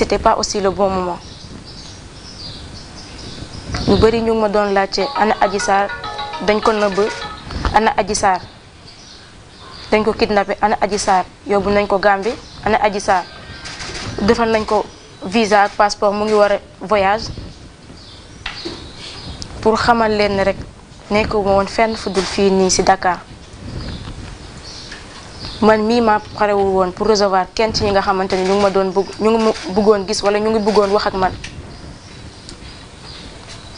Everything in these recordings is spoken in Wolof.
c'était pas aussi le bon moment ñu bëri ñu ma doon laajte ana Adji Sarr dañ ko nëbb ana Adji Sarr dañ ko kidnappé ana Adji Sarr yóbbu nañ ko Gambie ana Adji Sarr defal nañ ko visa ak passeport mu ngi war a voyage pour xamal leen rek nekk woon fenn fu fii nii ci Dakar man mii ma parewul woon pour recevoir kenn ci ñi nga xamante ni ñu ngi ma doon bëgg ñu ngi ma bëggoon gis wala ñu ngi bëggoon wax ak man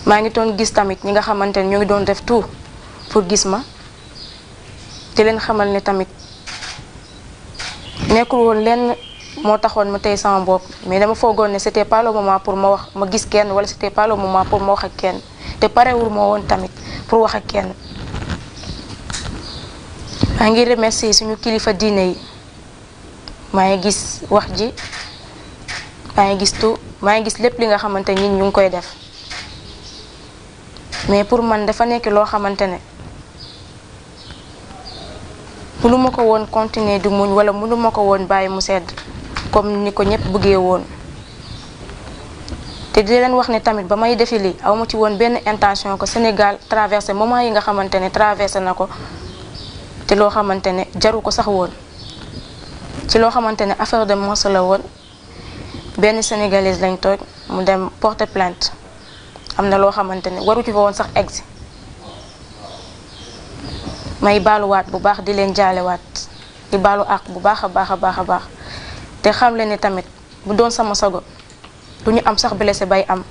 maa ngi doon gis tamit ñi nga xamante ni ñu ngi doon def tout pour gis ma te leen xamal ne tamit nekkul woon lenn moo taxoon ma tey sama bopp mais dama foogoon ne c'était pas le moment pour ma wax ma gis kenn wala c'était pas le moment pour ma wax ak kenn te parewul moo woon tamit pour wax ak kenn maa ngi remercier suñu kilifa diine yi maa ngi gis wax ji maa ngi gis tout maa ngi gis lépp li nga xamante ni ñu ngi koy def mais pour man dafa nekk loo xamante ne mënu ma ko woon continuer di muñ wala mënuma ma ko woon bàyyi mu sedd comme ni ko ñëpp bëggee woon te di leen wax ne tamit ba may defi lii aw ma ci woon benn intention ko Sénégal traversé moment yi nga xamante ne traversé na ko te loo xamante ne jaru ko sax woon ci loo xamante ne affaire de mœurs la woon benn sénégalaise lañ toog mu dem porte plainte am na loo xamante ne waru ci fa woon sax egg si may baaluwaat bu baax di leen jaalewaat di baalu àq bu baax a baax a baax a baax te xam leen ne tamit bu doon sama sago du ñu am sax blessé bay am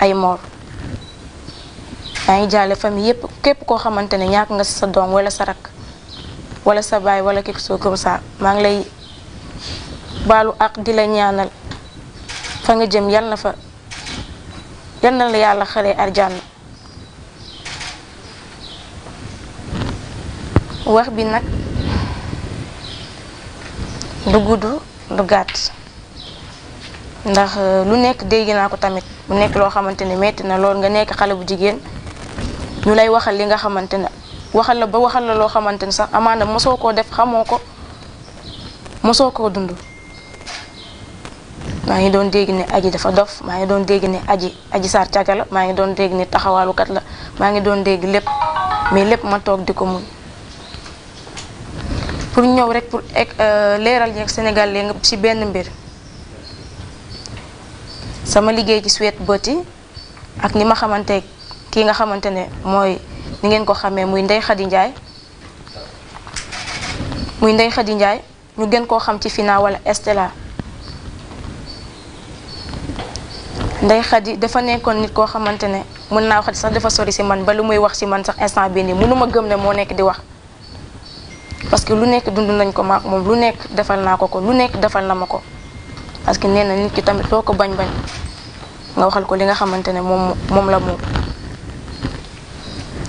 ay mort maa ngi jaale famille yépp képp koo xamante ne ñàkk nga sa doom wala sa rakk walla sa baay wala quelque chose comme maa ngi lay baalu ak di la ñaanal fa nga jëm yal na fa yal na la yàlla xale arjana wax bi nag du gudd du gàtt ndax lu nekk dégg naa ko tamit mu nekk loo xamante ne metti na lool nga nekk xale bu jigéen ñu lay waxal li nga xamante ne waxal la ba waxal la loo xamante ne sax amaana mosoo koo def xamoo ko mosoo koo dund maa ngi doon dégg ne aji dafa dof maa ngi doon dégg ni aji aji saar caga maa ngi doon dégg ne taxawaalukat la maa ngi doon dégg lépp mais lépp ma toog di ko muñ pour ñëw rek pour euh, leeral yeeg Sénégal léegi ci benn mbir sama liggéey ci Sweet Beauty ak ni ma xamante kii nga xamante ne mooy ni ngeen ko xamee muy Ndeye Khady Ndiaye muy Ndeye Khady Ndiaye ñu gën koo xam ci finaa wala Estella Ndeye Khady dafa nekkoon nit koo xamante ne mën naa wax sax dafa sori si man ba lu muy wax si man sax instant bii nii mënuma gëm ne moo nekk di wax parce que lu nekk dund nañ ko maak moom lu nekk defal naa ko ko lu nekk defal na ma ko parce que nee na nit ki tamit loo ko bañ bañ nga waxal ko li nga xamante ne moom moom la moom.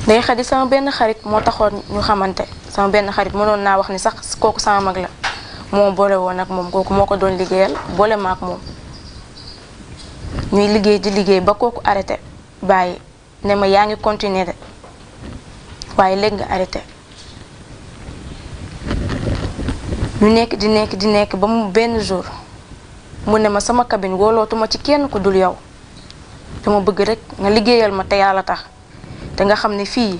day xadi sama benn xarit moo taxoon ñu xamante sama benn xarit mënoon naa wax ni sax kooku sama mag la moo boole woon ak moom kooku moo ko doon liggéeyal boole ma ak moom ñuy liggéey di liggéey ba kooku arrêté bàyyi ne ma yaa ngi continuer de waaye léeg nga arrêté ñu nekk di nekk di nekk ba mu benn jour mu ne ma sama cabine wóolootuma ci kenn ku dul yow dama bëgg rek nga liggéeyal ma te yàlla tax da xam ne fii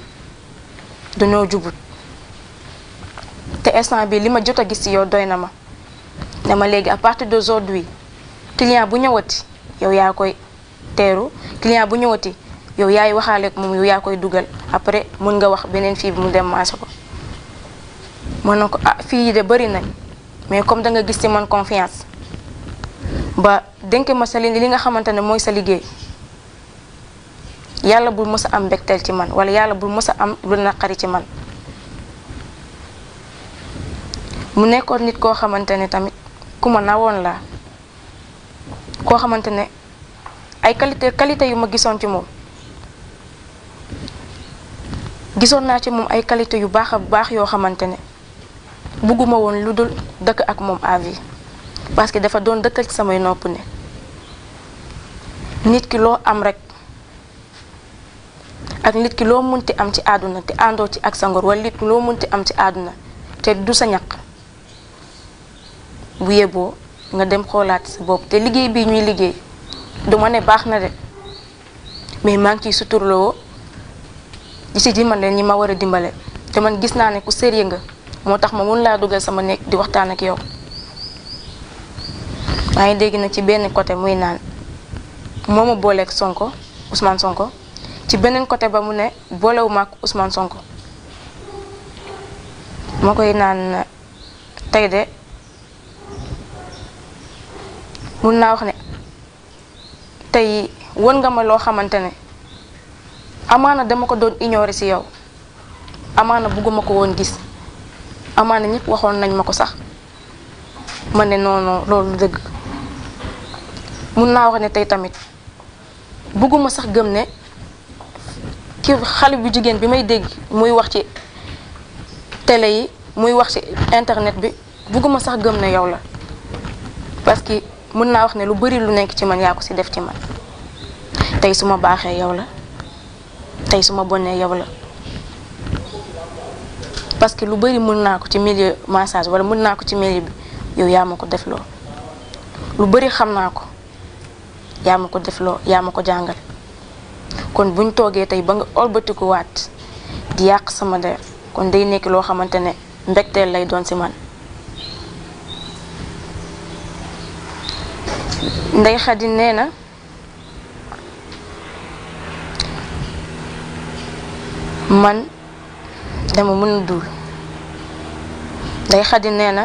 dañoo jubut te instant bi li ma jot a gis ci yow doy na ma ne ma léegi à partir d'aujourd'hui client bu ñëwati yow yaa koy teeru client bu ñëwati yow yaay waxaale ak moom yaa koy dugal après mun nga wax beneen fii mu dem maase ko mën na ko ah fii de bëri nañ mais comme da nga gis ci man confiance ba dénk ma sa li nga xamante ne mooy sa liggéey yàlla bul mës a am mbégteel ci man wala yàlla bul mësa am lu naqari ci man mu nekkoon nit koo xamante ne tamit ku naa woon la koo xamante ne ay qualité qualité yu ma gisoon ci moom gisoon naa ci moom ay qualité yu baax a baax yoo xamante ne bëgguma woon lu dul dëkk ak moom à vie parce que dafa doon dëkkal ci samay nopp ne nit ki loo am rek ak nit ki loo munti am ci àdduna te àndoo ci ak sa ngor wala nit loo mun ti am ci àdduna te du sa ñaq bu yeboo nga dem xoolaat sa bopp te liggéey bii ñuy liggéey du ma ne baax na de mais maa ngi ciy suturloo di ci dimbale ñi ma war a dimbale te man gis naa ne ku sérieux nga moo tax ma mun laa dugal sama nekk di waxtaan ak yow maa ngi dégg na ci benn côté muy naan moo ma booleeg Sonko Ousmane Sonko. ci beneen côté ba mu ne boolewuma ak Ousmane Sonko ma koy naan tey de mun naa wax ne tey won nga ma loo xamante ne amaana dama ko doon ignorer ci yow amaana bëgguma ko woon gis amaana ñëpp waxoon nañ ma ko sax ma ne noonu loolu dëgg mun naa wax ne tey tamit bëgguma sax gëm ne. ki xale bu jigéen bi may dégg muy wax ci télé yi muy wax ci internet bi bugguma sax gëm ne yow la parce que mën naa wax ne lu bari lu nekk ci man yaa ko ci def ci man tey su ma baaxee yow la tey su ma bonnee yow la parce que lu bari mën naa ko ci milieu massage wala mën naa ko ci milieu bi yow yaa ma ko def loo lu bari xam naa ko yaa ma ko def loo yaa ma ko jàngale kon ñu toogee tey ba nga olbatikuwaat di yàq sama der kon day nekk loo xamante ne mbégteel lay doon si man Ndey Xadi nee na man dama mën a duul Ndey Xadi nee na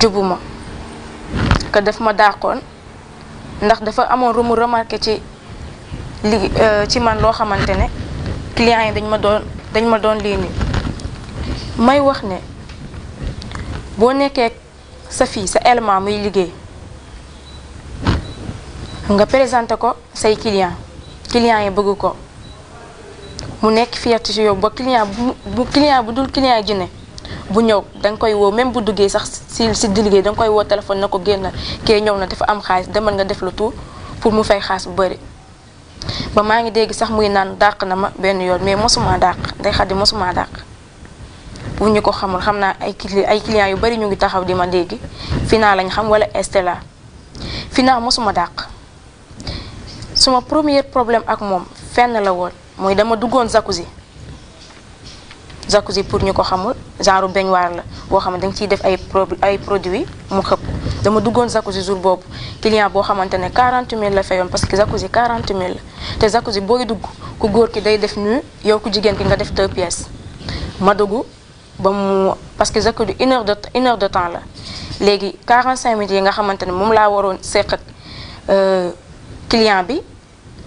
jubuma ko def ma dàqoon ndax dafa amoon rumu remarqué ci li euh, ci man loo xamante ne clients yi dañ ma doon dañ ma doon lii nii may wax ne boo nekkee sa fii sa élément muy liggéey nga présente ko say client clients yi bëgg ko mu nekk fierté ci yow ba client bu client bu dul client jinne bu ñëw danga koy woo même bu duggee sax si si di liggéey danga koy woo téléphone na ko génn kee ñëw na dafa am xaalis demal nga def lu tout pour mu fay xaalis bu bëri ba maa ngi dégg sax muy naan dàq na ma benn yoon mais mosuma dàq day xaddi mosuma dàq bu ñu ko xamul xam naa ay cli ay clients yu bari ñu ngi taxaw di ma dégg Fina lañ xam wala Estella Fina mosuma dàq suma premier problème ak moom fenn la woon mooy dama duggoon si si pour ñu ko xamul genre baignoire la boo xam danga da ciy def ay pro ay produits mu xëpp dama duggoon si jour boobu client boo xamante ne 40 000 la fayoon parce que jacuzzi 40 000 la te jacuzzi booy dugg ku góor ki day def nu yow ku jigéen ki nga def deux pièces ma duggu ba mu parce que jacuzzi une heure de une de temps la léegi cinq minutes yi nga xamante ne moom laa waroon seq ak euh, client bi.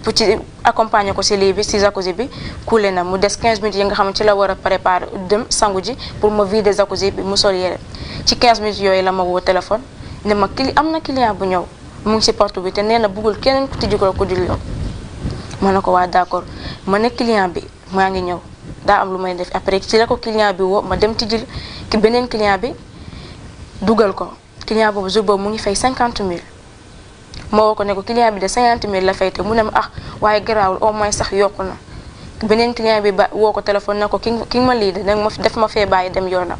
pour ci accompagner ko si lii bi si jacuzzi bi coulé na mu des quinze minutes yi nga xam ne ci la war a préparer dem sangu ji pour ma vider jacuzzi bi mu sol yére ci quinze minutes yooyu la ma woo téléphone ne ma kili am na client bu ñëw mu ngi si porte bi te nee na bëggul keneen ku tijji ko ku dul yow ma ne ko waa d'accord ma ne client bi maa ngi ñëw daa am lu may def après ci la ko client bi woo ma dem tijjil ki beneen client bi dugal ko client boobu jour boobu mu ngi fay 50 000. moo ko ne ko client bi de 50 000 la fay te mu ne ma ah waaye garaawul au moins sax yokku na beneen client bi ba woo ko téléphone na ko ki ki ma lii de nag ma def ma fee bàyyi dem yoonam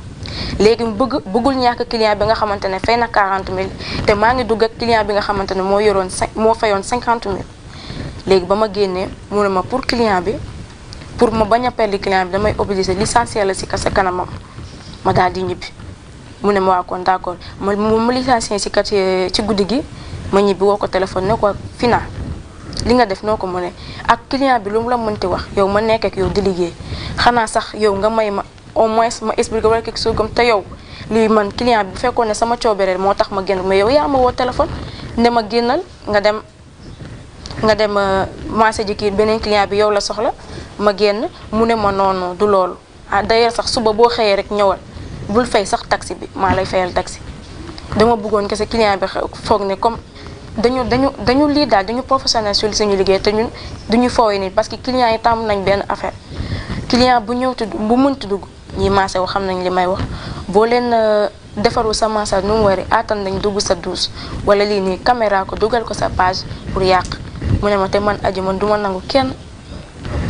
léegi bëgg bëggul ñàkk client bi nga xamante ne fay na 40 000 te maa ngi dugg ak client bi nga xamante ne moo yoroon moo fayoon 50 léegi ba ma génnee mu ne ma pour client bi pour ma bañ a perdre client bi damay obligé licencier la si sa kanamam ma daal di ñibbi mu ne ma waa kon d'accord ma mu licencier si kat ci guddi gi. ma ñibbi woo ko téléphone ne ko Fina li nga def noo ko mu ne ak client bi lu mu la mënti wax yow ma nekk ak yow di liggéey xanaa sax yow nga may ma au moins ma expliqué wala quelque chose comme te yow li man client bi bu fekkoon ne sama coobere moo tax ma génn mais yow yaa ma woo téléphone ne ma génnal nga dem nga dem euh, marché ji kii beneen client bi yow la soxla ma génn mu ne ma noonu du loolu ah d'ailleurs sax suba boo xëyee rek ñëwal bul fay sax taxi bi maa lay fayal taxi dama bëggoon kese client bi foog ne comme. dañu dañu dañu lii daal dañu professionnel sur suñu liggéey te ñu duñu foowee nit parce que client yi tàmm nañ benn affaire client bu ñëw tudd bu mënti dugg ñi maasee wax xam nañ li may wax boo leen euh, defaru sa massage nu mu wari attan nañ dugg sa douche wala lii nii caméra ko dugal ko sa page pour yàq mu ne ma te man aji man du ma nangu kenn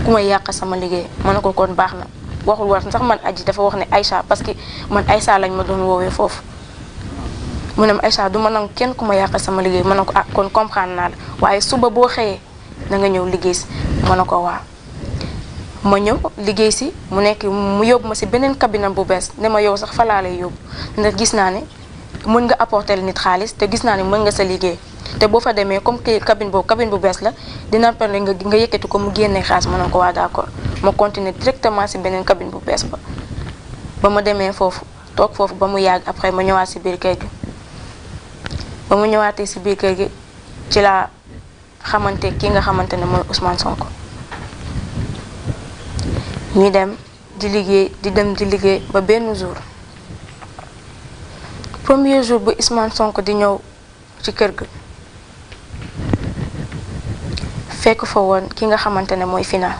ku may yàq sama liggéey ma ne ko kon baax na waxul war sax man aji dafa wax ne Aïcha parce que man Aïcha lañ ma doon woowee foofu mu ne ma Aïcha du ma kenn ku ma yàqal sama liggéey ma ne ko ah kon comprendre naa la waaye suba boo xëyee da nga ñëw liggéey si ma ne ko waa ma ñëw liggéey si mu nekk mu yóbbu ma si beneen cabinet bu bees ne ma yow sax fa laa lay gis naa ne mën nga apporter nit xaalis te gis naa ne mën nga sa liggéey te fa demee comme que cabine boobu cabine bu bees la dina perle nga nga yëkkati ko mu génnee xaalis ma a ko waa d'accord ma continuer directement si beneen cabine bu bees ba ba ma demee foofu toog foofu ba mu yàgg après ma ñëwaat si biir kër gi ba mu ñëwaatee si biir kër gi ci laa xamante ki nga xamante ne mooy usmaan Sonko ñu dem di liggéey di dem di liggéey ba benn jour premier jour bu Ousmane Sonko di ñëw ci kër gi fekk fa woon ki nga xamante ne mooy final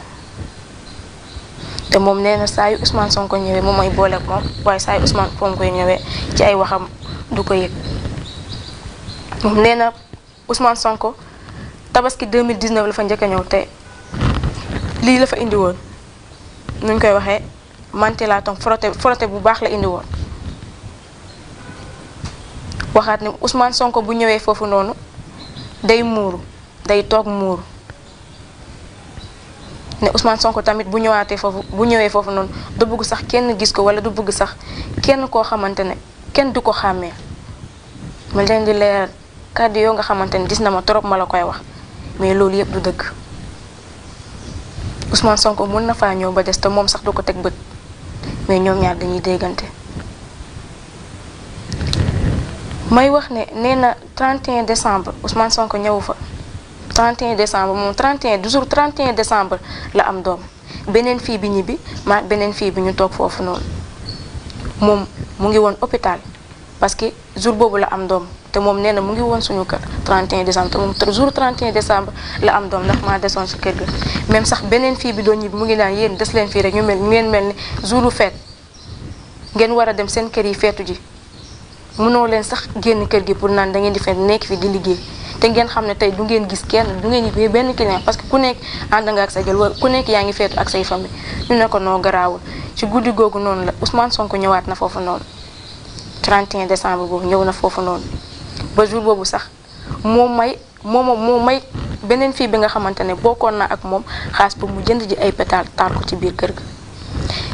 te moom nee na saa yu Sonko ñëwee moom mooy booleeg moom waaye saa yu Ousmane Sonko ñëwee ci ay waxam du ko yëg. nee na Ousmane Sonko tabaski 2019 la fa njëkk a ñëw te lii la fa indi woon nu ñu koy waxee mantelaatam frotté frotté bu baax la indi woon. waxaat ne Ousmane Sonko bu ñëwee foofu noonu day muuru day toog muuru ne Ousmane Sonko tamit bu ñëwaatee foofu bu ñëwee foofu noonu du bëgg sax kenn gis ko walla du bëgg sax kenn koo xamante ne kenn du ko xàmmee ma leen di leeral. kàddu yow nga xamante ni gis na ma trop ma la koy wax mais loolu yëpp du dëkk Ousmane sonk mën na faa ñëw ba des te moom sax du ko teg bët mais ñoom ñaar dañuy déggante. may wax ne nee na 31 decembre Ousmane Sonko ñëwu fa 31 décembre moom 31 toujours 31 décembre la am doom beneen fii bi ñibbi ma beneen fii bi ñu toog foofu noonu moom mu ngi woon hôpital parce que jour boobu la am doom. te moom nee na mu ngi woon suñu kër 31 décembre te moom jour 31 décembre la am doom ndax maa desoon si kër ga même sax beneen fii bi doon ñibbi mu ngi naan yéen des leen fii rek ñu mel ngeen mel ni jouru feet ngeen war a dem seen kër yi feetu ji mënoo leen sax génn kër gi pour naan da ngeen di feet nekk fi di liggéey te xam ne tey ngeen gis kenn du ngeen gis benn client parce que ku nekk ànd nga ak sa gel ku nekk yaa ngi feetu ak say famille ñu ne ko noo garaawul ci guddi googu noonu la Ousmane Sonko ñëwaat na foofu noonu 31 décembre boobu ñëw na foofu noonu ba jour boobu sax moo may moo ma moo may beneen fii bi nga xamante ne bokkoon naa ak moom xaas ba mu jënd ji ay pétale taal ko ci biir kër gi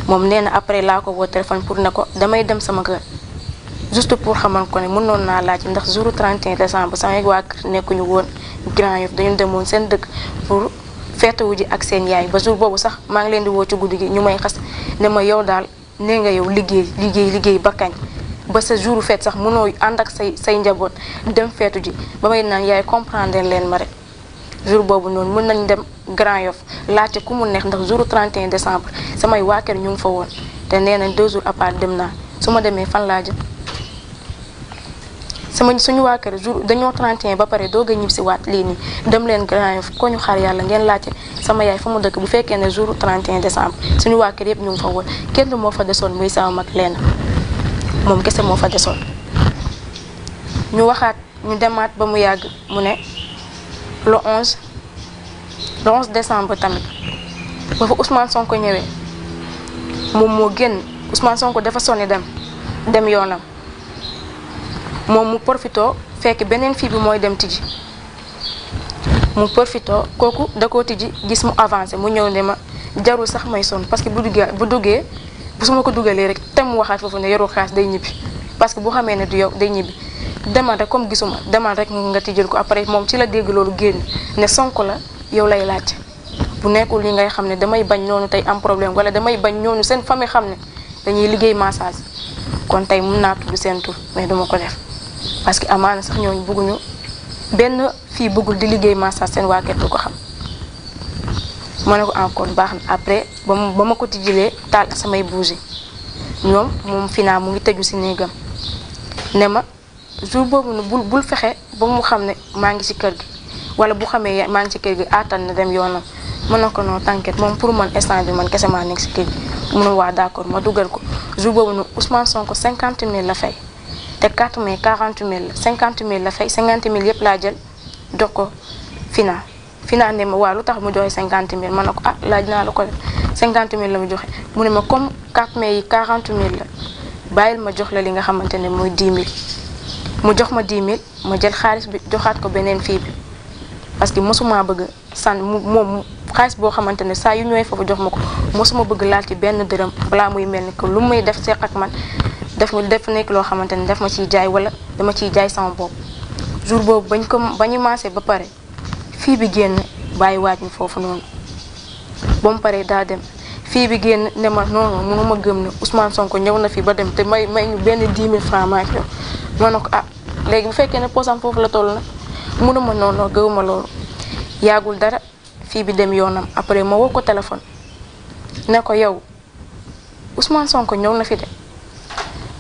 moom nee na après laa ko woo téléphone pour ne ko damay dem sama kër juste pour xamal ko ne mënoon naa laaj ndax jour 31 décembre sama waa kër nekkuñu woon Grand Yoff dañu demoon seen dëkk pour feetuwu ji ak seen yaay ba jour boobu sax maa ngi leen di woo ci guddi gi ñu may xas ne ma yow daal ne nga yow liggéey liggéey liggéey ba ba sa jour feet sax mënoo ànd ak say say njaboot dem feetu ji ba may naan yaay comprendre leen ma rek jour boobu noonu mën nañ dem Grand Yoff laajte ku mu neex ndax jour 31 décembre samay waa ñu ngi fa woon te nañ deux jours à part dem naa su ma demee fan laa jëm sama suñu waa kër jour dañoo 31 ba pare doog ñib si lii nii leen Grand Yoff ko yàlla ngeen laajte sama yaay fa mu dëkk bu fekkee ne jour 31 décembre suñu waa kër yëpp ñu ngi fa woon kenn moo fa desoon muy sama mag lenn moom kese moo fa desoon ñu waxaat ñu demaat ba mu yàgg mu ne le 11 le 11 décembre tamit ba fa Ousmane Sonko ñëwee moom moo génn Ousmane Sonko dafa sonni dem dem yoonam moom mu profitoo fekk beneen fii bi mooy dem tijji mu profitoo kooku da koo tijji gis mu avancé mu ñëw ne ma jarul sax may sonn parce que bu duggee bu duggee. su ma ko dugalee rek te mu waxaat foofu ne yoru xaalis day ñibbi parce que boo xamee ne du yow day ñibbi demal rek comme gisuma demal rek nga ti jël ko après moom ci la dégg loolu génn ne Sonko la yow lay laaj bu nekkul li ngay xam ne damay bañ noonu tey am problème wala damay bañ noonu seen famille xam ne dañuy liggéey massage kon tey mun naa tudd seen tur mais duma ko def parce que amaana sax ñooñu bëgguñu benn fii buggul di liggéey massage seen waa kër du ko xam ma ne ko encore baax na après ba ma ba ma ko tijjilee taal ak samay bougie ñoom moom fi mu ngi tëju si néegam ne ma jour boobu nu bul bul fexe ba mu xam ne maa ngi ci kër gi wala bu xamee maa ngi ci kër gi attan na dem yoonam mën na ko non t'inquiète moom pour man instant bi man kese maa nekk si kër gi mu ne waa d'accord ma dugal ko jour boobu ne Ousmane Sonko cinquante 000 la fay te 4 mai 40 mille la 50 000 la fay 50 000 yëpp laa jël dox ko final financé ma waa lu tax mu joxe cinquante mille ma ne ko ah laaj naa la ko def cinquante mille la mu joxe mu ne ma comme 4 mais yi quarante mille la bàyyil ma jox la li nga xamante ne mooy dix mu jox ma dix mille ma jël xaalis bi joxaat ko beneen fii bi parce que mosuma bëgg sànn mu moom xaalis boo xamante ne saa yu ñëwee foofu jox ma ko mosuma bëgg laal ci benn dërëm balaa muy mel ni que lu muy def seq ak man def def nekk loo xamante ne daf ma ciy jaay wala dama ciy jaay sama bopp jour boobu bañ ko bañu maasee ba pare fii bi génn bàyyi waaj mi foofu noonu ba mu paree daa dem fii bi génn ne ma noonu ma gëm ne Ousmane Sonko ñëw na fi ba dem te may may ñu benn 10 000 francs maa ngi ma ne ko ah léegi bu fekkee ne posam foofu la toll na mënuma noonu gëwuma loolu yàggul dara fii bi dem yoonam après ma woo ko téléphone ne ko yow Ousmane Sonko ñëw na fi de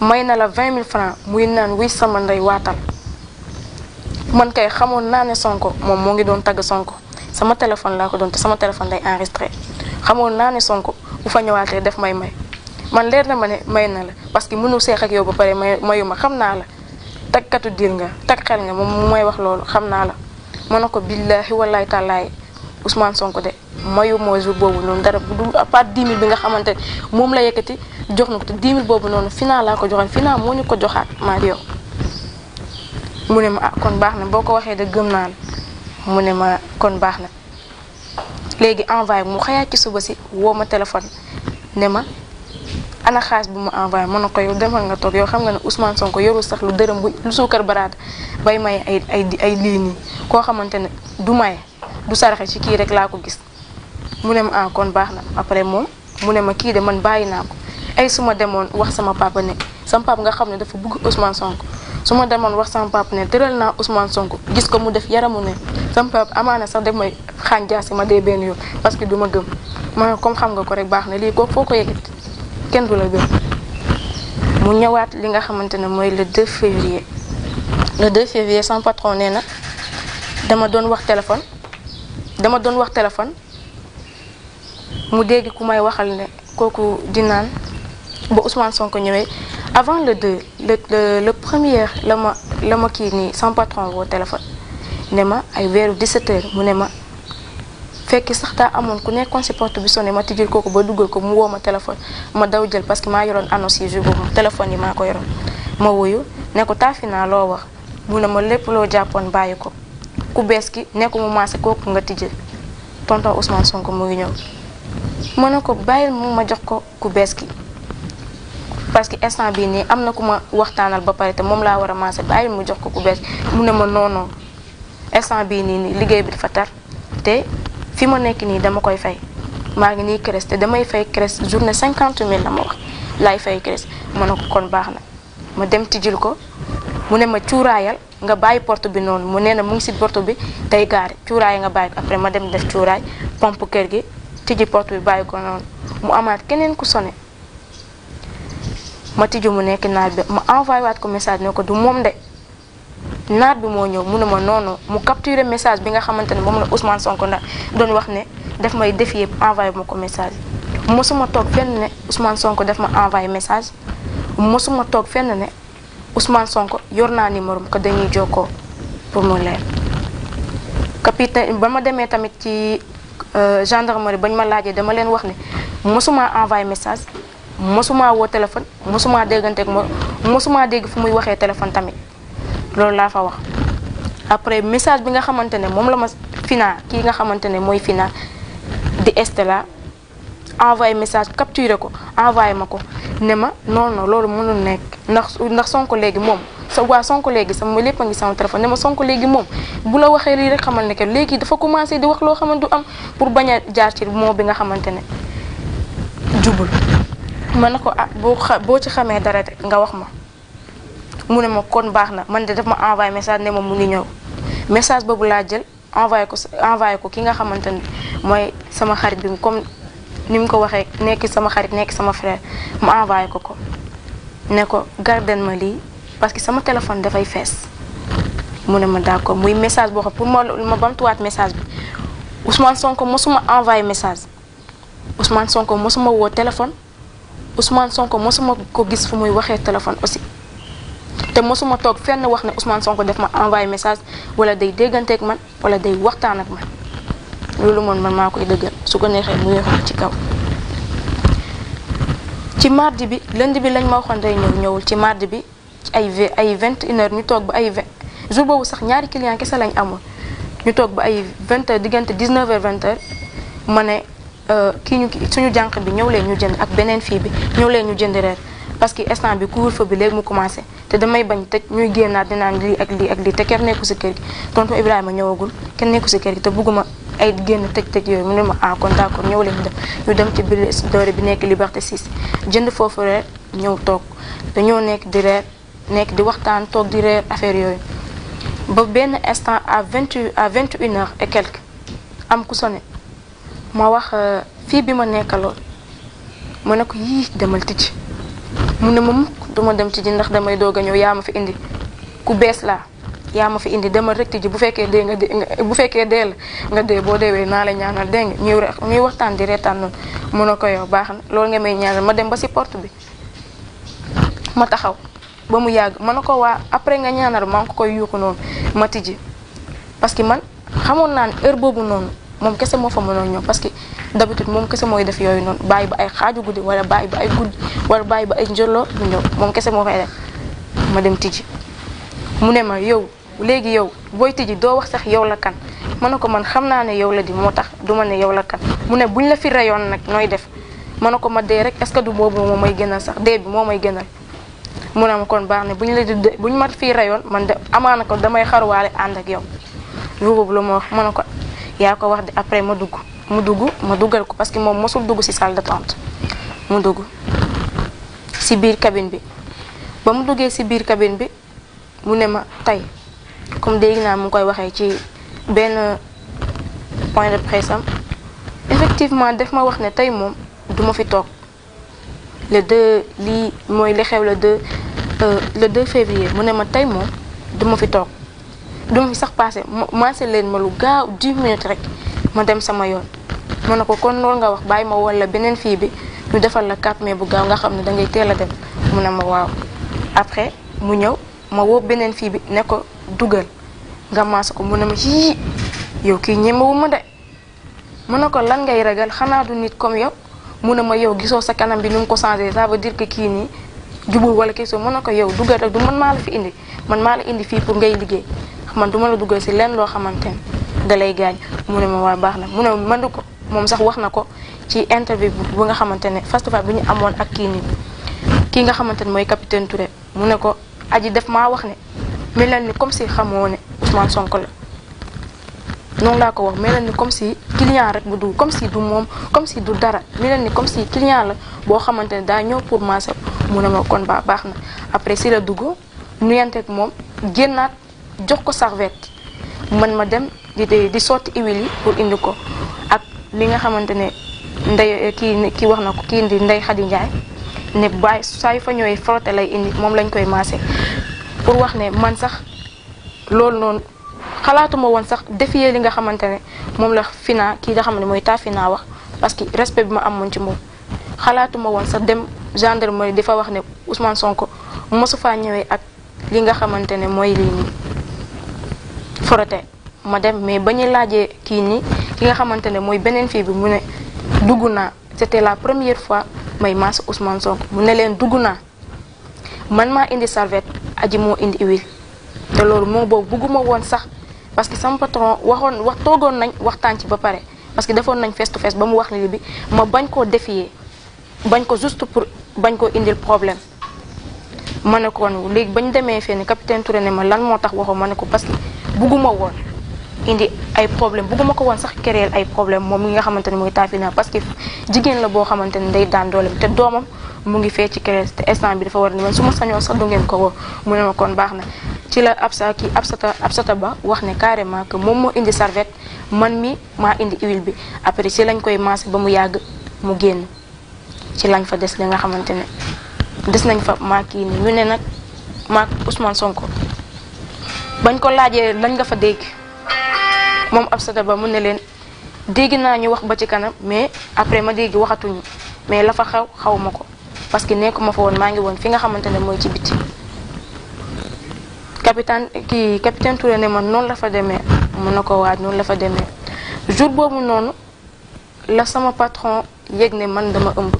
may na la 20 000 francs muy naan wuy sama ndey waatal man kay xamoon naa ne sonk moom moo ngi doon tagg Sonko sama téléphone laa ko doon te sama téléphone day enregistré xamoon naa ne sonk bu fa ñëwaatee def may may man leer na ma ne may na la parce que mënu seex ak yow ba pare may mayu ma xam naa la takkatu diir nga takk xel nga moom mooy wax loolu xam naa la ma ne ko billaahi wallaahi tàllaahi Ousmane sonk de mayu mooy boobu noonu dara bu dul à part bi nga xamante moom la yëkkati jox na ko te 10 boobu noonu final laa ko joxoon final moo ñu ko joxaat maa yow mu ne ma ah kon baax na boo ko waxee de gëm naa la mu ne ma kon baax na léegi envoyé mu xëyaat ci suba si woo ma téléphone ne ma ana xaalis bu ma envoyé mën na ko yow demal nga toog yow xam nga ne Ousmane Sonko yorul sax lu dërëm bu lu suukar baraada bay maye ay ay ay lii koo xamante ne du maye du saraxe ci kii rek laa ko gis mu ne ma ah kon baax na après moom mu ne ma kii de man bàyyi naa ko ay su ma demoon wax sama papa ne sama papa nga xam ne dafa bëgg Ousmane Sonko su ma demoon wax sama ne tëral naa Ousmane Sonko gis ko mu def yaramu ne sama papa amaana sax def may xaañ si ma dee benn yoon parce que du ma gëm ma ne comme nga ko rek baax na lii ko foo ko yëkkati kenn du la gëm mu ñëwaat li nga xamante ne mooy le 2 février le 2 février sama patron nee na dama doon wax téléphone dama doon wax téléphone mu dégg ku may waxal ne kooku di naan ba Ousmane Sonko ñëwee avant le 2 le le, le la ma la ma kii nii sans patron woo téléphone ne ma ay weeru 17h mu ne ma fekk sax daa amoon ku nekkoon si porte bi sonné ma tijjul kooku ba duggal ko mu woo ma téléphone ma daw jël parce que maa yoroon annonce yi jour boobu téléphone yi maa ko yoroon ma wuyu ne ko naa loo wax mu ne ma lépp loo jàppoon bàyyi ko ku bees ki nekku ko mu maase kooku nga tijjel tonton Ousmane Sonko mu ngi ñëw ma ne ko bàyyil mu ma jox ko ku bees ki. parce que instant bii nii am na ku ma waxtaanal ba pare te moom laa war a maase bàyyi mu jox ko ku bees mu ne ma noonu instant bii nii nii liggéey bi dafa tar te fi ma nekk nii dama koy fay maa ngi nii CRES te damay fay CRES journée cinquante mille la ma wax laay fay CRES ma ne ko kon baax na ma dem tijjil ko mu ne ma cuuraayal nga bàyyi porte bi noonu mu nee na mu ngi si porte bi tey gaare cuuraay nga bàyyi ko après ma dem def cuuraay pompe kër gi tijji porte bi bàyyi ko mu amaat keneen ku sone ma tijju mu nekk naat bi ma envoyé waat ko message noo ko du moom de naat bi moo ñëw mu ne ma noonu mu capturé message bi nga xamante ne moom la Ousmane Sonko na doon wax ne daf may défier envoyé ma ko message mosuma toog fenn ne Ousmane Sonko daf ma envoyé message mosuma toog fenn ne Ousmane Sonko yor naa numéro ko dañuy jokkoo pour mu leer capitaine ba ma demee tamit ci euh, gendarmerie ba ñu ma laajee dama leen wax ne mosuma envoyé message mosuma woo téléphone mosuma déggante ak moom mosuma dégg fu muy waxee téléphone tamit loolu laa fa wax après message bi nga xamante ne moom la ma Fina kii nga xamante ne mooy Fina di Estella envoyé message capturé ko envoyé ma ko ne ma non non loolu mënul nekk ndax ndax Sonko léegi moom sa waa Sonko léegi sama lépp a ngi sama téléphone ne ma Sonko léegi moom bu la waxee lii rek xamal ne que léegi dafa commencé di wax loo xamante du am pour bañ a jaar ci moo bi nga xamante ne jubul. ma ne ko ah boo xa boo ci xamee dara rek nga wax ma mu ne ma kon baax na man de def ma envoyé message ne ma mu ngi ñëw message boobu laa jël envoyé ko envoyé ko ki nga xamante ni mooy sama xarit bi comme ni mu ko waxee nekk sama xarit nekk sama frère mu envoyé ko ko ne ko garden ma lii parce que sama téléphone dafay fees mu ne ma d'accord muy message boo xam pour ma ma bamtuwaat message bi Ousmane Sonko mosuma envoyé message Ousmane Sonko mosuma woo téléphone. Ousmane Sonko mosuma ko gis fu muy waxee téléphone aussi te mosuma toog fenn wax ne Ousmane ko def ma envoyé message wala day dégganteeg man wala day waxtaan ak man loolu moom man maa koy dëggal su ko neexee ci kaw. ci mardi bi lundi bi lañ ma waxoon day ñëw ñëwul ci mardi bi ay v ay vingt une ñu toog ba ay vingt jour boobu sax ñaari client kese lañ amoon ñu toog ba ay vingt diggante dix neuf heures vingt ma ne. Euh, kii ñu suñu jànq bi ñëw leen ñu jënd ak beneen fii bi ñëw leen ñu jënd reer parce que instant bi couvre-feu bi léegi mu commencé te damay bañ tëj ñuy génnaat dinaan lii ak lii ak lii te kenn nekku si kër gi tonton Ibrahima ñëwagul kenn nekku si kër gi te bugguma ay génn tëj tëj yooyu mu ne ma ah kon d'accord ñëw leen dem ñu dem ci biir doore bi nekk Liberté 6 jënd foofu reer ñëw toog dañoo nekk di reer nekk di waxtaan toog di reer affaire yooyu ba benn instant à vingt à vingt une heures et am ku sonné ma wax euh, fii bi ma nekkaloon ma ne ko yii demal tijji mun ne ma mukk duma dem tijji ndax damay doog a ñëw yaa ma fi indi ku bees laa yaa ma fi indi demal rek tijji bu fekkee dee nga dee bu fekkee dee la nga dee boo deewee naa la ñaanal dégg nga ñuy ñuy waxtaan di reetaan noonu mu ne ko yow baax na loolu nga may ñaanal ma dem ba si porte bi ma taxaw ba mu yàgg ma ne ko waa après nga ñaanal maa ngi ko koy yuuxu noonu ma tijji parce que man xamoon naa ne heure boobu noonu. moom kese moo fa mënoon ñëw parce que d'habitude moom kese mooy def yooyu noonu bàyyi ba ay xaaju guddi wala bàyyi ba ay guddi wala bàyyi ba ay njëlloo du moom kese moo fay def ma dem tijji mu ne ma yow léegi yow booy tijji doo wax sax yow la kan ne ko man xam naa ne yow la di moo tax du ma ne yow la mu ne buñ la fi rayoon nag nooy def ma ne ko ma dee rek est-ce que du boobu moo may gënal sax dee moo may gënal mu ne kon baax ne bu ñu la di buñ ma fi reyoon man de amaana ko damay xaruwaale ànd ak yow lu ma wax ma ne ko yaa ko wax de après ma dugg mu dugg ma duggal ko parce que moom mosul dugg ci salle d'attente mu dugg si biir cabine bi ba mu duggee si biir cabine bi mu ne ma tey comme dégg naa mu ngi koy waxee ci benn point de presse am effectivement def ma wax ne tey moom du ma fi toog le de lii mooy li xew le 2 euh, le février mu ne ma tey moom duma fi toog doom yi sax passé ma maasé leen ma lu gaaw 10 minutes rek ma dem sama yoon mën ne ko kon loolu nga wax bàyyi ma wala beneen fii bi ñu defal la 4 mais bu gaaw nga xam ne da ngay teel a dem mu a ma waaw après mu ñëw ma woo beneen fii bi ne ko dugal nga maase ko mën ne ma yii yow kii ñemewu ma de mën ne ko lan ngay ragal xanaa du nit comme yow mu ne ma yow gisoo sa kanam bi nu mu ko changé ça veut dire kii nii jubul wala kii soo mu ne ko yow dugal rek du man maa la fi indi man maa la indi fii pour ngay liggéey man du ma la duggal si leen loo xamante ne da lay gaañ mu ne ma waa baax na mu ne man ko moom sax wax na ko ci interview bu nga xamante ne fast bi ñu amoon ak kii nii kii nga xamante ne mooy capitaine Touré mu ne ko aji def maa wax ne melal ni comme si xamoo ne Sonko la. noonu laa ko wax melal ni comme si client rek bu dugg comme si du moom comme si du dara melal ni comme si client la boo xamante ne daa ñëw pour maasam mu ne ma kon ba baax na après si la dugg nuyanteeg moom génnaat. jox ko serviette man ma dem di di sotti huile yi pour indi ko ak li nga xamante ne ndey eh, kii kii wax na ko kii ndey Xadi Njaay ne baay saa yu fa ñëwee frotté lay indi moom lañ koy maase pour wax ne man sax loolu noonu xalaatuma woon sax défier li nga xamante ne moom la finaa kii nga xam ne mooy Tafina wax parce que respect bi ma am amoon ci moom xalaatuma woon sax dem gendarmerie di fa wax ne Ousmane Sonko mosu faa ñëwee ak li nga xamante ne mooy lii nii forote ma dem mais ba ñu laajee kii nii ki nga xamante ne mooy beneen fii bi mu ne dugg naa c'était la première fois may maas Ousmane Sonko mu ne leen dugg naa man maa indi serviette aji moo indi huile te loolu moo boobu bëgguma woon sax parce que sama patron waxoon wax toogoon nañ waxtaan ci ba pare parce que defoon nañ face to face ba mu wax li bi ma bañ koo défier bañ ko juste pour bañ koo indil problème ma ne ko woon léegi bañ demee fii nii capitaine Touré ne ma lan moo tax waxoo ma ne ko parce que bugguma woon indi ay problème bugguma ko woon sax créer ay problème moom mi nga xamante ne mooy taafina parce que jigéen la boo xamante ne day daan doolem te doomam mu ngi fee ci crèche te instant bi dafa war a man su ma sañoo sax du ngeen ko woo mu ne ma kon baax na ci la absa kii absata absata ba wax ne carrément que moom moo indi serviette man mi maa indi huile bi après lañ koy maase ba mu yàgg mu génn ci lañ fa des li nga xamante ne des nañ fa maa kii nii nag maa Ousmane Sonko bañ ko laajee lañ nga fa dégg moom Absata Ba mu ne leen dégg naa ñu wax ba ci kanam mais après ma dégg waxatuñu mais la fa xew xaw ma ko parce que nekkuma fa woon maa ngi woon fi nga xamante ne mooy ci biti capitaine kii capitaine Touré ne man noonu la fa demee mun na ko waaj noonu la fa demee jour boobu noonu la sama patron yëg ne man dama ëmb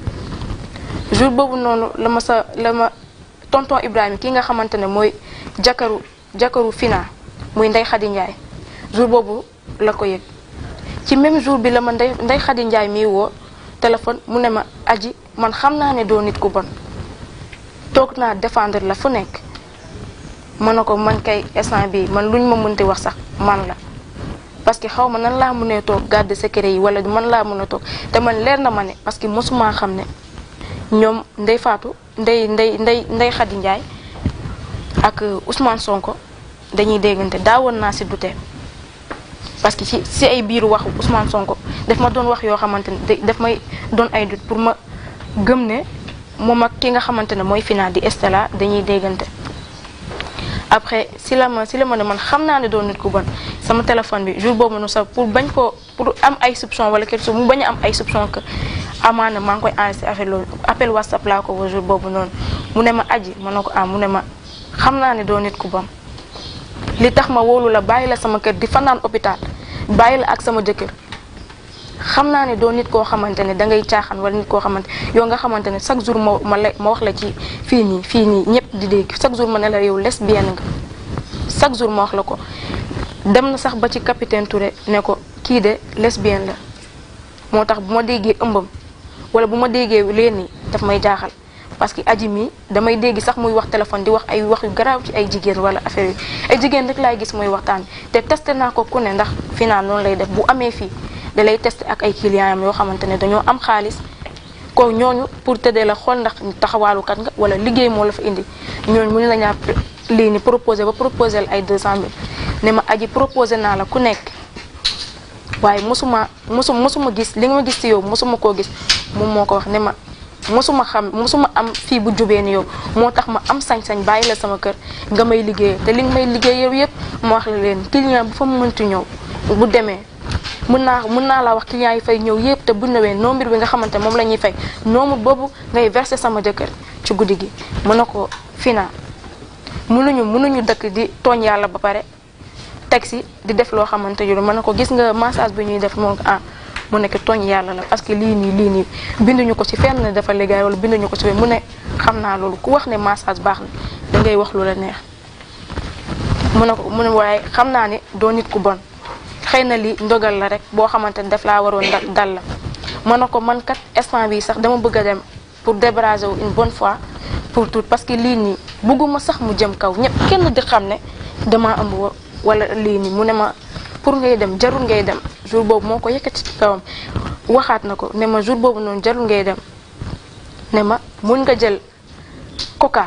jour boobu noonu la ma sa la ma tonton Ibrahima ki nga xamante ne mooy jakaru jakaru finaa muy Ndeye Khady Ndiaye jour boobu la ko yëg ci même jour bi la ma Ndeye Ndeye Khady Ndiaye mii woo téléphone mu ne ma aji man xam naa ne doo nit ku bon toog naa défendre la fu nekk ma ne ko mën kay instant bi man luñ ma mënti wax sax man la parce que xaw ma nan laa mënee toog garde secret yi wala man laa mën toog te man leer na ma ne parce que mosuma xam ne ñoom ndey faatu Ndeye Ndeye Ndeye Ndeye Khady ak Ousmane Sonko dañuy déggante daawoon naa si dute parce que ci si ay biiru wax Ousmane Sonko daf ma doon wax yoo xamante ne daf may doon ay dut pour ma gëm ne moom ak ki nga xamante ne mooy final di Estella dañuy déggante. après si la ma si la ma ne man xam naa ne doon nit ku bon sama téléphone bi jour boobu nu sax pour bañ ko pour am ay soupçon wala quelque su mu bañ a am ay soupçon que amaana maa ngi koy enregistré affaire loolu appel whatsapp laa ko ba jour boobu noonu mu xam naa ne doo nit ku bon li tax ma wóolu la bàyyi la sama kër di fanaan hôpital bàyyi la ak sama jëkkër xam naa ne doo nit koo xamante ne dangay caaxaan wala nit koo xamante yow nga xamante ne chaque jour ma ma la wax la ci fii nii fii nii ñëpp di dégg chaque jour ma ne la yow lesbienne nga chaque jour ma wax la ko dem na sax ba ci capitaine toure ne ko kii de lesbienne la moo tax bu ma déggee ëmbam wala bu ma déggee leen nii daf may jaaxal parce que aji mi damay dégg sax muy wax téléphone di wax ay wax yu garaaw ci ay jigéen wala affaire yi ay jigéen rek laay gis muy waxtaan te testé naa ko ku ne ndax final noonu lay def bu amee fii dalay test testé ak ay clients am yoo xamante ne dañoo am xaalis ko ñooñu pour tëddee la xool ndax taxawaalukat nga wala liggéey moo la fa indi ñooñu mu la ñaa lii ni proposé ba proposé la ay 200000 ne ma aji proposé naa la ku nekk waaye mosuma mosu mosuma gis li nga gis ci yow mosuma koo gis moom moo ko wax ne ma mosuma xam mosuma am fii bu jubee ni yow moo tax ma am sañ-sañ bàyyi la sama kër nga may liggéey te li nga may liggéey yow yëpp ma wax la leen client bu fa mu mënti ñëw bu demee mun naa mën naa laa wax client yi fay ñëw yëpp te bu ñëwee nombre bi nga xamante moom la ñuy fay nombre boobu ngay verser sama jëkkër ci guddi gi mën na ko fina mënuñu mënuñu dëkk di tooñ yàlla ba pare teg si di def loo xamante ne mën na ko gis nga massage bi ñuy def moom ah mu nekk tooñ yàlla la parce que lii nii lii nii binduñu ko si fenn ne dafa légal wala binduñu ko si mu ne xam naa loolu ku wax ne massage baax na da ngay wax lu la neex mu ne ko mu waaye xam naa ne doo nit ku bon xëy na lii ndogal la rek boo xamante ne daf laa waroon dal la mën na ko man kat instant bii sax dama bëgg a dem pour débrager wu une bonne fois pour tout parce que lii nii bëgguma sax mu jëm kaw ñëpp kenn di xam ne dama ëmb wala lii nii mu ne ma pour ngay dem jarul ngay dem jour boobu moo ko yëkkati ci kawam waxaat na ko ne ma jour boobu noonu jarul ngay dem ne ma muñ nga jël koka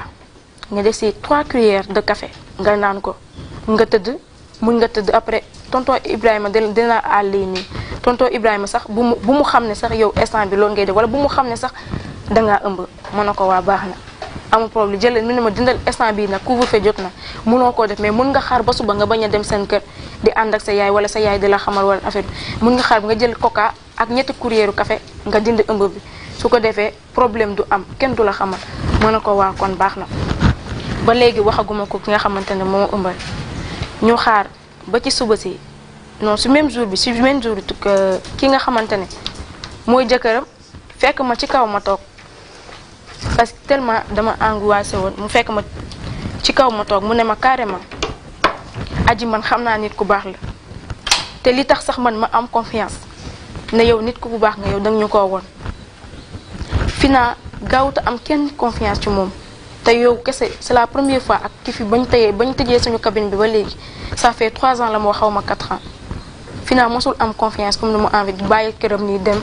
nga def si trois cuillères de kafe nga naan ko nga tëdd muñ nga tëdd après tonton Ibrahima dina àll yi nii tonton Ibrahima sax bu mu bu mu xam ne sax yow instant bi loolu ngay def wala bu mu xam ne sax dangaa ëmb mën na ko waa baax na amul problème jëleen mu ne ma dindal instant bii nag couvre-feu jot na mënoo koo def mais mën nga xaar ba suba nga bañ a dem seen kër di ànd ak sa yaay wala sa yaay di la xamal wala affaire mun nga xaar bi nga jël coca ak ñetti cuillère kafe nga dindi ëmb bi su ko defee problème du am kenn du la xamal mën na ko waa kon baax na ba léegi waxaguma ko ki nga xamante ne moo ëmbal ñu xaar ba ci suba si non su même jour bi su même jour euh, ki nga xamante ne mooy jëkkëram fekk ma ci kaw ma toog parce que tellement dama angoissé woon mu fekk ma ci kaw ma toog mu ne ma carrément aji man xam naa nit ku baax la te li tax sax man ma am confiance ne yow nit ku bu baax nga yow danga ñu ko woon fi naa gaawuta am kenn confiance ci moom te yow kese c'est la première fois ak ki fi teyee ba bañ tëjee suñu cabine bi ba léegi ça fait trois ans la moo xaw ma quatre ans fi naa mosul am confiance comme ni mu envie bàyyi këram nii dem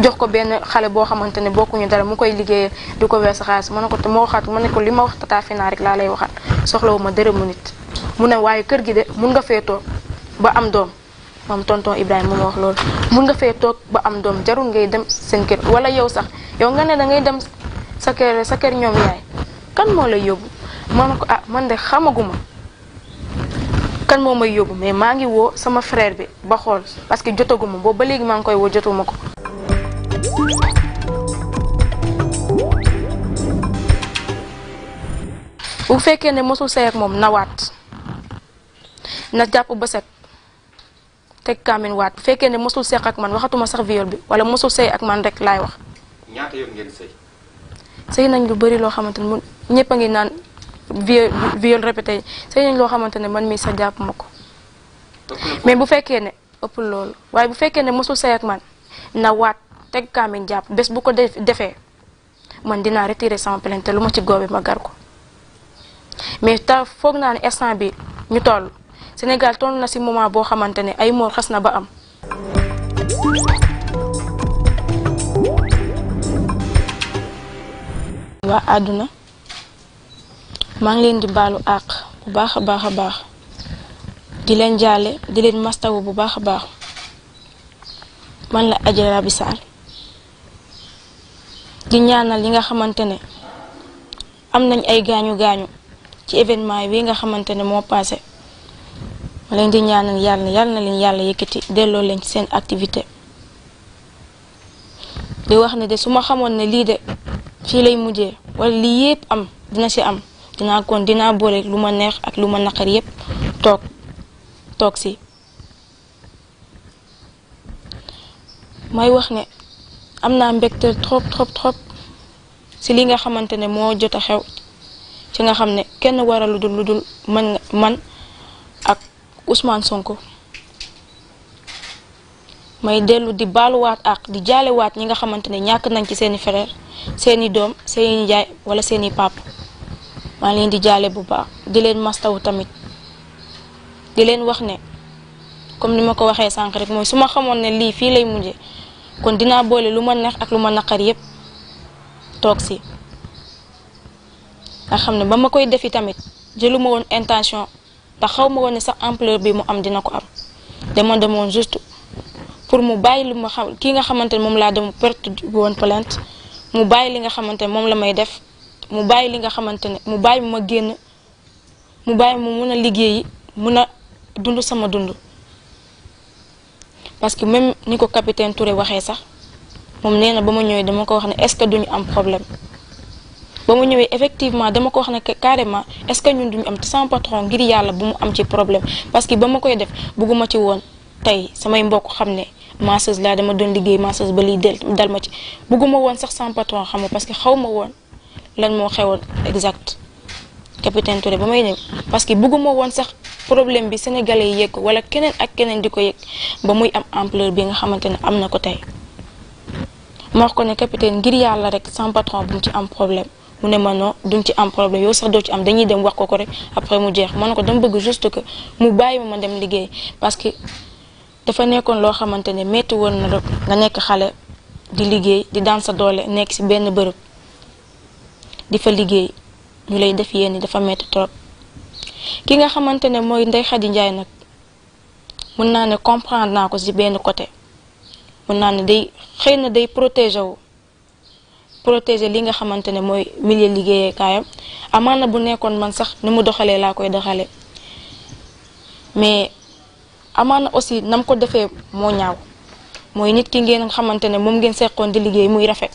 jox ko benn xale boo xamante ne bokkuñu dara mu koy liggéeyee di ko weesu xaalis ma ne ko ma waxaat ma ne ko li ma wax tata Fina rek laa lay waxaat soxlawu ma dërëmu nit. mu ne waaye kër gi de mun nga fee toog ba am doom moom tonton Ibrahima ma wax loolu mun nga fee toog ba am doom jarul ngay dem seen kër wala yow sax yow nga ne da ngay dem sa kër sa kër ñoom yaay kan moo lay yóbbu ma ne ko ah man de xamaguma kan moo may yóbbu mais maa ngi woo sama frère bi ba xool parce que jotaguma boobu ba léegi maa ngi koy woo jotuma ko. bu fekkee ne mosul sey ak moom na waat na jàpp ba te teg kaamin waat bu fekkee ne mosul seq ak man waxatuma sax viol bi wala mosul sey ak man rek laay wax. ñaata sey. nañ lu bari loo xamante ne mu a ngi naan viol viol répété sey nañ loo xamante ne man mii sa jàpp ma ko. mais bu fekkee ne ëpp loolu waaye bu fekkee ne mosul sey ak man na waat. teg kaamin jàpp bés bu ko defee man dinaa retirer sama plainte lu ma ci góobe ma gar mais ta foog naa ne instant bi ñu toll Sénégal toll na si moment boo xamante ne ay moor xas na ba am waa àdduna maa ngi leen di baalu àq bu baax a baax a baax di leen jaale di leen mastawu bu baax a baax man la Adji Raby di ñaanal yi nga xamante ne am nañ ay gaañu gaañu ci événement bi nga xamante ne moo passé ma leen di ñaanal yàlla yàlla leen yàlla yëkkati delloo leen ci seen activité di wax ne de su ma xamoon ne lii de fii lay mujje wala lii yépp am dina ci am dina kon dinaa boole lu ma neex ak lu ma naqar yépp toog toog si may wax ne am naa mbégte trop trop trop ci li nga xamante ne moo jot a xew ci nga xam ne kenn waral lu dul lu dul man man ak usmaan Sonko may dellu di baaluwaat ak di jaalewaat ñi nga xamante ne ñàkk nañ ci seeni frère seeni doom seeni njaay wala seeni pap maa leen di jaale bu baax di leen mastawu tamit di leen wax ne comme ni ma ko waxee sànq rek mooy su ma xamoon ne lii fii lay mujje kon dinaa boole lu ma neex ak lu ma naqar yépp toog si nga xam ne ba ma koy defi tamit jëluma woon intention te xaw ma woon ne sax ampleur bi mu am dina ko am dama demoon juste pour mu bàyyi lu ma xam nga xamante ne moom laa dem perte woon plainte mu bàyyi li nga xamante ne moom la may def mu bàyyi li nga xamante ne mu bàyyi ma génn mu bàyyi mu mun a liggéeyi mun a dund sama dund parce que même ni ko capitaine Touré waxee sax moom nee na ba ma ñëwee dama ko wax ne est-ce que duñu am problème ba ma ñëwee effectivement dama ko wax ne carrément est-ce que ñun duñu am sans patron ngir yàlla bu mu am ci problème parce que ba ma koy def bugguma ci woon tey samay mbokk xam ne masseuse laa dama doon liggéey masseuse ba lii del dal ma ci bugguma woon sax sans patron xam parce que xaw ma woon lan moo xewoon exact capitaine Touré ba may ñëw parce que bëgguma woon sax problème bi sénégalais yi ko wala keneen ak keneen di ko yëg ba muy am empleur bi nga xamante ne am na ko tey ma wax ko ne capitaine ngir yàlla rek sans patron bu mu ci am problème mu ne ma non duñ ci am problème yow sax doo ci am dañuy dem wax ko ko rek après mu jeex ma ne ko dama bëgg juste que mu bàyyi ma ma dem liggéey parce que dafa nekkoon loo xamante ne métti woon na rek nga nekk xale di liggéey di daan sa doole nekk ci benn bërëb di fa liggéey. ñu lay def yéen dafa metti trop ki nga xamante ne mooy Ndeye Khady Ndiaye nag mën naa ne comprendre naa ko si benn côté mën naa ne day xëy na day protéger wu protéger li nga xamante ne mooy milieu liggéeyukaayam na bu nekkoon man sax nu mu doxalee laa koy doxalee mais na aussi nam ko defee moo ñaaw mooy nit ki ngeen xamante ne moom ngeen seqoon di liggéey muy rafet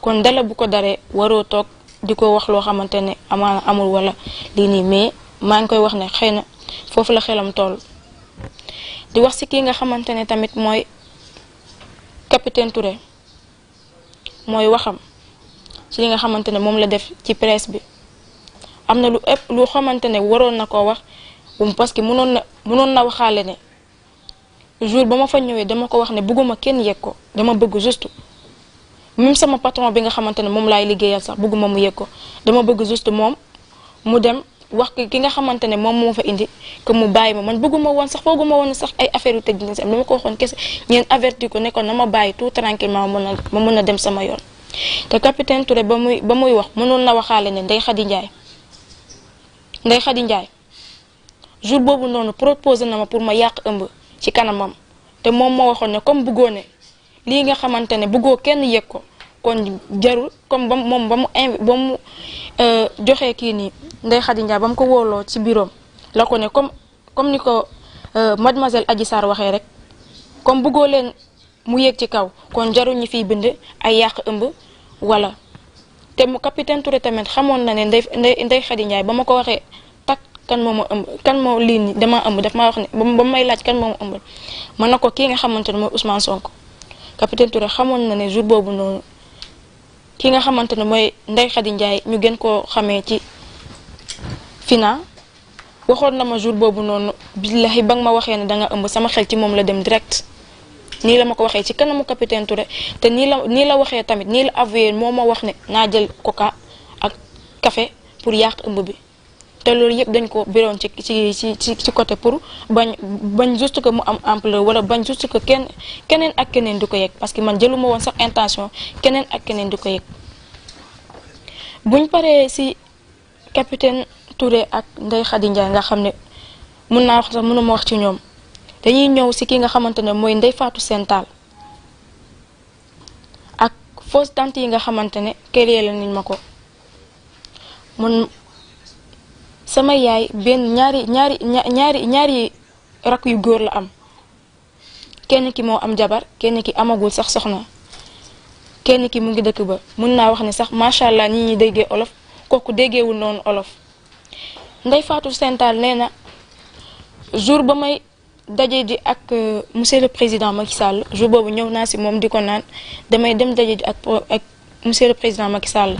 kon dala bu ko daree waroo toog di ko wax loo xamante ne amaana amul wala lii nii mais maa ngi koy wax ne xëy na foofu la xelam toll di wax si kii nga xamante ne tamit mooy capitaine Touré mooy waxam si li nga xamante ne moom la def ci presse bi am na lu ëpp lu xamante ne waroon na koo wax um, parce que mënoon na mënoon na waxaale ne jour ba ma fa ñëwee dama ko wax ne bëgguma kenn yegg ko dama bëgg juste moom sama patron bi nga xamante ne moom laay liggéeyal sax bëgguma mu yëg ko dama bëgg juste moom mu dem wax ki nga xamante ne moom moo fa indi que mu bàyyi ma man bëgguma woon sax fooguma woon sax ay affaire yu technique am dama ko waxoon kese ñeen averti ko ne ko na ma bàyyi tout tranquillement ma mën a ma mën a dem sama yoon te capitaine Touré ba muy ba muy wax mënoon na waxaale ne Ndeye Khady Ndiaye Ndeye Khady Ndiaye jour boobu noonu proposé na ma pour ma yàq ëmb ci kanamam te moom moo waxoon ne comme bëggoon ne lii nga xamante ne bëggoo kenn yéeg ko kon jarul comme ba moom ba mu in ba mu euh, joxee kii nii Ndeye Khady Ndiaye ba mu ko wóoloo ci biroom la ko ne comme comme ni ko euh, mademoiselle Adji Sarr waxee rek comme bëggoo leen mu yéeg ci kaw kon jarul ñi fiy bind ay yàq ëmb wala te mu capitaine Touré tamit xamoon na ne Ndeye Ndeye Khady Ndiaye ba ma ko waxee takk kan moo ma ëmb kan moo lii nii damaa ëmb daf maa wax ne ba may laaj kan moom ma ëmb mën na ko kii nga xamante ne mooy Ousmane capitaine Touré xamoon na ne jour boobu noonu ki nga xamante ne mooy Ndeye Khady Ndiaye ñu gën koo xamee ci Fina waxoon na ma jour boobu noonu billahi ba nga ma waxee ne danga ëmb sama xel ci moom la dem direct nii la ma ko waxee ci kanamu capitaine Touré te nii la nii la waxee tamit nii la avoué moo ma wax ne naa jël koka ak kafe pour yàq ëmb bi te loolu yëpp dañ ko biroon ci ci ci ci ci côté pour bañ bañ juste que mu am ampleur wala bañ juste que kenn keneen ak keneen di ko yëg parce que man jëluma woon sax intention keneen ak keneen di ko yëg buñ paree si capitaine Touré ak Ndeye Khady Ndiaye nga xam ne mun naa wax sax mënuma wax ci ñoom dañuy ñëw si ki nga xamante ne mooy Ndeye Fatou Sène Tall ak fausse tante yi nga xamante ne kër la niñ ma ko mun sama yaay benn ñaari ñaari ñaari ñaari yu góor la am kenn ki moo am jabar kenn ki amagul sax soxna kenn ki mu ngi dëkk ba mun naa wax ne sax macha allah ñi déggee olof kooku déggewul noonu olof Ndeye faatu Sentaal nee na jour ba may daje ji ak euh, monsieur le président Macky Sall jour boobu ñëw naa si moom di ko naan damay dem daje ji ak ak monsieur le président Macky sàll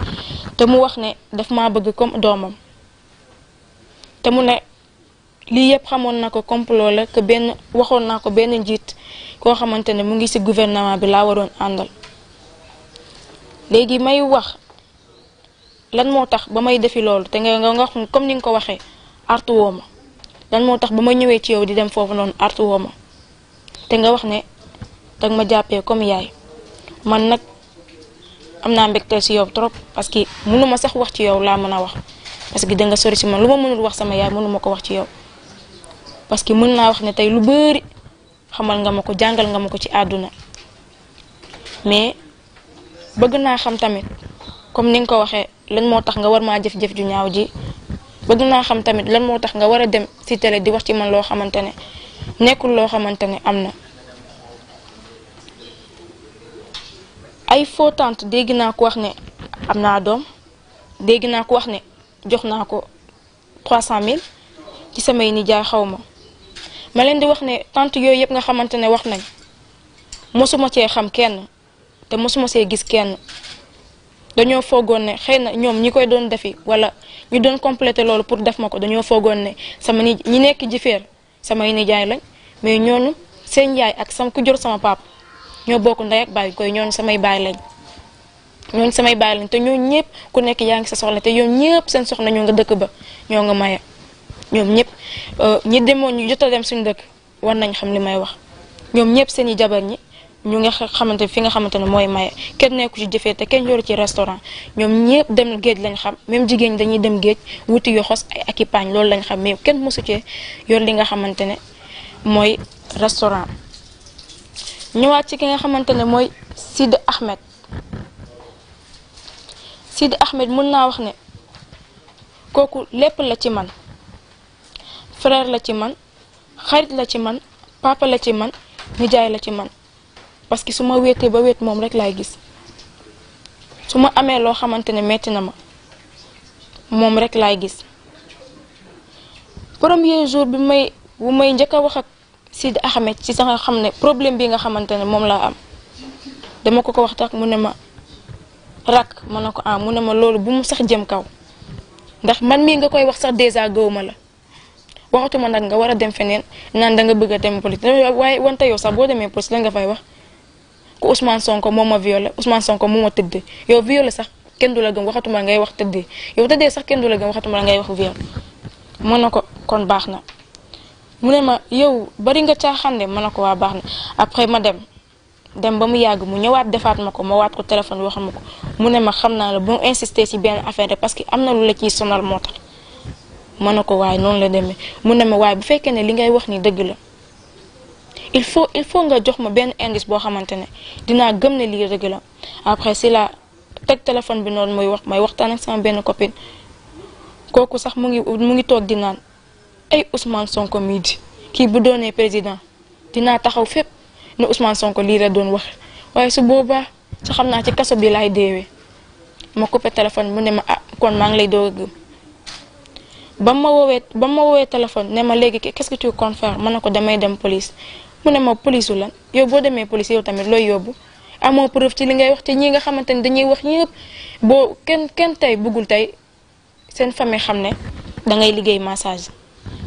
te mu wax ne daf ma bëgg comme doomam te mu ne lii yëpp xamoon na ko complot la que benn waxoon naa ko benn njiit koo xamante ne mu ngi ci gouvernement bi laa waroon àndal léegi may wax lan moo tax ba may defi loolu te nga comme ni nga ko waxee artu woo ma moo tax ba ma ñëwee ci yow di dem foofu noonu artu woo te nga wax ne dag ma jàppee comme yaay man nag am naa mbégte ci yow trop parce que mënuma sax wax ci yow laa mën a wax parce que da nga sori si man lu ma mënul wax sama yaay mënu ma ko wax ci yow parce que mën naa wax ne tey lu bari xamal nga ma ko jàngal nga ma ko ci àdduna mais bëgg naa xam tamit comme ni nga ko waxee lan moo tax nga war maa jëf-jëf ju ñaaw ji bëgg naa xam tamit lan moo tax nga war a dem si télé di wax ci man loo xamante ne nekkul loo xamante ne am na ay faux tante dégg naa ko wax ne am naa doom déggi naa ko wax ne jox naa ko cent 300000 ci samay nijaay xaw ma ma leen di wax ne tant yooyu yëpp nga xamante ne wax nañ mosuma cee xam kenn te mosuma see gis kenn dañoo foogoon ne xëy na ñoom ñi koy doon defi wala ñu doon complété loolu pour def ma ko dañoo foogoon ne sama ni ñi nekk jifeer samay nijaay lañ mais ñoonu seen yaay ak sama ku jur sama pap ñoo bokk ndey ak baay koy ñoonu samay baay lañ. ñooñu samay bàyyi lañ te ñooñu ñëpp ku nekk yaa ngi sa soxla te ñoom ñëpp seen soxla ñoo nga dëkk ba ñoo nga maye ñoom ñëpp euh, ñi demoon ñu jot a dem suñu dëkk war nañ xam li may wax ñoom ñëpp seen i jabar ñi ñu nga xamante fi nga xamante ne mooy maye kenn nekku ci jëfee te kenn yoru ci restaurant ñoom ñëpp dem géej lañ xam même jigéen ñi dañuy dem géej wuti yoxos ay ak loolu lañ xam mais kenn mosu cee yor li nga xamante ne mooy restaurant ñëwaat ci ki nga xamante mooy Sidi Ahmed Sidi Ahmed mun naa wax ne kooku lépp la ci man frère la ci man xarit la ci man papa la ci man nijaay la ci man parce que su ma wéetee ba wet moom rek laay gis su ma amee loo xamante ne metti na ma moom rek laay gis premier jour bi may bu may njëkk wax ak Sidi Ahmed ci sa nga xam ne problème bi nga xamante ne moom laa am dama ko ko wax mu ne ma rak ma a ko ah mu ne ma loolu bu mu sax jëm kaw ndax man mii nga koy wax sax dèjà gëw ma la waxatuma nag nga war a dem feneen naan da nga bëgg a dem police waaye wante yow sax boo demee police la nga fay wax ku Ousmane Sonko moom ma violé usman Sonko moo ma tëddee yow violé sax kenn du la gëm waxatuma ngay wax tëddee yow tëddee sax kenn du la gëm waxatuma ngay wax violé mën na ko kon baax na mu ne ma yow bari nga caaxaan de mën na ko waa baax na après ma dem ba mu yàgg mu ñëwaat defaat ma ko ma waat ko téléphone wax ko mu ne ma xam naa la bu mu insister ci benn affaire rek parce que am na lu la ciy sonal moo tax ma ne ko waaye noonu la demee mu ne ma waaye bu fekkee ne li ngay wax ni dëgg la il faut il faut nga jox ma benn indice boo xamante ne dinaa gëm ne lii dëgg la après si la teg téléphone bi noonu mooy wax mooy waxtaan ak sama benn copine kooku sax mu ngi mu ngi toog dinaan naan ay Ousmane Sonko mii kii bu doonee président dinaa taxaw fépp. nu Ousmane sonk lii la doon wax waaye su boobaa su xam naa ci kaso bi laay deewee ma coupé téléphone mu ne ma ah kon maa ngi lay doog a gëm ba ma woowee ba ma woowee téléphone ne ma léegi qu'est-ce que tu comptes faire ma ko damay dem police mu ne ma police la yow boo demee police yow tamit looy yóbbu amoo preuve ci li ngay wax te ñi nga xamante ni dañuy wax ñëpp boo kenn kenn tey bëggul tey seen famille xam ne dangay liggéey massage.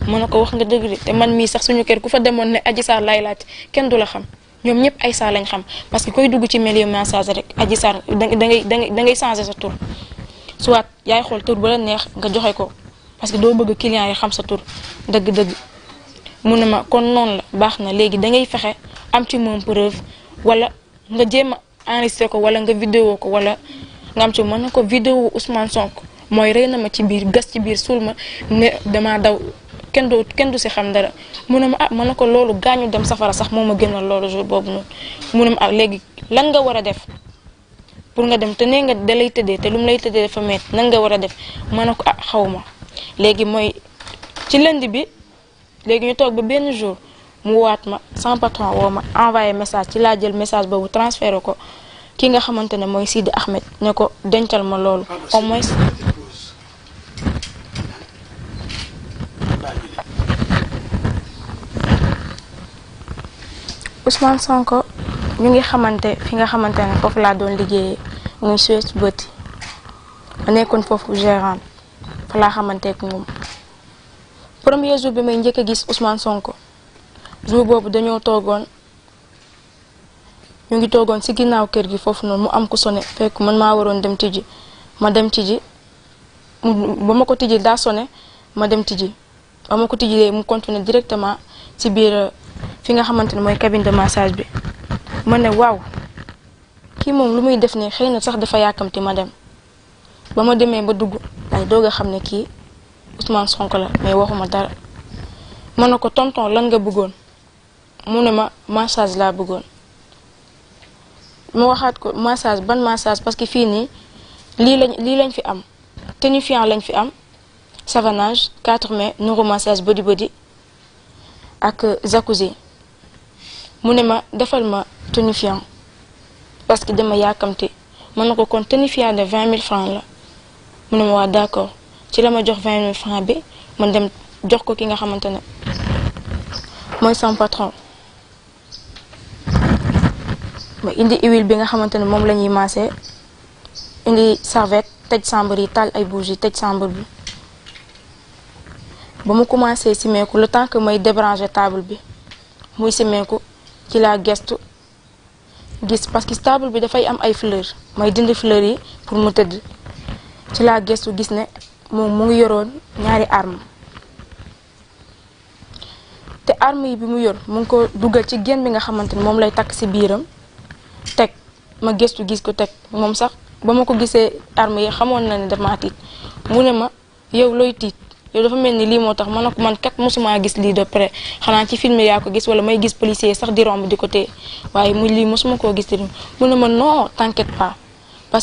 mën na ko wax nga dëgg de te man mii sax suñu kër ku fa demoon ne Adji laay laaj kenn du la xam ñoom ñëpp ay Sarr lañ xam parce que koy dugg ci milieu message rek aji Sarr da ngay da ngay da ngay changé sa tur soit yaay xool tur ba la neex nga joxe ko parce que doo bëgg client yi xam sa tur dëgg-dëgg mun ne ma kon noonu la baax na léegi da ngay fexe am ci moom preuve wala nga jéem a enregistré ko wala nga vidéo ko wala nga am ci mën na ko vidéo Ousmane Sonko mooy rey na ma ci biir gas ci biir suul ma ne damaa daw. kenn du kenn du si xam dara mu ne ma ah ma ne ko loolu gaañu dem safara sax moo ma gënal loolu jour boobu noonu mu ne ma ah, léegi lan nga war a def pour nga dem te nee nga da lay te lu mu lay tëddee dafa met nan nga war a def ma ne ko ah xaw ma léegi mooy ci lënd bi léegi ñu toog ba benn jour mu waat ma sans patron woo ma envoyé message ci laa jël message boobu transféré ko ki nga xamante ne mooy Sidi Ahmed ne ko dencal ma loolu au moins Ousmane Sonko ñu ngi xamante fi nga xamante ne foofu laa doon liggéeyee muy Suez Beauty ma nekkoon foofu gérant fa laa xamanteek moom premier jour bi may njëkk a gis Ousmane Sonko jour boobu dañoo toogoon ñu ngi toogoon ci ginnaaw kër gi foofu noonu mu am ku sone fekk man maa waroon dem tijji ma dem tijji ba ma ko tijji daa sone ma dem tijji ba ma ko mu continuer directement ci biir fi nga xamante ne mooy cabine de massage bi ma ne waaw kii moom lu muy def nii xëy na sax dafa yàkkamti ma dem ba ma demee ba dugg ay doog a xam ne kii Ousmane Sonko la mais waxuma dara ma ne ko tonton lan nga bëggoon mu ne ma massage laa bëggoon ma waxaat ko massage ban massage parce que fii nii lii lañ lii lañ fi am tonifiant lañ fi am savonnage 4 mai neuro massage body body ak jacuzzi mu ne ma defal ma tonifiant parce que ma yàkkamti mën na ko kon tonifiant de vingt mille francs la mu ne ma waa d'accord ci la ma jox vingt mille francs bi man dem jox ko ki nga xamante ne mooy sama patron ma indi huile bi nga xamante ne moom la ñuy maase indi serviette tëj chambre yi taal ay bougie tëj chambre bi ba mu commencé simeeku le temps que may débrancher table bi muy simeeku ci laa gestu gis parce que table bi dafay am ay fleur may dindi fleur yi pour mu tëdd ci laa gestu gis ne moom mu ngi yoroon ñaari arm te arme yi bi mu yor mu ngi ko dugal ci génn bi nga xamante ni moom lay takk ci biiram teg ma gestu gis ko teg moom sax ba ma ko gisee arme yi xamoon na ne dama tiit mu ne ma yow looy tiit yow dafa mel ni lii moo tax man ak man kat mosuma gis lii de près xanaa ci film yaa ko gis wala may gis policier sax di romb di côté waaye mu lii mosuma koo gis di mu ne ma non t'inquiète pas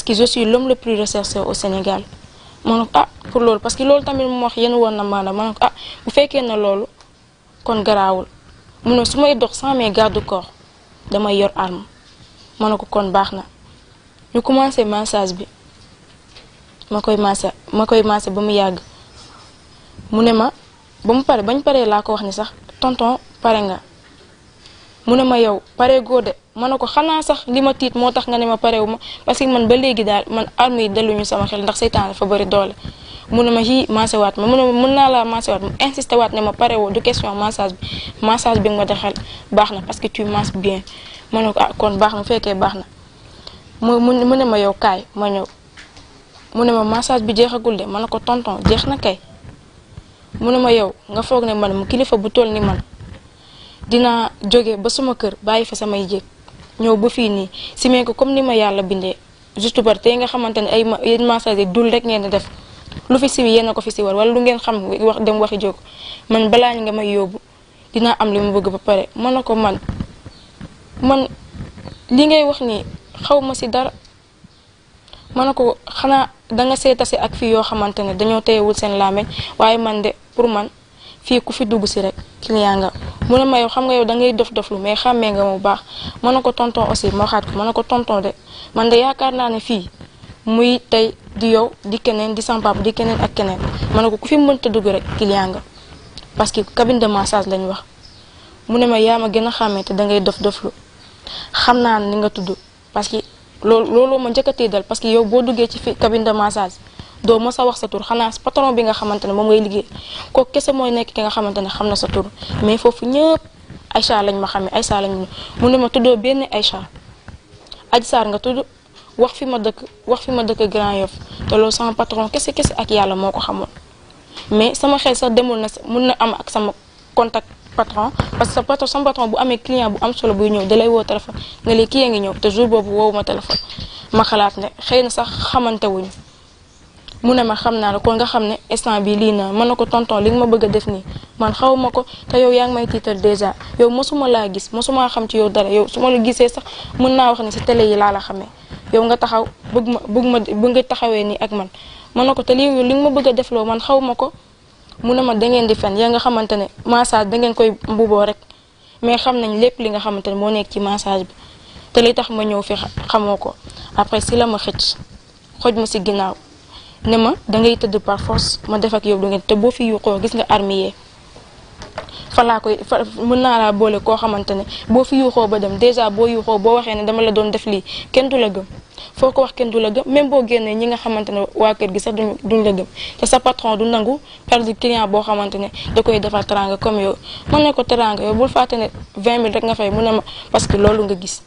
que je suis le plus recherché au Sénégal ma ne ko ah, pour loolu parce que loolu tamit mu wax yéen woon na maanaam ma ah, bu fekkee ne loolu kon garaawul mu ne su may dox sans mes garde corps yor arme ma ne ko kon baax na ñu commencé massage bi ma koy massé ma koy massé ba mu yàgg. mu ne ma ba mu paree ba ñu paree laa ko wax ni sax tonton pare nga mu ne ma yow paree goo de ma ne ko xanaa sax li ma tiit moo tax nga ne ma pare wu ma parce que man ba léegi daal man armes yi delluñu sama xel ndax seytaan dafa bëri doole. mu ne ma hii maase waat ma mu ne ma mën naa laa maase waat mu waat ne ma pare woo du bi massage bi nga ma defal baax na parce que tu masses bien ma ne ko ah, kon baax na fekkee baax na mu mu ne ma yow kaay ma ñëw mu ne ma massage bi jeexagul de ma ne ko tonton jeex na kay. mu ne ma yow nga foog ne man kilifa bu toll ni man dinaa jóge ba sama kër bàyyi fa samay jég ñëw ba fii nii simee ko comme ni ma yàlla bindee juste par tey nga xamante ne ay yéen massage dul rek ngeen di def lu fi siwi yéen a ko fi si war wala lu ngeen xam wax dem waxi jóg man balaa ñu nga may yóbbu dina am li mu bëgg ba pare mën na ko man man li ngay wax ni xaw ma si dara mën na ko xanaa danga see si ak fii yoo xamante ne dañoo teyewul seen làmmiñ pour man fii ku fi dugg si rek client nga mu ne ma yow xam nga yow dangay ngay dof doflu mais xàmmee nga bu baax mën na ko tonton aussi ma waxaat ko mën na ko tonton de man de yaakaar naa ne fii muy tey di yow di keneen di sampaam di keneen ak keneen mën na ko ku fi mënta dugg rek client nga parce que cabine de massage lañ wax mu ne ma yaa ma gën a xàmmee te da ngay dof doflu xam naa ni nga tudd parce que loolu looloo ma njëkk a tiital parce que yow boo duggee ci fi cabine de massage doo mës a wax sa tur xanaa patron bi nga xamante ne moom ngay liggéey kooku kese mooy nekk ki nga xamante ne xam na sa tur mais foofu ñëpp Aïcha lañ ma xam xamee Aïcha lañ ma mu ne ma tuddoo benn ay Aïcha Adji Sarr nga tudd wax fi ma dëkk wax fi ma dëkk Grand Yoff te loolu sama patron kese kese ak yàlla moo ko xamoon mais sama xel sax demul na mun na am ak sama contact patron parce que patron sama patron bu amee client bu am solo buy ñëw dalay woo téléphone a ngi ñëw te jour boobu woowu ma téléphone ma xalaat ne xëy na sax xamante mu ne ma xam naa la kon nga xam ne instant bi lii na mën na ko tonton li nga ma bëgg a def nii man xaw ma ko te yow yaa ngi may tiital dèjà yow mosuma laa gis mosuma xam ci yow dara yow su ma la gisee sax mën naa wax ne si télé yi laa la yow nga taxaw bëgg ma bëgg ma bëgg nga taxawee nii ak man mën na ko te lii li nga ma bëgg a defloo man xaw ma ko mu ne ma dangeen di fen yaa nga xamante ne massage dangeen koy mbuboo rek mais xam nañ lépp li nga xamante ne moo nekk ci massage bi te li tax ma ñëw fi xamoo ko après si la ma xëcc xoj ma si ginnaaw ne ma da ngay tëdd par force ma def ak yow du ngeen te boo fi yuuxoo gis nga armée fa laa koy fa mën naa laa boole koo xamante ne boo fi yuuxoo ba dem déjà boo yuuxoo boo waxee ne dama la doon def lii kenn du la gëm foo ko wax kenn du la gëm même boo génnee ñi nga xamante ne waa kër gi sax duñ duñ la gëm te sa patron du nangu perdre client boo xamante ne da koy defal teranga comme yow mën ne ko teranga yow bul fàtte ne 20 000 rek nga fay mu ne ma parce que loolu nga gis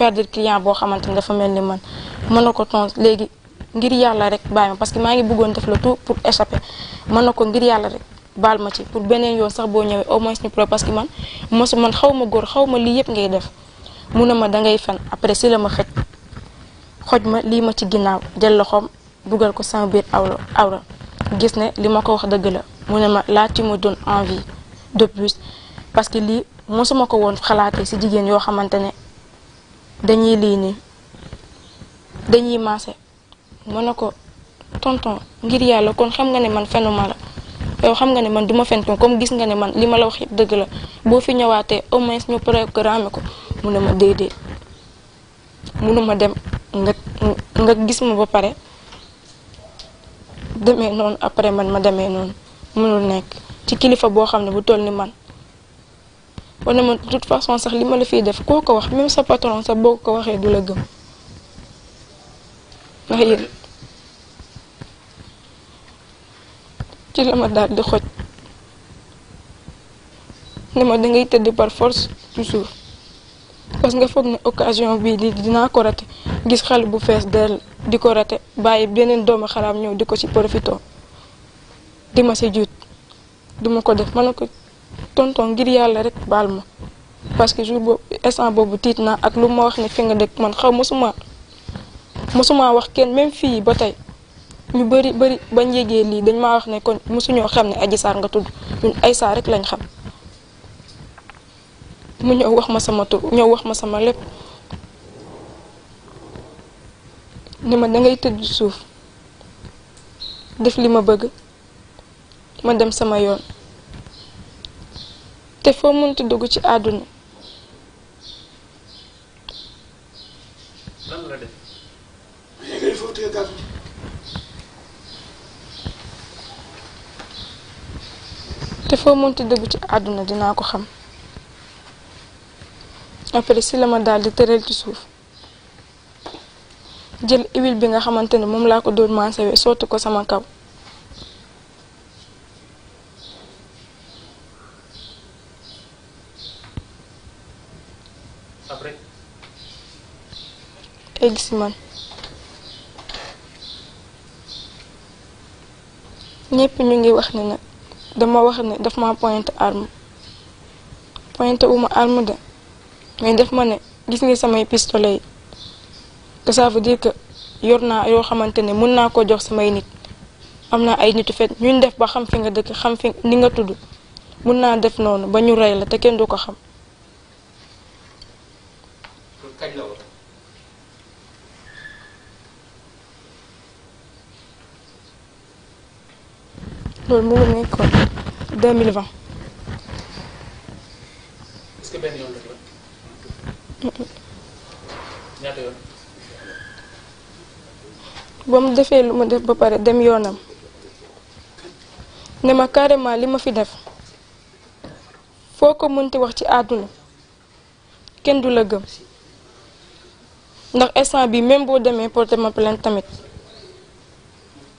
perdre client boo xamante ni dafa mel ni man mën na ko ton léegi ngir yàlla rek bàyyi ma parce que maa ngi bëggoon def la tout pour échapper mën na ko ngir yàlla rek baal ma ci pour beneen yoon sax boo ñëwee au moins ñu pro parce que man mosu man xaw ma góor xaw ma lii yëpp ngay def mu ne ma dangay fen après si ma xëj xoj ma lii ma ci ginnaaw jël loxoom dugal ko sama biir awra awra gis ne li ma ko wax dëgg la mu ne ma laa ci ma doon envie de plus mosuma ko woon xalaatee si jigéen yoo xamante ne dañuy lii nii dañuy maase mën na ko tonton ngir yàlla kon xam nga ne man fenuma la yow xam nga ne man duma fen kon comme gis nga ne man li ma la wax yëpp dëgg la boo fi ñëwaatee au moins ñu programme ko mu ne ma déedéet ma dem nga nga gis ma ba pare demee noonu après man ma demee noonu mënul nekk ci kilifa boo xam ne bu toll ni man ba ne ma de façon sax li ma la fiy def koo ko wax même sa patron sax boo ko waxee du la gëm ndax yéen ci la ma daal di xoj ne ma dangay tëdd par force du suuf que nga foog ne occasion bii di dinaa ko rate gis xale bu fees del di ko rate bàyyi beneen doomu xaraam ñëw di ko ci profito di ma si juut duma ko def ma ne ko tonton ngir yàlla rek baal ma parce que jour boobu instant boobu tiit naa ak lu ma wax ne fi nga dëkk man xaw ma mosuma mosuma wax kenn même fii ba tey ñu bëri bëri bañ yégee lii dañ ma wax ne kon mosuñoo xam ne aji saar nga tudd ñun ay Sarr rek lañ xam mu ñëw wax ma sama tur ñëw wax ma sama lépp ni ma dangay tëdd suuf def li ma bëgg ma dem sama yoon te foo mënti dugg ci àdduna lan te foo mënti dugg ci àdduna dinaa ko xam après si la ma daal di tëral ci suuf jël huile bi nga xamante ne moom laa ko doon mansawee sotti ko sama kaw egg si man ñépp ñu ngi wax ne na dama wax ne daf ma pointe arme pointe uma arme de mais daf ma ne gis nga samay pistole yi que ça veut que yor naa yoo xamante ne mën naa ko jox samay nit am naa ay nitu fet ñun def ba xam fi nga dëkk xam fi ni nga tudd mën naa def noonu ba ñu rey la te kenn du ko xam. loolu mu ngi nekkoon 2020. ba mu defee lu ma def ba pare dem yoonam ne ma carrément li ma fi def foo ko mënti wax ci àdduna kenn du la gëm ndax instant bi même boo demee porter ma plainte tamit.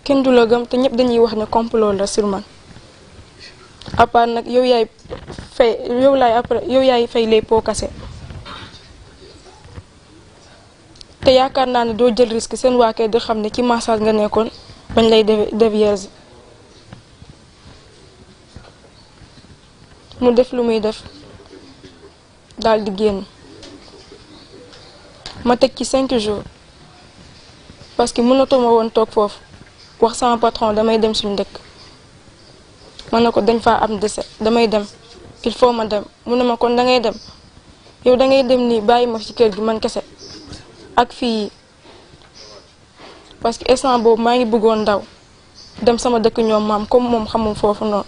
kenn du la gëm te ñëpp dañuy wax ne complot la sur man nag yow yaay fay yow laay après yow yaay fay les pots cassés te yaakaar naa ne doo jël risque seen waa kër xam ne ci massage nga nekkoon bañ lay dévierge mu def lu muy def daal di génn ma teg ci cinq jours parce que mënatuma woon toog foofu wax sama patron damay dem suñu dëkk man na ko dañ faa am dese damay dem il faut ma dem mu ne ma kon dangay dem yow da ngay dem nii bàyyi ma ci kër gi man kese ak fii parce que instant boobu maa ngi bëggoon ndaw dem sama dëkk ñoom maam comme moom xamul foofu noonu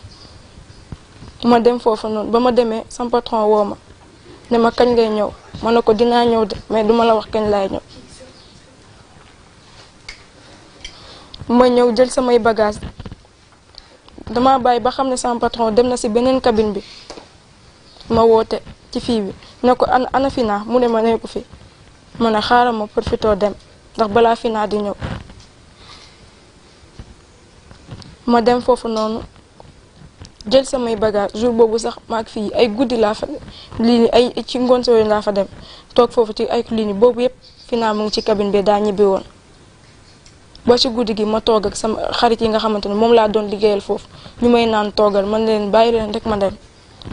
ma dem foofu noonu ba ma demee sama patron woo ma ne ma kañ ngay ñëw man ne ko dinaa ñëw de mais duma la wax kañ laay ñëw ma ñëw jël samay bagaas dama bàyyi ba xam ne sama dem na si beneen cabine bi ma woote ci fii bi ne ko ana ana Fina mu ne ma nekku fi ma ne xaaral ma profitoo dem ndax balaa Fina di ñëw ma dem foofu noonu jël samay bagage jour boobu sax maak fii ay guddi laa fa lii ay ci ngoon sooy laa fa dem toog foofu ci ay lii boobu yëpp Fina mu ngi ci cabine bi daa ñibbi woon ba ci guddi gi ma toog ak sama xarit yi nga xamante ne moom laa doon liggéeyal foofu ñu may naan toogal man leen bàyyi leen rek ma dem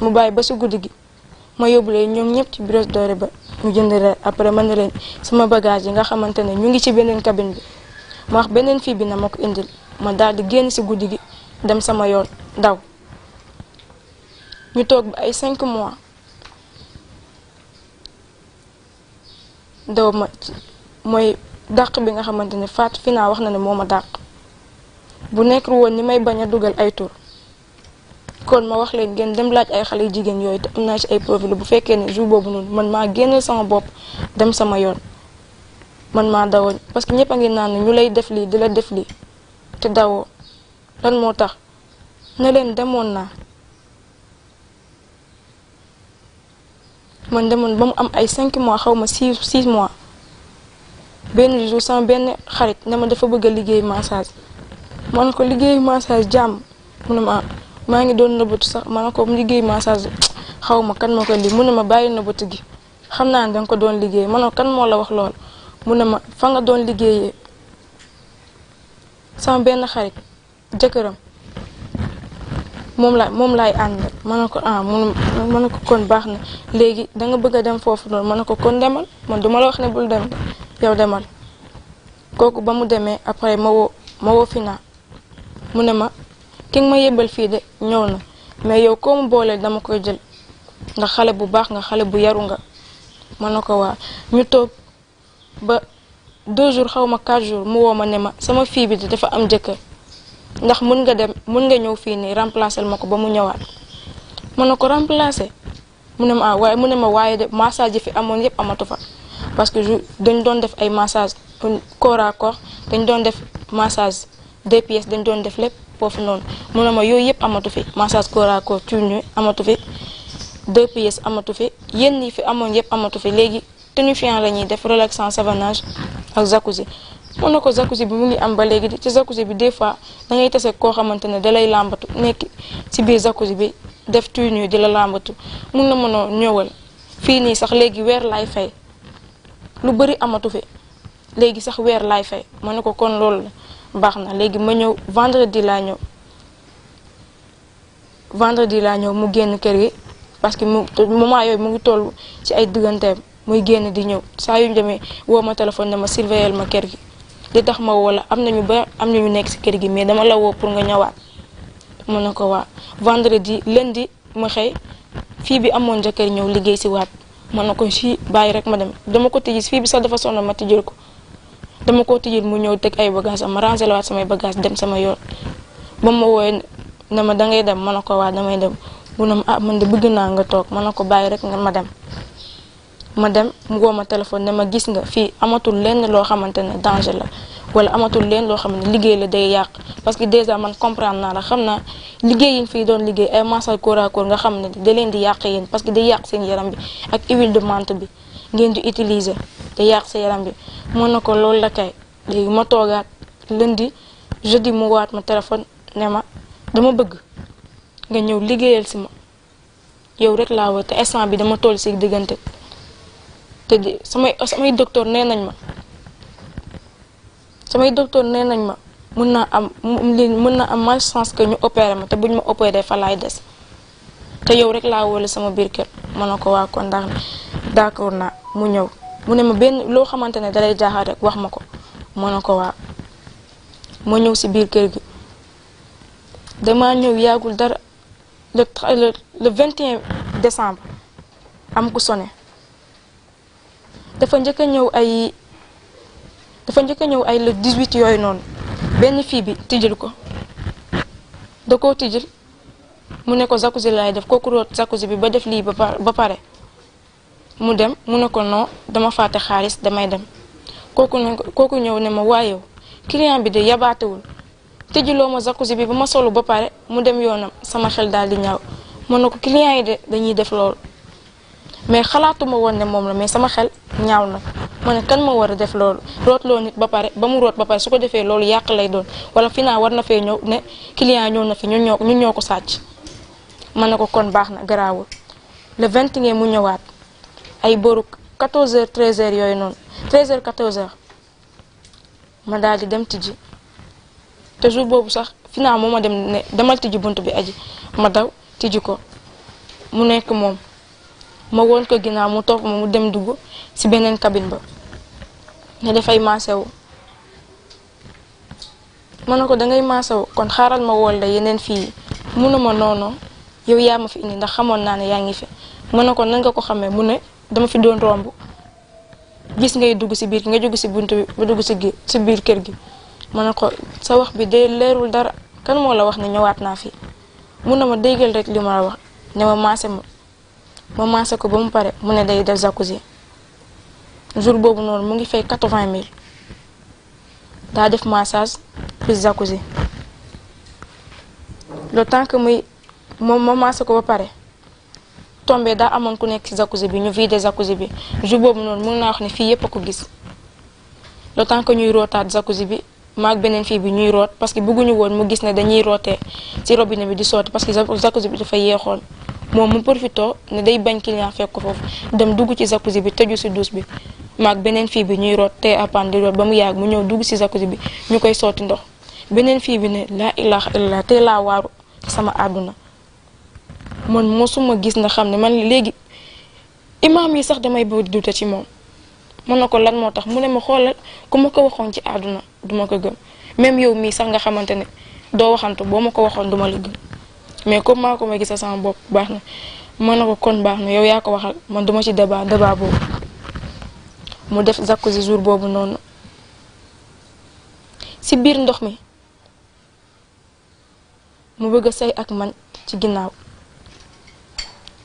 mu bàyyi ba ci guddi gi ma yóbbu ñoom ñëpp ci Brioche Dorée ba ñu jënd après man ne leen sama bagage yi nga xamante ne ñu ngi ci beneen cabine bi ma wax beneen fii bi na ma ko indil ma daal di génn si guddi gi dem sama yoon daw ñu toog ba ay cinq mois daw ma mooy. dàq bi nga xamante ne faat naa wax na ne moo ma dàq bu nekkul woon ni may bañ a dugal ay tur kon ma wax leen ngeen dem laaj ay xale yu jigéen yooyu te um naa ci ay profil bu fekkee ne jour boobu noonu man maa génneel sama bopp dem sama yoon man maa dawoon parce que ñëpp a ngi naan ñu lay def lii di la def lii te dawoo lan moo tax ne leen demoon naa man demoon ba mu am ay 5 mois xaw ma 6 6 mois. benn jour sama benn xarit ne ma dafa bëgg a liggéey massage ma ne ko liggéey massage jàmm mu ne ma maa ngi doon nëbbatu sax ma ne ko liggéey massage xaw ma kan ma ko lii mu ne ma bàyyi nëbbatu gi xam naa ne danga ko doon liggéey ma ne ko kan moo la wax lool mu ne ma fa nga doon liggéeyee sama benn xarit jëkkëram moom laay moom laay àndal ma ne ko ah ma kon baax na léegi danga bëgg a dem foofu noonu ma ne ko kon demal man duma la wax ne bul dem yow demal kooku ba mu demee après ma woo ma woo Fina mu ne ma ki ma yebal fii de ñëw na mais yow koo mu booleel dama koy jël ndax xale bu baax nga xale bu yaru nga ma ne ko waa ñu toog ba deux jours xaw ma quatre jours mu woo ma ne ma sama fii bi de dafa am jëkkër ndax mun nga dem mun nga ñëw fii nii remplacer ma ko ba mu ñëwaat ma ne ko remplacer mu ne ma ah waaye mu ne ma waaye de massage fi amoon yëpp amatu fa parce que dañ doon def ay massage corps à corps dañ doon def massage deux dañ doon def lépp foofu noonu mu ne ma yooyu yëpp amatu fi massage corps à corps tuñu amatu fi deux pièces amatu fi yenn yi fi amoon yëpp amatu fi léegi tonifiant la ñuy def relaxant savonnage ak jacuzzi mun na ko jacuzzi bi mu ngi am ba léegi ci jacuzzi bi des fois da ngay tase koo xamante ne dalay làmbatu nekk ci biir jacuzzi bi def tuñu di la làmbatu mun na mënoo ñëwal fii nii sax léegi weer laay fay lu bëri amatu fi léegi sax weer laay fay ma ne ko kon loolu la baax na léegi ma ñëw vendredi laa ñëw vendredi laa ñëw mu génn kër gi parce que mu moment yooyu mu ngi toll ci ay digganteem muy génn di ñëw saa yu ñu demee woo ma téléphone dama surveiller ma kër gi li tax ma woo la am nañu ba am nañu nekk si kër gi mais dama la woo pour nga ñëwaat mun na ko waa vendredi lundi ma xëy fii bi amoon jëkkër ñëw liggéey si waat mën na ko si bàyyi rek ma dem dama ko tijji fii bi sax dafa sonn ma tijjal ko dama ko tijjal mu ñëw teg ay bagage am ma la waat samay bagage dem sama yoon ba ma wooyee ne ma dangay dem ma ne ko waa damay dem mu ne ma ah man de bëgg naa nga toog ma na ko bàyyi rek nga ma dem ma dem mu woo ma téléphone ne ma gis nga fii amatul lenn loo xamante ne danger la wala amatul leen loo xam ne liggéey la day yàq parce que à man comprendre naa la xam naa liggéey yi fii doon liggéey ay massage corps à nga xam ne da leen di yàq yéen parce que day yàq seen yaram bi ak huile de menthe bi ngeen di utiliser day yàq sa yaram bi mën na ko loolu la kay léegi ma toogaat lundi jeudi mu waat ma téléphone ne ma dama bëgg nga ñëw liggéeyal si ma yow rek laa te instant bi dama toll si diggante te di samay samay nee nañ ma samay docteur nee nañ ma mun naa am li mun na am mal chance que ñu opéré ma te buñ ma opéré fa laay des te yow rek laa wóolu sama biir kër ma ne ko waa kon ndax d'accord naa mu ñëw mu ne ma benn loo xamante ne dalay jaaxal rek wax ma ko ma ne ko waa ma ñëw si biir kër gi dama ñëw yàggul dara le le 21 décembre am ku sone dafa njëkk ñëw ay dafa njëkk a ñëw ay le 18 yooyu noonu benn fii bi tijjil ko da koo tijjil mu ne ko jacuzzi laay def kooku root jacuzzi bi ba def lii ba pare mu dem mu ne ko non dama fàtte xaalis damay dem kooku ne kooku ñëw ne ma waayew yow client bi de yabaatewul tijjiloo ma jacuzzi bi ba ma solu ba pare mu dem yoonam sama xel daal di ñaaw mën na ko client yi de dañuy def lool mais xalaatuma woon ne moom la mais sama xel ñaaw na ma ne kan ma war a def loolu root loo nit ba pare ba mu root ba pare su ko defee loolu yàq lay doon wala fi naa war na fee ñëw ne client ñëw na fi ñun ñoo ñun ñoo ko sàcc ma ne ko kon baax na garaawul le vingt ngeen mu ñëwaat ay boru 14 heures 13 yooyu noonu 13 heures 14 heures ma daal di dem tijji te jour boobu sax finaa moo ma dem ne demal tijji bunt bi aji ma daw tijji ko mu nekk moom ma woon ko ginnaaw mu topp ma mu dem dugg ci beneen kabin ba ne dafay maasewu mën ne ko dangay maasewu kon xaaral ma woon la yeneen fii mun na ma noonu yow yaa ma fi indi ndax xamoon naa ne yaa ngi fi mën ne ko nan nga ko xame mu ne dama fi doon romb gis ngay dugg ci biir nga jóg ci bunt bi ba dugg ci gi ci biir kër gi mën ne ko sa wax bi day leerul dara kan moo la wax ne ñëwaat naa fi mun na ma déggal rek li ma la wax ne ma maase ma ma maase ko ba mu pare mu ne day def jacuzzi jour boobu noonu mu ngi fay quatre-vingt mille daa def massage plus jacuzzi le temps que muy moom ma maase ko ba pare tombé daa amoon ku nekk ci jacuzzi bi ñu vidé jacuzzi bi jour boobu noonu mun naa wax ne fii yëpp a ko gis le temps que ñuy rootaat jacuzzi bi maag beneen fii bi ñuy root parce que bëgguñu woon mu gis ne dañuy rootee ci robinet bi di sotti parce que jacuzzi bi dafa yéexoon. moom mu profito ne day bañ client fekk ko foofu dem dugg ci jacuzzi bi tëju si douche bi maag beneen fii bi ñuy root te appan root ba mu yàgg mu ñëw dugg si jacuzzi bi ñu koy sotti ndox beneen fii bi ne laa ilaha illa te laa waaru sama àdduna mën mosuma gis nga xam ne man léegi imaam yi sax damay bëgg dute ci moom mën na ko lan moo tax mu ne ma xoolal ku ma ko waxoon ci àdduna duma ko gëm même yow mii sax nga xamante ne doo waxantu boo ma ko waxoon duma la mais comme maa ko ma gis sama bopp baax na mën na ko kon baax na yow yaa ko waxal man duma ci débat débat boobu mu def jacuzzi jour boobu noonu si biir ndox mi mu bëgg a sëy ak man ci ginnaaw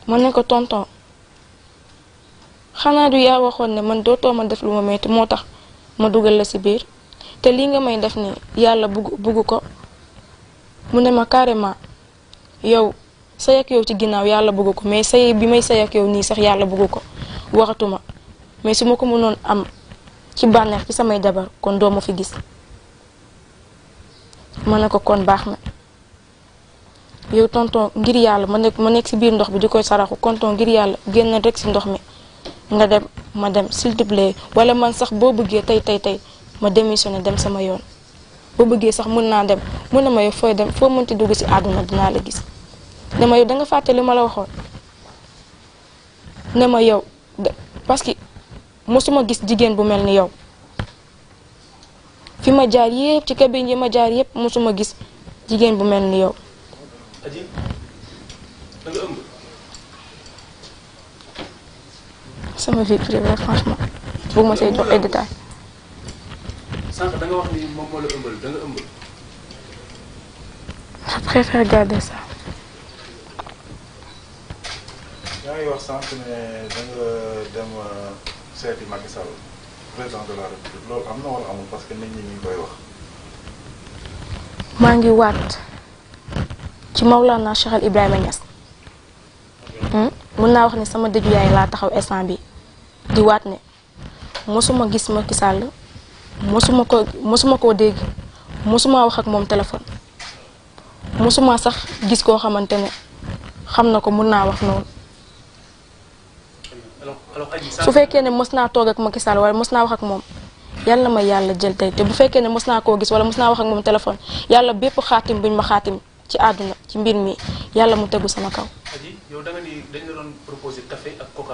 man ne ko tonton xanaa du yaa waxoon ne man dootoo ma def lu ma metti moo tax ma dugal la si biir te lii nga may def ni yàlla bugg bugg ko mu ne ma carrément yow say yow ci ginnaaw yàlla bëgg ko mais say bi may say yow nii sax yàlla buggu ko waxatuma mais su ma ko mënoon am ci bànneex ci samay jabar kon doo ma fi gis ma ne ko kon baax na yow tonton ngir yàlla ma nekk ma nekk ci biir ndox bi di koy saraxu tonton ngir yàlla génn rek si ndox mi nga dem ma dem s'il te wala man sax boo bëggee tey tey tey ma démissionné dem sama yoon boo bëggee sax mën naa dem mën na ma yow fooy dem foo mënti dugg si àdduna dinaa la gis ne ma yow da nga ma la waxoon ne ma yow parce que mosuma gis jigéen bu mel ni yow fi ma jaar yëpp ci cabine yi ma jaar yépp mosuma gis jigéen bu mel ni yow. sama vie privée franchement bëgg ma say jox ay Euh, maa ngi waat ci Maulana Cheikh Ibrahima Niass hmm? mun naa wax ne sama dëju yaay laa taxaw instant bi di waat ne mosuma gis Macky Sall mosuma ko mosuma koo dégg mosuma wax ak moom téléphone mosuma sax gis koo xamante ne xam na ko mun naa wax noonu. su fekkee ne mës naa toog ak Macky Sall wala mës naa wax ak moom yàlla ma yàlla jël tey te bu fekkee ne mës naa koo gis wala mës naa wax ak moom téléphone yàlla bépp xaatim buñ ma xaatim ci àdduna ci mbir mi yàlla mu tegu sama kaw. aji yow da nga ni dañ la doon proposé café ak waaw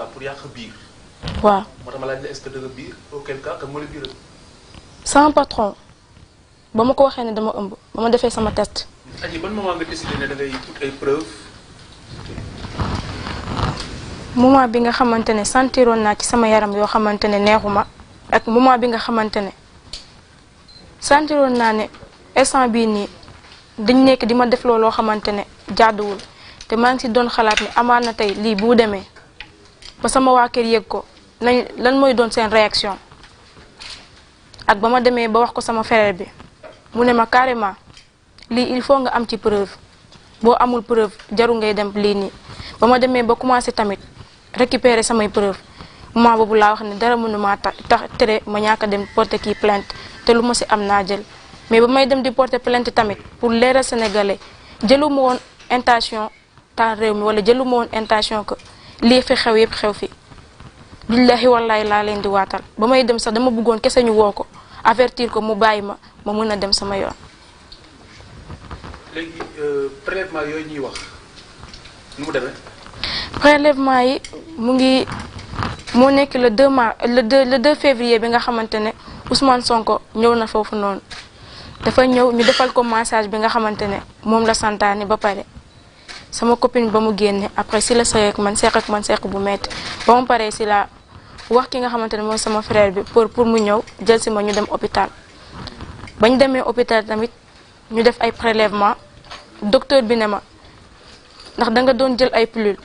moo tax ma ba ma ko waxee ne dama ëmb ba ma defee sama test. aji ban moment bi nga xamante ne sentiroon naa ci sama yaram yoo xamante ne neexuma ak moment bi nga xamante ne sentiroon naa ne instant bi nii dañ nekk di ma def looloo xamante ne jaaduwul te maa ngi si doon xalaat ne amaan na tey lii bu demee ba sama waa kër yëg ko nañ lan mooy doon seen réaction ak ba ma demee ba wax ko sama frère bi mu ne ma carrément lii il faut nga am ci preuve boo amul preuve jaru ngay dem lii nii ba ma demee ba commencé tamit récupérer samay preuve moment boobu laa wax ne dara mënuma tax tax tere ma ñàkk a dem porter kii plainte te lu ma si am naa jël mais ba may dem di porter plainte tamit pour leeral sénégalais jëluma woon intention taal réew mi wala jëluma woon intention que lii fi xew yëpp xew fi billahi wallahi laa leen di waatal ba may dem sax dama buggoon kese ñu woo ko avertir ko mu bàyyi ma ma mën a dem sama yoon. Euh, prélèvement yi mu ngi moo nekk le 2 mars le 2 le 2 février bi nga xamante ne Ousmane Sonko ñëw na foofu noonu dafa ñëw ñu defal ko massage bi nga xamante ne moom la santaane ba pare sama copine ba mu génne après si la seq ak man seq ak man seq bu metti ba mu paree si la wax ki nga xamante ne mooy sama frère bi pour pour mu ñëw jël si ma ñu dem hôpital ba ñu demee hôpital tamit ñu def ay prélèvement docteur bi ne ma ndax danga doon jël ay pilule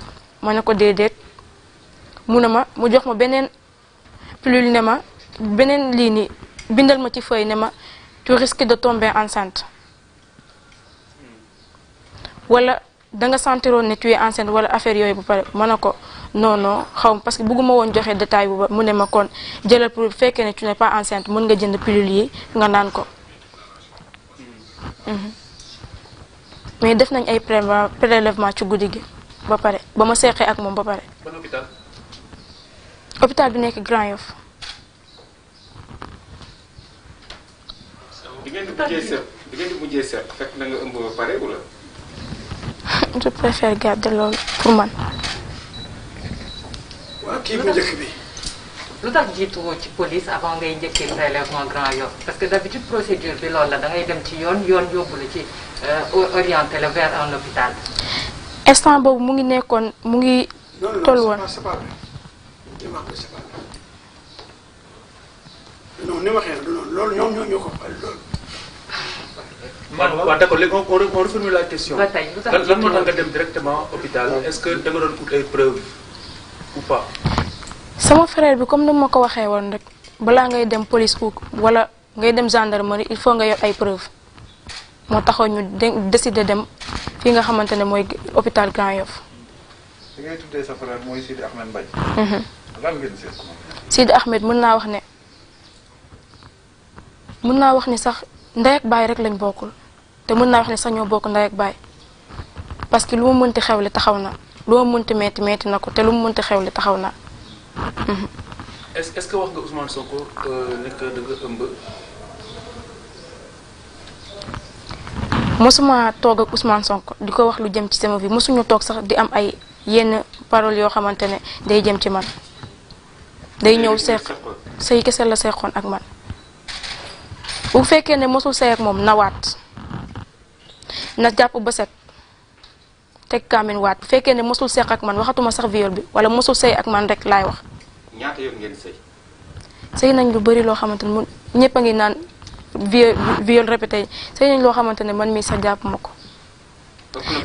ma ne ko déedéet mu ne ma mu jox ma beneen pilule ne ma beneen lii nii bindal ma ci feuille ne ma tu risques de tomber enceinte wala da nga sentiroon ne tu es enceinte wala affaire yooyu bu pare ma ne ko non non xaw parce que bëgguma woon joxe détail bu ba mu ne ma kon jëlal pour fekkee ne tu n'es pas enceinte mën nga jënd pilule yi nga naan ko. Hmm. Hmm. mais def nañ ay prélèvement ci guddi gi. ba pare ba ma seqee ak moom ba pare. ban bi nekk Grand Yoff. bi ngeen di mujjee seet bi ngeen di fekk na nga ëmb ba pare wala. je préfère garder loolu pour man. waaw kii bu njëkk bi. lu tax jiituwoo ci police avant ngay njëkkee prélèvement Grand Yoff parce que d'habitude procédure bi loolu la da dem ci yoon yoon yóbbu la ci euh, orienté la vers un hôpital. instant boobu mu ngi nekkoon mu ngi toll woon non ni noonu loolu ñoom ñoo ñu ko xel loolu. la nga dem directement hôpital est-ce que da doon ut ay preuve sama frère bi comme ni ma ko waxee woon rek balaa ngay dem police ou wala ngay dem gendarmerie il faut nga yor ay preuve moo taxoon ñu décider dem fii nga xamante ne mooy hôpital Grand Yoff. li ngay mhm. mën naa wax ne mën naa wax ni sax ndey ak baay rek lañ bokkul te mën naa wax ne sax ñoo bokk ndey ak parce que lu mu mënti le taxaw na lu mu mënti metti metti na ko te lu mu mënti le taxaw na. Mhm. est mosuma toog ak Ousmane Sonko di ko wax lu jëm ci sama vie mosuñu toog sax di am ay yenn parole yoo xamante ne day jëm ci man day ñëw seq say kese la seqoon ak man bu fekkee ne mosul sey ak moom nawaat na jàpp ba set teg kaamin waat bu fekkee ne mosul seq ak man waxatuma sax viol bi wala mosul sey ak man rek laay wax. ñaata nañ lu bëri loo xamante ne ñëpp a ngi naan. viol viol répété sëy loo xamante ne man mi sax jàpp ma ko.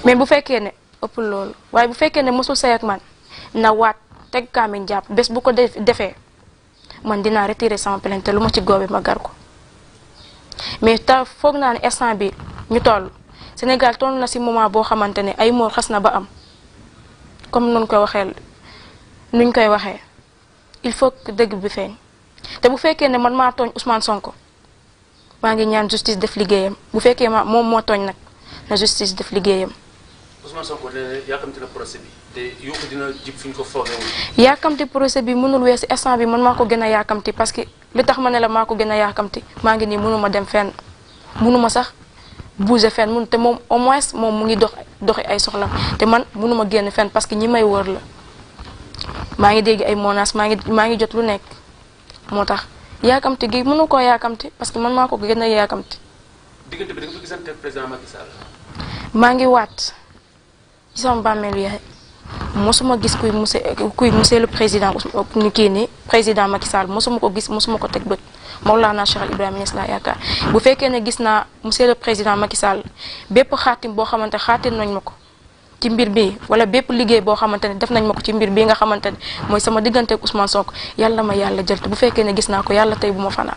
mais bu fekkee ne ëpp loolu waaye bu fekkee ne mosul sëy ak man na waat teg kaamin jàpp bés bu ko defee man dinaa retirer sama plainte te lu ma ci góobee ma gar ko mais ta foog naa ne instant bi ñu toll Sénégal toll na si moment boo xamante ne ay moor xas na ba am comme nuñ koy waxee nuñ koy waxee il faut que dëgg bi feeñ te bu fekkee ne man maa tooñ Ousmane Sonko maa ngi ñaan justice def liggéeyam bu fekkee ma moom moo tooñ nag na justice def liggéeyam. Ousmane Sonko yàkkamti procès bi te yokku dina jib bi mënul weesu instant bi man maa ko gën a yàkkamti parce que li tax ma ne la maa ko gën a yàkkamti maa ngi nii mënuma dem fenn mënuma sax bouger fenn mun te moom au moins moom mu ngi dox doxi ay soxla te man mënuma génn fenn parce que ñi may wër la maa ngi dégg ay menaces maa ngi maa ngi jot lu nekk moo tax. yaakamti gi na koo yàkkamti parce que man maa ko gën a ko gisante président Macky maa ngi waat ci sama bàmmeelu yaay mosuma gis kuy monsieur kuy monsieur le président ni kii nii président Macky Sall mosuma ko gis mosuma ko teg bët Maulana Cheikh Ibrahima Niass laa yaakaar bu fekkee ne gis naa monsieur le président Macky Sall bépp xaatim boo xamante xaatim nañ ma ko. ci mbir bi wala bépp liggéey boo xamante ne def nañ ma ko ci mbir bi nga xamante ne mooy sama diggante ak Ousmane Sonko yàlla ma yàlla jël te bu fekkee ne gis naa ko yàlla tey bu ma fanaan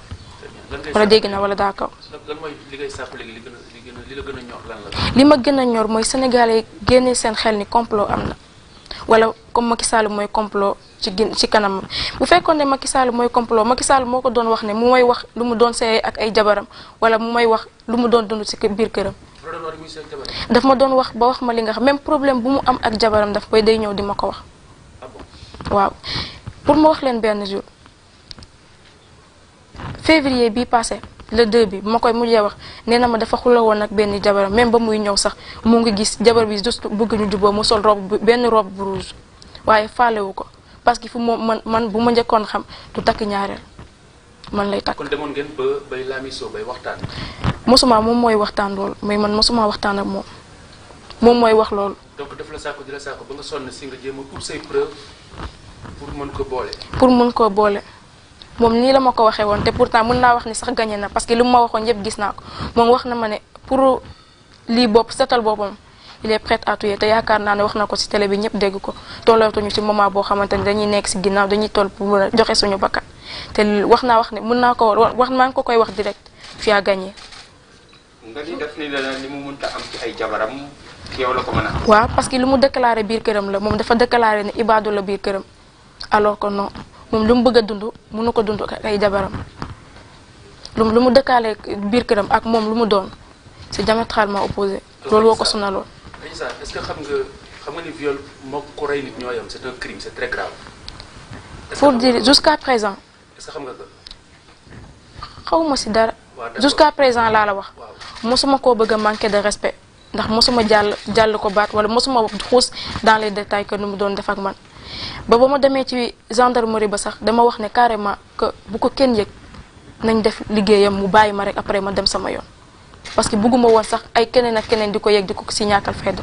wala dégg na wala daa kaw li ma gën a ñor mooy sénégalais génnee seen xel ni complot am na wala comme Macky Sall mooy complot ci gin ci kanam bu fekkoon ne Macky Sall mooy complot Macky Sall moo ko doon wax ne mu may wax lu mu doon seey ak ay jabaram wala mu may wax lu mu doon dund ci biir këram daf ma doon wax ba wax ma li nga xam même problème bu mu am ak jabaram daf koy day ñëw di ma ko wax. Ah waaw pour ma wax leen benn jour février bii passé le 2 bi ma koy mujjee wax nee ma dafa xula woon ak benn jabaram même ba muy ñëw sax mu ngi gis jabar bi juste bëgg ñu juboo mu sol robe benn robe bu rouge waaye faalewu ko parce que fu moom man man bu ma njëkkoon xam du takk ñaareel. man lay takk. kon demoon ngeen ba bay laamisoo bay waxtaan. mosuma moom mooy waxtaan loolu mais man mosuma waxtaan ak moom moom mooy wax loolu. donc la saako di la saako ba si nga jéem a say pour mën ko boole. koo boole. moom nii la ma ko waxee woon te pourtant mën naa wax ni sax gagné na parce que li mu ma waxoon yëpp gis naa ko moom wax na ma ne pour lii bopp setal boppam il est prêt te yaakaar naa ne wax na ko ci télé bi ñëpp dégg ko tollootuñu ci moment boo xamante ni dañuy nekk ci ginnaaw dañuy toll pour joxe suñu bakkan. te wax naa wax ne mën naa ko wax maa ngi ko koy wax direct fii à di def ni la li waaw parce que lu mu déclaré biir këram la moom dafa déclaré ne ibaadu la biir këram alors que non moom lu mu bëgg a dund mënu ko dund ak ay jabaram lu lu mu déclaré biir këram ak moom lu mu doon c'est diamétralement opposé. loolu woo ko sonaloon. Aïssa est-ce xam nga xam nga ni viol moo jusqu'à présent. est-ce que xam nga ko. xawma si dara. jusqu'à présent laa la wax. mosuma koo bëgg a manquer de respect. ndax mosuma jàll jàll ko baat wala mosuma xuus dans les détails que nu mu doon def ak man ba ba ma demee ci gendarmerie ba sax dama wax ne carrément que bu ko kenn yëg nañ def liggéeyam mu bàyyi ma rek après ma dem sama yoon. parce que bëgguma woon sax ay keneen ak keneen di ko yëg di ko si ñàkkal fayda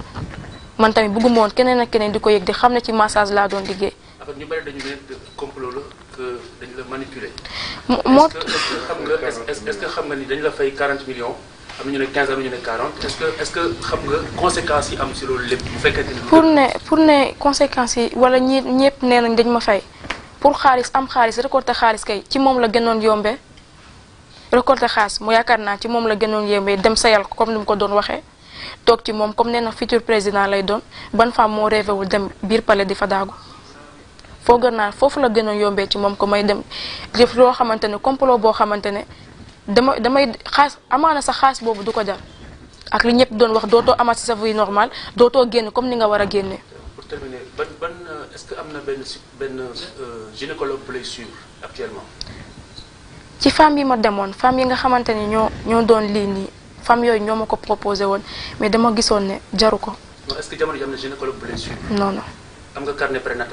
man tamit bëgguma woon keneen ak keneen di ko yëg di xam ne ci massage laa doon liggéey. que dañ moo est que xam nga ni dañ la fay 40 millions. am na ñu ne 15 que est-ce que xam nga am pour ne pour ne conséquences yi wala ñi ñëpp nee nañ dañ ma fay pour xaalis am xaalis récolter xaalis kay ci moom la gënoon yombee récolter xaalis mu yaakaar naa ci moom la gënoon yombee dem sayal ko comme ni mu ko doon waxee toog ci moom comme nee na futur président lay doon ban femme moo rêvé dem biir pale di fa daagu. foogoon naa foofu la gën a yombee ci moom ko may dem def loo xamante ne complot boo xamante ne dama damay xaas amaana sa xaas boobu du ko jar ak li ñëpp doon wax dootoo amaat si sa vie normale dootoo génn comme ni nga war a génne. pour ce que am na benn benn euh, gynécologue bu ci femme yi ma demoon femme yi nga xamante ne ñoo ñoo doon lii nii femme yooyu ñoo ma ko proposé woon mais dama gisoon ne jaru ko. non que jamono ji am na gynécologue bu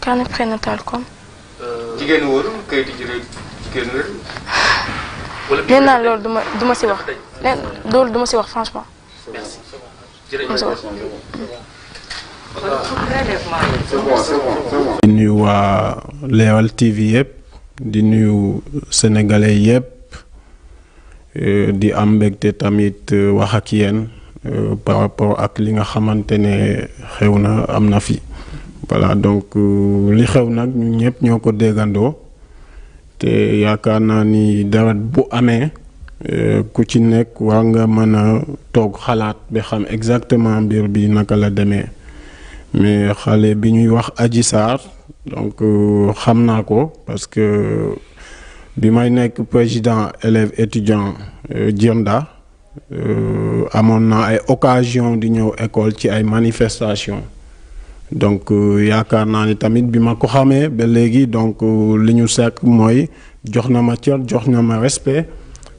Kaane prénatal comme. jigéen wóor duma duma si wax franchement. di nuyu waa Leral TV yëpp di nuyu sénégalais yëpp euh, di am mbégte tamit euh, wax ak yéen euh, par ak li nga xamante ne xew na am na fi. voilà donc euh, li xew nag ñu ñëpp ñoo ko déggandoo te yaakaar naa ni dara bu amee euh, ku ci nekk war nga mën a toog xalaat ba xam exactement mbir bi naka la demee mais xale bi ñuy wax aji Sarr donc euh, xam naa ko parce que bi may nekk président élève étudiant Djirnda amoon naa ay occasion di ñëw école ci ay manifestation donc euh, yaakaar naa ni tamit bi ma ko xamee ba léegi donc euh, li ñu sàkk mooy jox na ma cër jox na ma respect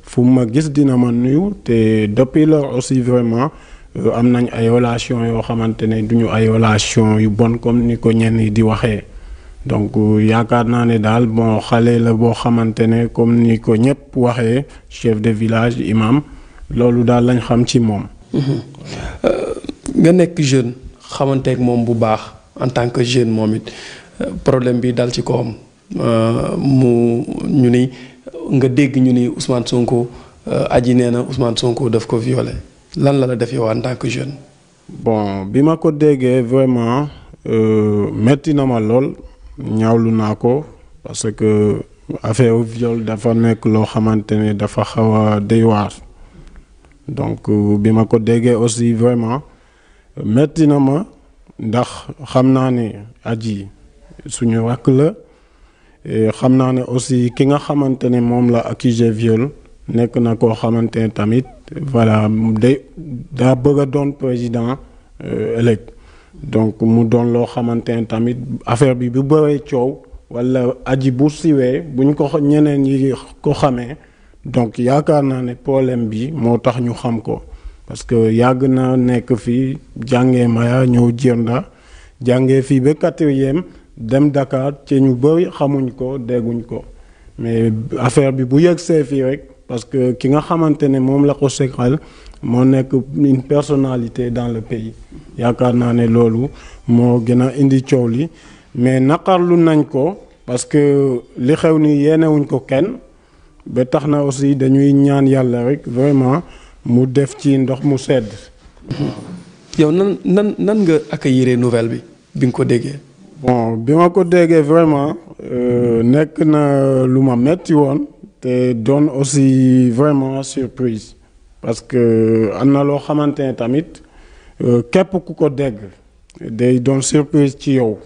fu ma gis dina ma nuyu te depuis lors aussi vraiment euh, am nañ ay relation yoo xamante ne du ñu ay relation yu bon comme ni ko ñenn yi di waxee donc yaakaar naa ne daal bon xale la boo xamante ne comme ni ko ñëpp waxee chef de village imam loolu daal lañ xam ci moom. Mm-hmm. nga nekk jeune. xamanteeg moom bu baax en tant que jeune moom it euh, problème bi dal ci kawam euh, mu ñu ni nga dégg ñu ni Ousmane Sonko euh, aji nee na Ousmane Sonko daf ko violé lan la la def yow en tant que jeune. bon bi ma ko déggee vraiment metti na ma lool ñawlu naa ko parce que affaire viol dafa nekk loo xamante ne dafa xaw a doy waar donc bi ma ko déggee aussi vraiment. metti na ma ndax xam naa ne aji suñu rakk la xam naa ne aussi ki nga xamante ne moom la accusé viol nekk na koo xamante ne tamit voilà day daa bëgg a doon président ëllëg euh, donc mu doon loo xamante ne tamit affaire bi bu bëree coow walla aji bu siwee buñ ko ñeneen yi ko xamee donc yaakaar naa ne problème bi moo tax ñu xam ko parce que yàgg na nekk fii jàngee Maya ñëw Djirnda jànge fii ba quatrième dem dakaar ci ñu bëri xamuñ ko dégguñ ko mais affaire bi bu yegg yëgsee fii rek parce que ki nga xamante ne moom la ko seqal moo nekk une personnalité dans le pays yaakaar naa ne loolu moo gën a indi coow li mais naqarlu nañ ko parce que li xew ni yéenewuñ ko kenn ba tax na aussi dañuy ñaan yàlla rek vraiment mu def ci ndox mu sedd. yow nan nan nan nga yére nouvelle bi bi nga ko déggee. bon bi ma ko déggee vraiment euh, nekk na lu ma metti woon te doon aussi vraiment surprise parce que euh, am na loo xamante ne tamit euh, képp ku ko dégg day doon surprise ci yow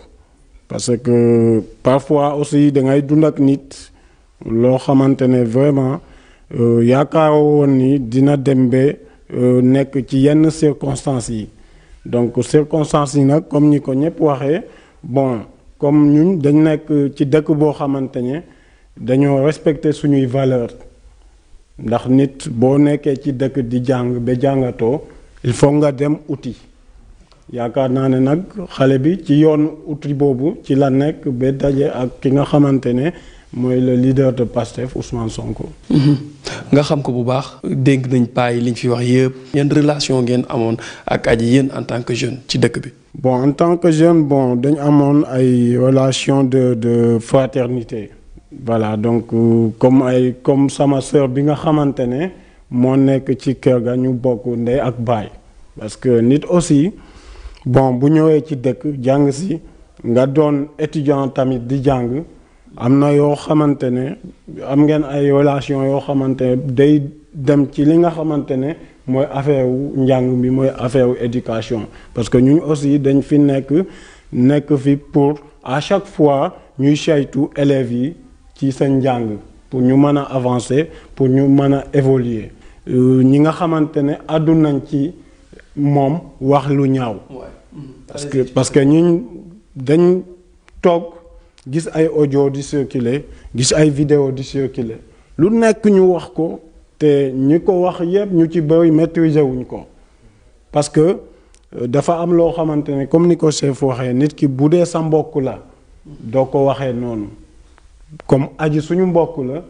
parce que parfois aussi dangay ngay dund ak nit loo xamante ne vraiment. Euh, yaakaaroo woon ni dina dem ba euh, nekk ci yenn circonstances yi donc circonstances yi nag comme ni ko ñëpp waxee bon comme ñu dañ nekk ci dëkk boo xamante ne dañoo respecter suñuy valeur ndax nit boo nekkee ci dëkk di jàng ba jàngatoo il faut nga dem uti yaakaar naa ne nag xale bi ci yoon uti boobu ci la nekk ba daje ak ki nga xamante ne mooy le leader de PASTEF Ousmane Sonko. Mhm. nga xam ko bu baax. dégg nañ paa yi liñ fi wax yëpp. yan relation ngeen amoon ak aji yéen en tant que jeune ci dëkk bi. bon en tant que jeune bon dañ amoon ay relation de de fraternité. voilà donc euh, comme ay comme sama sœur bi nga xamante ne moo nekk ci kër ga ñu bokk ndey ak baay. parce que nit aussi bon bu ñëwee ci dëkk jàng si nga doon étudiant tamit di jàng. am na yoo xamante ne am ngeen ay relation yoo xamante day dem ci li nga xamante ne mooy affaire wu njàng bi mooy affaire wu éducation parce que ñun aussi dañ fi nekk nekk fi pour à chaque fois ñuy saytu élèves yi ci seen njàng pour ñu mën a avancer pour ñu mën a évoluer euh, ñi nga xamante ne àddu nañ ci moom wax lu ñaaw parce que parce que ñun dañ toog gis ay audio di circuler gis ay vidéo di circuler lu nekk ñu wax ko te ñi ko wax yépp ñu ci bëri maîtriser wuñ ko parce que euh, dafa am loo xamante ne comme ni ko chef waxee nit ki bu dee sa mbokk la doo ko waxee noonu comme aji suñu mbokk la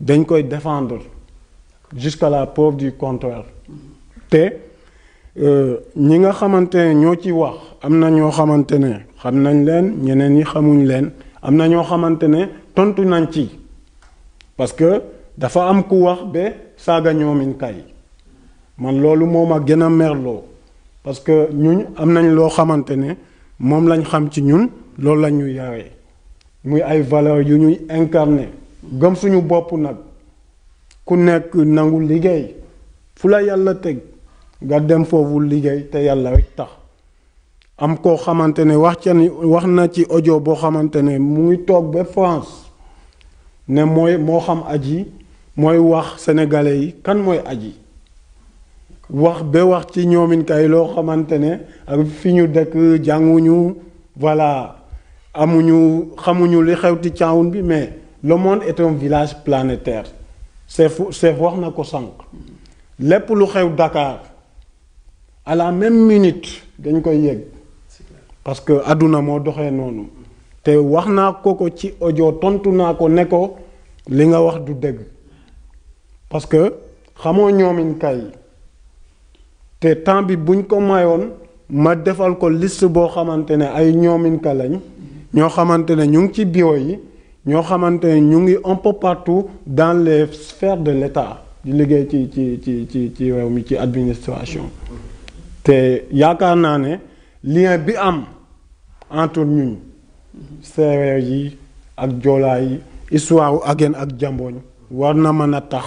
dañ koy defendre jusqu'à la preuve du contraire te euh, ñi nga xamante ñoo ci wax am na ñoo xamante ne xam nañ leen ñeneen yi xamuñ leen am na ñoo xamante ne tontu nañ ci parce que dafa am ku wax ba saaga ñoomin kay man loolu moo ma gën a merloo parce que ñun am nañ loo xamante ne moom lañ xam ci ñun loolu la ñu yaree muy ay valeur yu ñuy incarné gëm suñu bopp nag ku nekk nangu liggéey fu la yàlla teg nga dem foofu liggéey te yàlla rek tax am koo xamante ne wax ca ni wax na ci ojo boo xamante ne mu ngi toog ba France ne mooy moo xam aji mooy wax sénégalais yi kan mooy aji wax ba wax ci ñoomin kay loo xamante ne ak fi ñu dëkk jànguñu voilà amuñu xamuñu li xew ci caawun bi mais lemon monde un village planétaire chef chef wax na ko sànq lépp lu xew dakaar à la même minute dañ koy yëg parce que adduna moo doxee noonu te wax naa ko ko ci ojo tontu naa ko ne li nga wax du dëgg parce que xamoo ñoomin kay te temps bi buñ ko mayoon ma defal ko list boo xamante ne ay ñoomin ka lañ ñoo xamante ne ñu ngi ci bio yi ñoo xamante ne ñu ngi un peu partout dans les sphères de l'État di liggéey ci ci ci ci ci réew mi ci administration te yaakaar naa ne lien bi am entre ñun séeréer yi ak joolaa yi histoire Aguène ak Diambogne war na mën a tax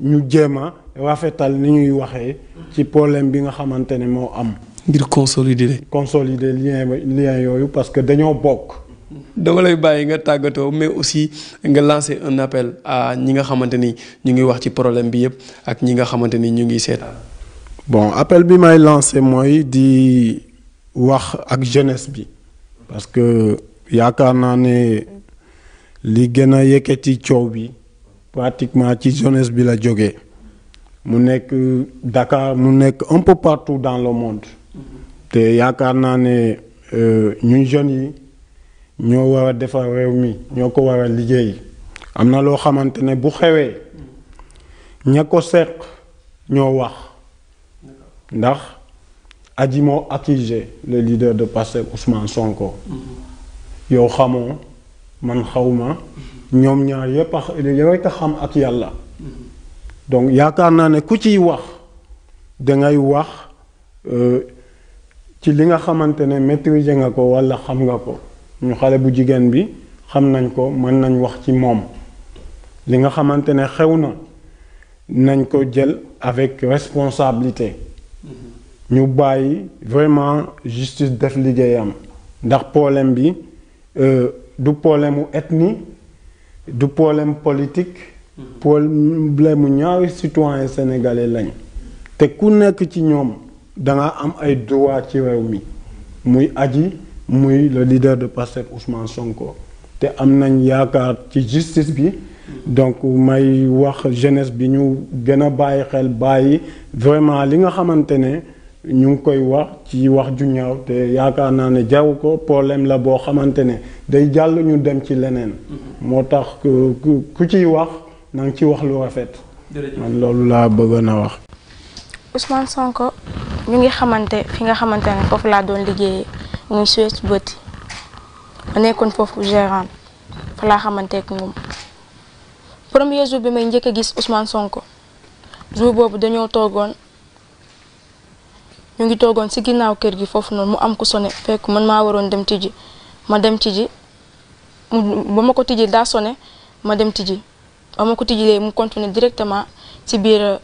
ñu jéem a rafetal ni ñuy waxee ci problème bi nga xamante ne moo am. ngir consolider. consolider lien lien yooyu parce que dañoo bokk. dama lay bàyyi nga tàggatoo mais aussi nga lancer un appel ah ñi nga xamante ni ñu ngi wax ci problème bi yëpp ak ñi nga xamante ni ñu ngi seetaan. bon appel bi may lancer mooy di. wax ak jeunesse bi parce que yaakaar naa ne li gën a yëkkati coow bi pratiquement ci jeunesse bi la jógee mu nekk dakaar mu nekk un peu partout dans le monde te yaakaar naa ne euh, ñun jeunes yi ñoo war a defar réew mi ñoo ko war a liggéey am na loo xamante ne bu xewee ña ko seq ñoo wax ndax Adjimo accusé le leader de Pastef Ousmane Sonko. Mm-hmm. yow xamoo man xawma mm-hmm. ñoom ñaar yépp a yooy xam ak yàlla mm-hmm. donc yaakaar naa ne ku ciy wax dangay wax euh, ci li nga xamante ne maîtriser nga ko walla xam nga ko ñu xale bu jigéen bi xam nañ ko mën nañ wax ci moom li nga xamante ne xew na nañ ko jël avec responsabilité ñu bàyyi vraiment justice def liggéeyam ndax problème bi euh, du problème mu du problème politique. problème mu ñaari citoyen sénégalais lañ. te ku nekk ci ñoom danga am ay droit ci réew mi muy aji muy le leader de Pastef Ousmane Sonko te am nañ yaakaar ci justice bi. donc may wax jeunesse bi ñu gën a bàyyi xel bàyyi vraiment li nga xamante ne. ñu ngi koy wax ci wax ju ñaaw te yaakaar naa ne jaw ko problème la boo xamante ne day jàll ñu dem ci leneen. moo tax ku ciy wax na nga ci wax lu rafet. man loolu laa bëgg na wax. Ousmane Sonko ñu ngi xamante fi nga xamante ne foofu laa doon liggéeyee muy Suez Beauty nekkoon foofu gérant fa laa xamanteek moom premier jour bi may njëkk a gis Ousmane Sonko jour boobu dañoo toogoon. ñu ngi toogoon ci ginnaaw kër gi foofu noonu mu am ku sone fekk man ma waroon dem tijji ma dem tijji ba ma ko tijji daa sone ma dem tijji ba ma ko tijji léegi mu continuer directement si biir euh,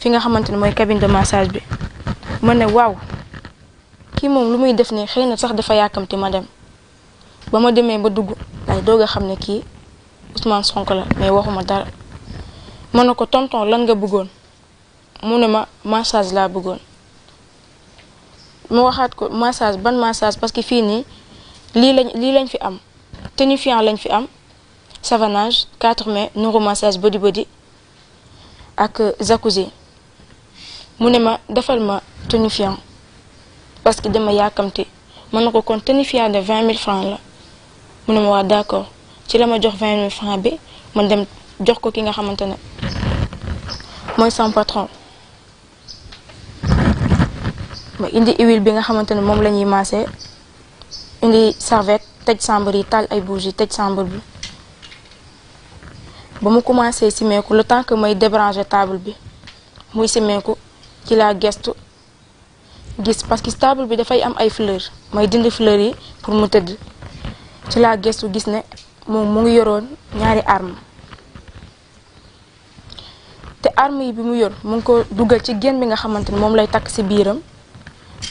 fi nga xamante ne mooy cabine de massage bi ma ne waaw kii moom lu muy def ne xëy na sax dafa yàkkamti ma dem ba ma demee ba dugg lay doog a xam ne kii Ousmane Sonko la mais waxuma dara ma ne ko tonton lan nga buggoon mu ne ma massage laa bëggoon mu waxaat ko massage ban massage parce que fii nii lii lañ lii lañ fi am tonifiant lañ fi am quatre mais mai neuromassage body body ak euh, jacuzzi mu ne ma defal ma tonifiant parce que dama yàkkamti mën na ko kon tonifiant de 20 000 francs la mu ne ma waa d'accord ci la ma jox 20 000 francs bi ma dem jox ko ki nga xamante ne mooy sama patron ma indi huile bi nga xamante ne moom la ñuy maase indi serviette tëj chambre yi taal ay bougies tëj sambar bi ba mu commencé simeeku le temps que may débrancher table bi muy simeeku ci laa gestu gis parce que table bi dafay am ay fleur may dindi fleurs yi pour mu tëdd ci laa gestu gis ne moom mu ngi yoroon ñaari arm te arme yi bi mu yor mu ngi ko dugal ci génn bi nga xamante ne moom lay takk ci biiram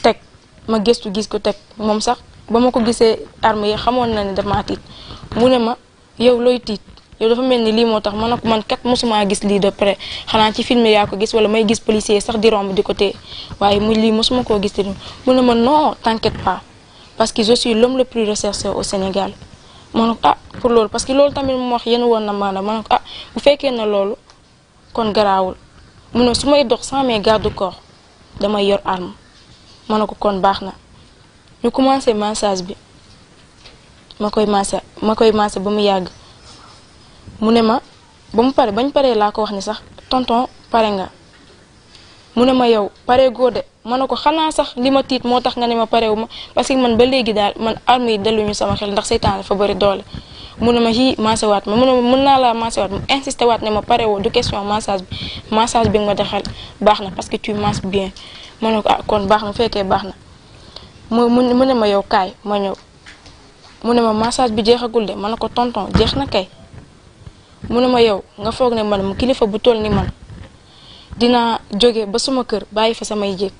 teg ma gëstu gis ko teg moom sax ba ma ko gisee arme yi xamoon na ne dama tiit mu ne ma yow looy tiit yow dafa mel ni lii moo tax man ak man kat mosuma gis lii de près xanaa ci film yaa ko gis wala may gis policier sax di romb di ko téye waaye muy lii mosuma koo gis te mu ne ma non t'inquiète pas parce que je suis l'homme le plus recherché au Sénégal ma ne ko ah pour loolu parce que loolu tamit mu wax yéen woon na maanaam ma ne ko ah bu fekkee na loolu kon garaawul mu ne su may dox sans mes garde damay yor arme ma ne ko kon baax na ñu commencé massage bi ma koy massé ma koy massé ba mu yàgg mu ne ma ba mu pare bañ paree laa ko wax ni sax tonton pare nga mu ne ma yow pare goo de ma ne ko xanaa sax li ma tiit moo tax nga ne ma parewu ma parce que man ba léegi daal man arme yi delluñu sama xel ndax seytaan dafa bëri doole mu ne ma yii maasewaat ma mu ne ma naa laa maasewaat mu waat ne ma pare woo du question massage bi massage bi nga baax na parce que tu masses bien ma ne ah, kon baax na fekkee baax na mu mu ne ma yow kaay ma ñëw mu ne ma massage bi jeexagul de man ne ko tonton jeex na kay mu ne ma yow nga foog ne man kilifa bu toll ni man dinaa jóge ba suma kër bàyyi fa samay jéeg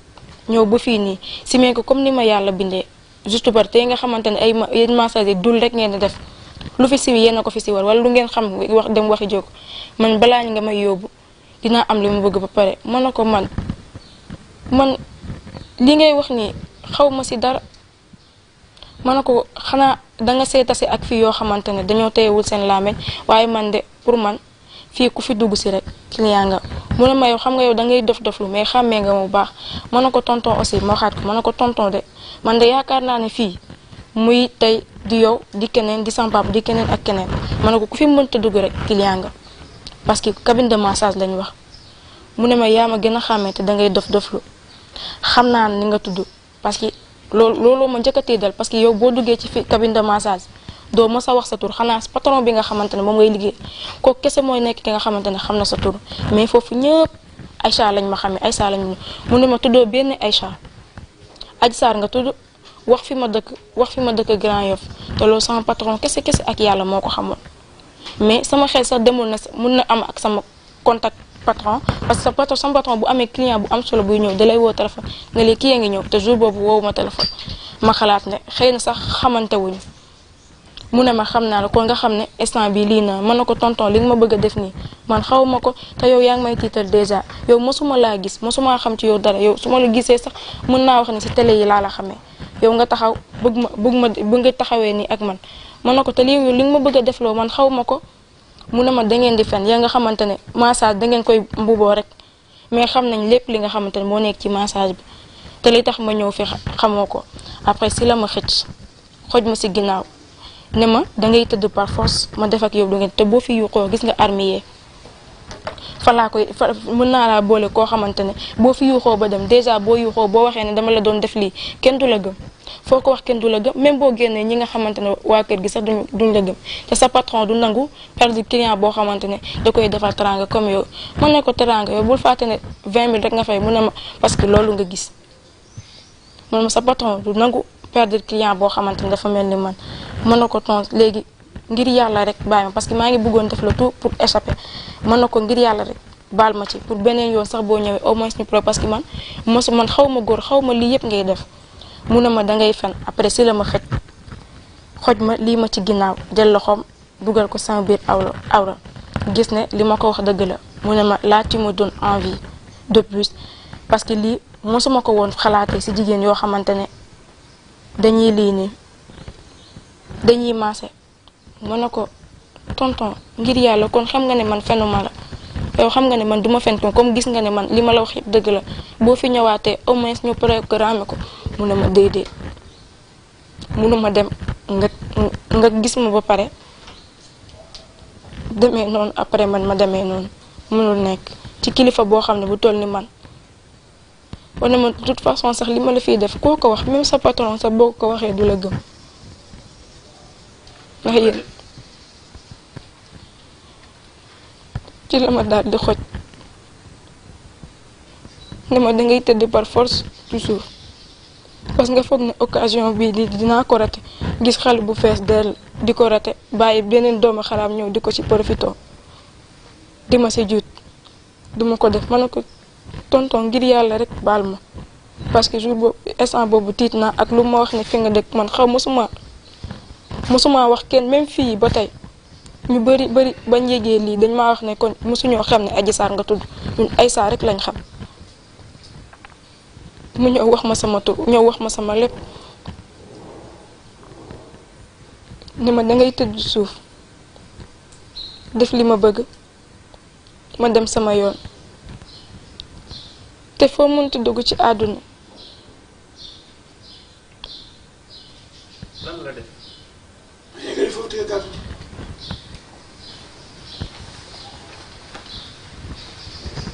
ñëw ba fii nii simee ko comme ni ma yàlla bindee juste par tey nga xamante ne ay ma massage dul rek ngeen di def lu fi siwi yéen a ko fi si war wala lu ngeen xam wax dem waxi jóg man balaa ñu nga may yóbbu dinaa am li mu bëgg ba pare ma ne ko man man li ngay wax ni xaw ma si dara ma ne ko xanaa danga si ak fii yoo xamante ne dañoo teewul seen làmmiñ waaye man de pour man fii ku fi dugg si rek client mu ne ma yow xam nga yow da ngay dof doflu mais xàmmee nga mu baax ma ne ko tonton aussi ma waxaat ko ko tonton de man de yaakaar naa ne fii muy tey di yow di keneen di sama di keneen ak keneen ma ne ko ku fi mënta dugg rek client nga parce que cabine de massage wax mu ne ma gën a xàmmee te da ngay dof doflu xam naa ni nga tudd parce que loolu looloo ma njëkk a tiital parce que yow boo duggee ci fi cabine de massage doo mës a wax sa tur xanaa patron bi nga xamante ne moom ngay liggéey kooku kese mooy nekk ki nga xamante ne xam na sa tur mais foofu ñëpp Aïcha lañ ma xam xamee Aïcha lañ mu ne ma tuddoo benn Aïcha Adji Sarr nga tudd wax fi ma dëkk wax fi ma dëkk Grand Yoff te loolu sama patron kese kese ak yàlla moo ko xamoon mais sama xel sax demul na mun na am ak sama contact patron parce que patron sama patron bu amee client bu am solo buy ñëw dalay woo téléphone ne lii kii yaa ngi ñëw te jour boobu woowu téléphone ma xalaat ne xëy na sax xamante wuñu mu ne ma xam naa la ko nga xam ne instant bi lii naa mën na ko tonton li nga ma bëgg def nii man xaw ma ko te yow yaa ngi may tiital dèjà yow mosuma laa gis mosuma xam ci yow dara yow su ma la gisee sax mën naa wax ne si télé laa la xamee yow nga taxaw bëgg ma bëgg ma bëgg taxawee nii ak man na ko te lii li nga ma bëgg a defloo man xaw ma ko mun na ma dangeen di fen yaa nga xamante ne massage dangeen koy mbuboo rek mais xam nañ lépp li nga xamante ne moo nekk ci massage bi te li tax ma ñëw fi xamoo ko après si la ma xëcc xoj ma si ginnaaw ne ma dangay tëdd par force ma def ak yow du ngeen te boo fi yuuxoo gis nga armée fa laa koy fa mën naa laa boole koo xamante ne boo fi yuuxoo ba dem déjà boo yuuxoo boo waxee ne dama la doon def lii kenn du la gëm foo ko wax kenn du la gëm même boo génnee ñi nga xamante ne waa kër gi sax duñ duñ la gëm te sa patron du nangu perdre client boo xamante ne da koy defal teranga comme yow mën ne ko teranga yow bul fàtte ne rek nga fay mu ne ma parce que loolu nga gis man sa patron du nangu perdre client boo xamante ne dafa mel ni man mën na ko tont léegi ngir yàlla rek bàyyi ma parce que maa ngi bëggoon def la tout pour échapper mën na ko ngir yàlla rek baal ma ci pour beneen yoon sax boo ñëwee au moins ñu pro parce que man mosu man xaw ma góor xaw ma lii yëpp ngay def mu ne ma dangay fen après si la ma xëj xoj ma lii ma ci ginnaaw jël loxoom dugal ko sama biir awra awra gis ne li ma ko wax dëgg la mu ne ma laa tu me donnes envie de plus parce que lii mosuma ko woon xalaatee si jigéen yoo xamante ne dañuy lii nii dañuy maase ma na ko tonton ngir yàlla kon xam nga ne man fenuma la yow xam nga ne man duma fen comme gis nga ne man li ma la wax yëpp dëgg la boo fi ñëwaatee au moins ñu programme ko mu ne ma déedéet mu ne ma dem nga nga gis ma ba pare demee noonu après man ma demee noonu mënul nekk ci kilifa boo xam ne bu toll ni man wane ma de façon sax li ma la fii def koo ko wax même sa patron sax boo ko waxee du la gëm ndax yéen ci la ma daal di xoj ne ma dangay tëdd par toujours. parce que nga foog ne occasion bii di dinaa ko rate gis xale bu fees dell di ko rate bàyyi beneen doomu xaraam ñëw di ko ci profito di ma si juut duma ko def ma ne ko tonton ngir yàlla rek baal ma parce que jour boobu instant boobu tiit naa ak lu ma wax ni fi nga dëkk man xaw mosuma mosuma wax kenn même fii ba tey ñu bëri bëri bañ yégee lii dañ ma wax ne kon mosuñoo xam ne Adji Sarr nga tudd ñun ay Sarr rek lañ xam mu ñëw wax ma sama tur ñëw wax ma sama lépp ni ma da ngay tëdd suuf def li ma bëgg ma dem sama yoon te foo mënti dugg ci àdduna lan la def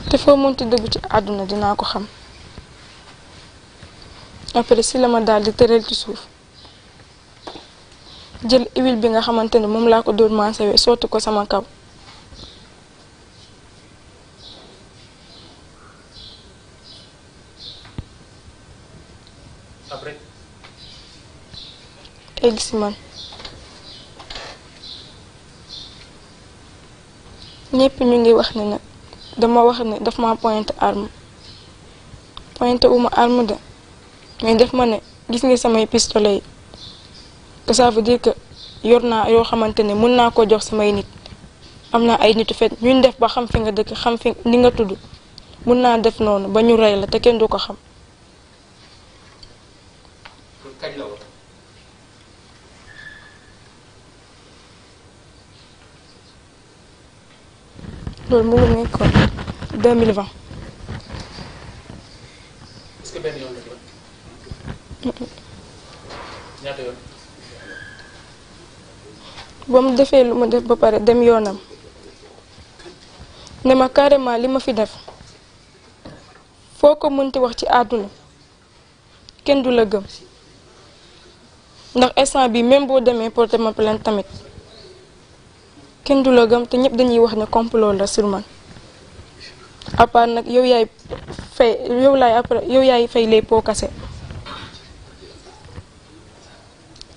te foo ci àdduna dinaa ko xam après si la ma daal di tëral ci suuf jël huile bi nga xamante ne moom laa ko dóor maasawee sotti ko sama kaw après egg si man ñépp ñu ngi wax ne nag dama wax ne daf ma pointe arme pointe uma arme de mais def ma ne gis ngi samay pistole yi que ça veut que yor naa yoo xamante ne mën naa ko jox samay nit am na ay nitu fet ñuñ def ba xam fi nga dëkk xam fi ni nga tudd mën naa def noonu ba ñu rey la te kenn du ko xam. loolu mu ngi nekkoon 2020. ñaata ba mu defee lu ma def ba pare dem yoonam ne ma carrément li ma fi def foo ko mënti wax ci àdduna kenn du la gëm ndax instant bi même boo demee porté ma plainte tamit kenn du la gëm te ñëpp dañuy wax ne complot la sur man nag yow yaay fay yow laay après yow yaay fay les pots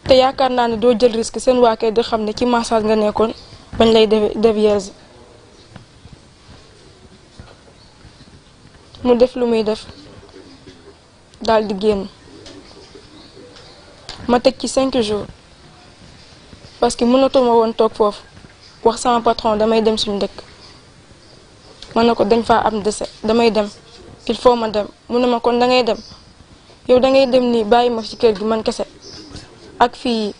te yaakaar naa ne doo jël risque seen waa kër di xam ne ci massage nga nekkoon bañ lay dévierge mu def lu muy def daal di génn ma teg ci cinq jours parce que mënatuma woon toog foofu wax sama patron damay dem suñu dëkk mën na ko dañ fa am décès damay dem il faut ma dem mu ne ma kon dangay dem yow dangay dem nii bàyyi ma ci kër gi man kese ak fii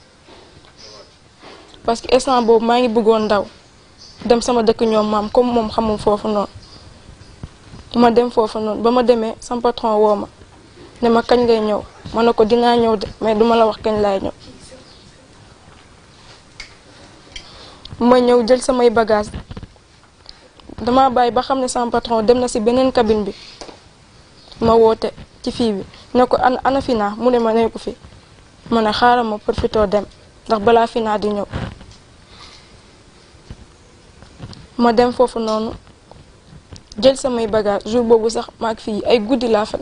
parce que instant boobu maa ngi bëggoon ndaw dem sama dëkk ñoom maam comme moom xamul foofu noonu ma dem foofu noonu ba ma demee sama patron woo ma ne ma kañ ngay ñëw ma ne ko dinaa ñëw mais duma la wax kañ laay ñëw ma ñëw jël samay bagage dama bàyyi ba xam ne sama patron dem na si beneen cabine bi ma woote ci fii bi ne ko ana ana fi naa mu ne ma ne ko mu ne xaaral ma profitoo dem ndax balaa fi naa di ñëw ma dem foofu noonu jël samay bagage jour boobu sax maak fii ay guddi laa fa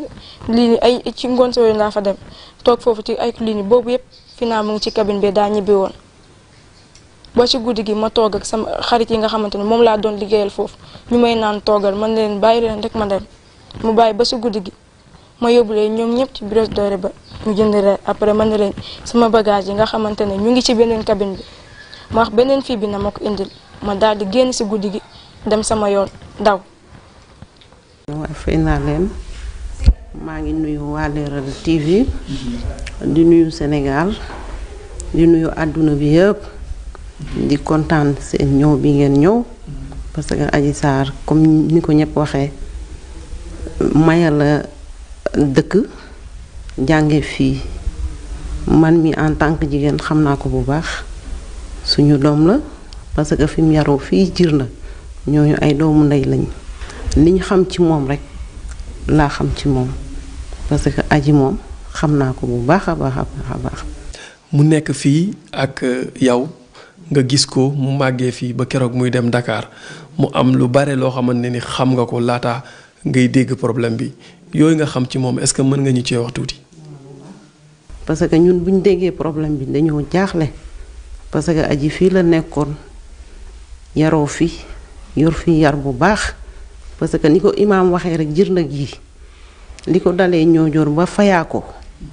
lii ay ci ngoon sooy laa fa dem toog foofu ci ay clinique boobu yëpp fi naa mu ngi ci cabine bi daa ñibbi woon ba ci guddi gi ma toog ak sama xarit yi nga xamante ne moom laa doon liggéeyal foofu ñu may naan toogal man leen bàyyi leen rek ma dem mu bàyyi ba ci guddi gi ma yóbbu leen ñoom ñëpp ci Brioche Dorée ba ñu jënd leen après man ne leen sama bagage yi nga xamante ne ñu ngi ci beneen cabine bi ma wax beneen fii bi na ma ko indil ma daal di génn si guddi gi dem sama yoon daw. waaw fay naa leen maa ngi nuyu waa TV di nuyu senegal di nuyu àdduna bi yëpp di kontaan seen ñëw bi ngeen ñëw parce que Adji Sarr comme ni ko ñëpp waxee mayal la dëkk. jànge fii man mi en tant jigéen xam naa ko bu baax suñu doom la parce que fim mu yaroo fii jir na ñooñu ay doomu ndey lañ li ñu xam ci moom rek laa xam ci moom parce que aji moom xam naa ko bu baax a baax a baax mu nekk fii ak euh, yow nga gis ko mu màggee fii ba keroog muy dem ndakaar mu am lu bare loo ne ni xam nga ko laata ngay dégg problème bi yooyu nga xam ci moom est-ce que mën nga ñu cee wax tuuti. parce que ñun bu ñu déggee problème bi dañoo jaaxle parce que aji fii la nekkoon yaroo fi yor fi yar bu baax parce que ni ko imaam waxee rek jër nag yi li ko dalee ñoo joor ba fayaa ko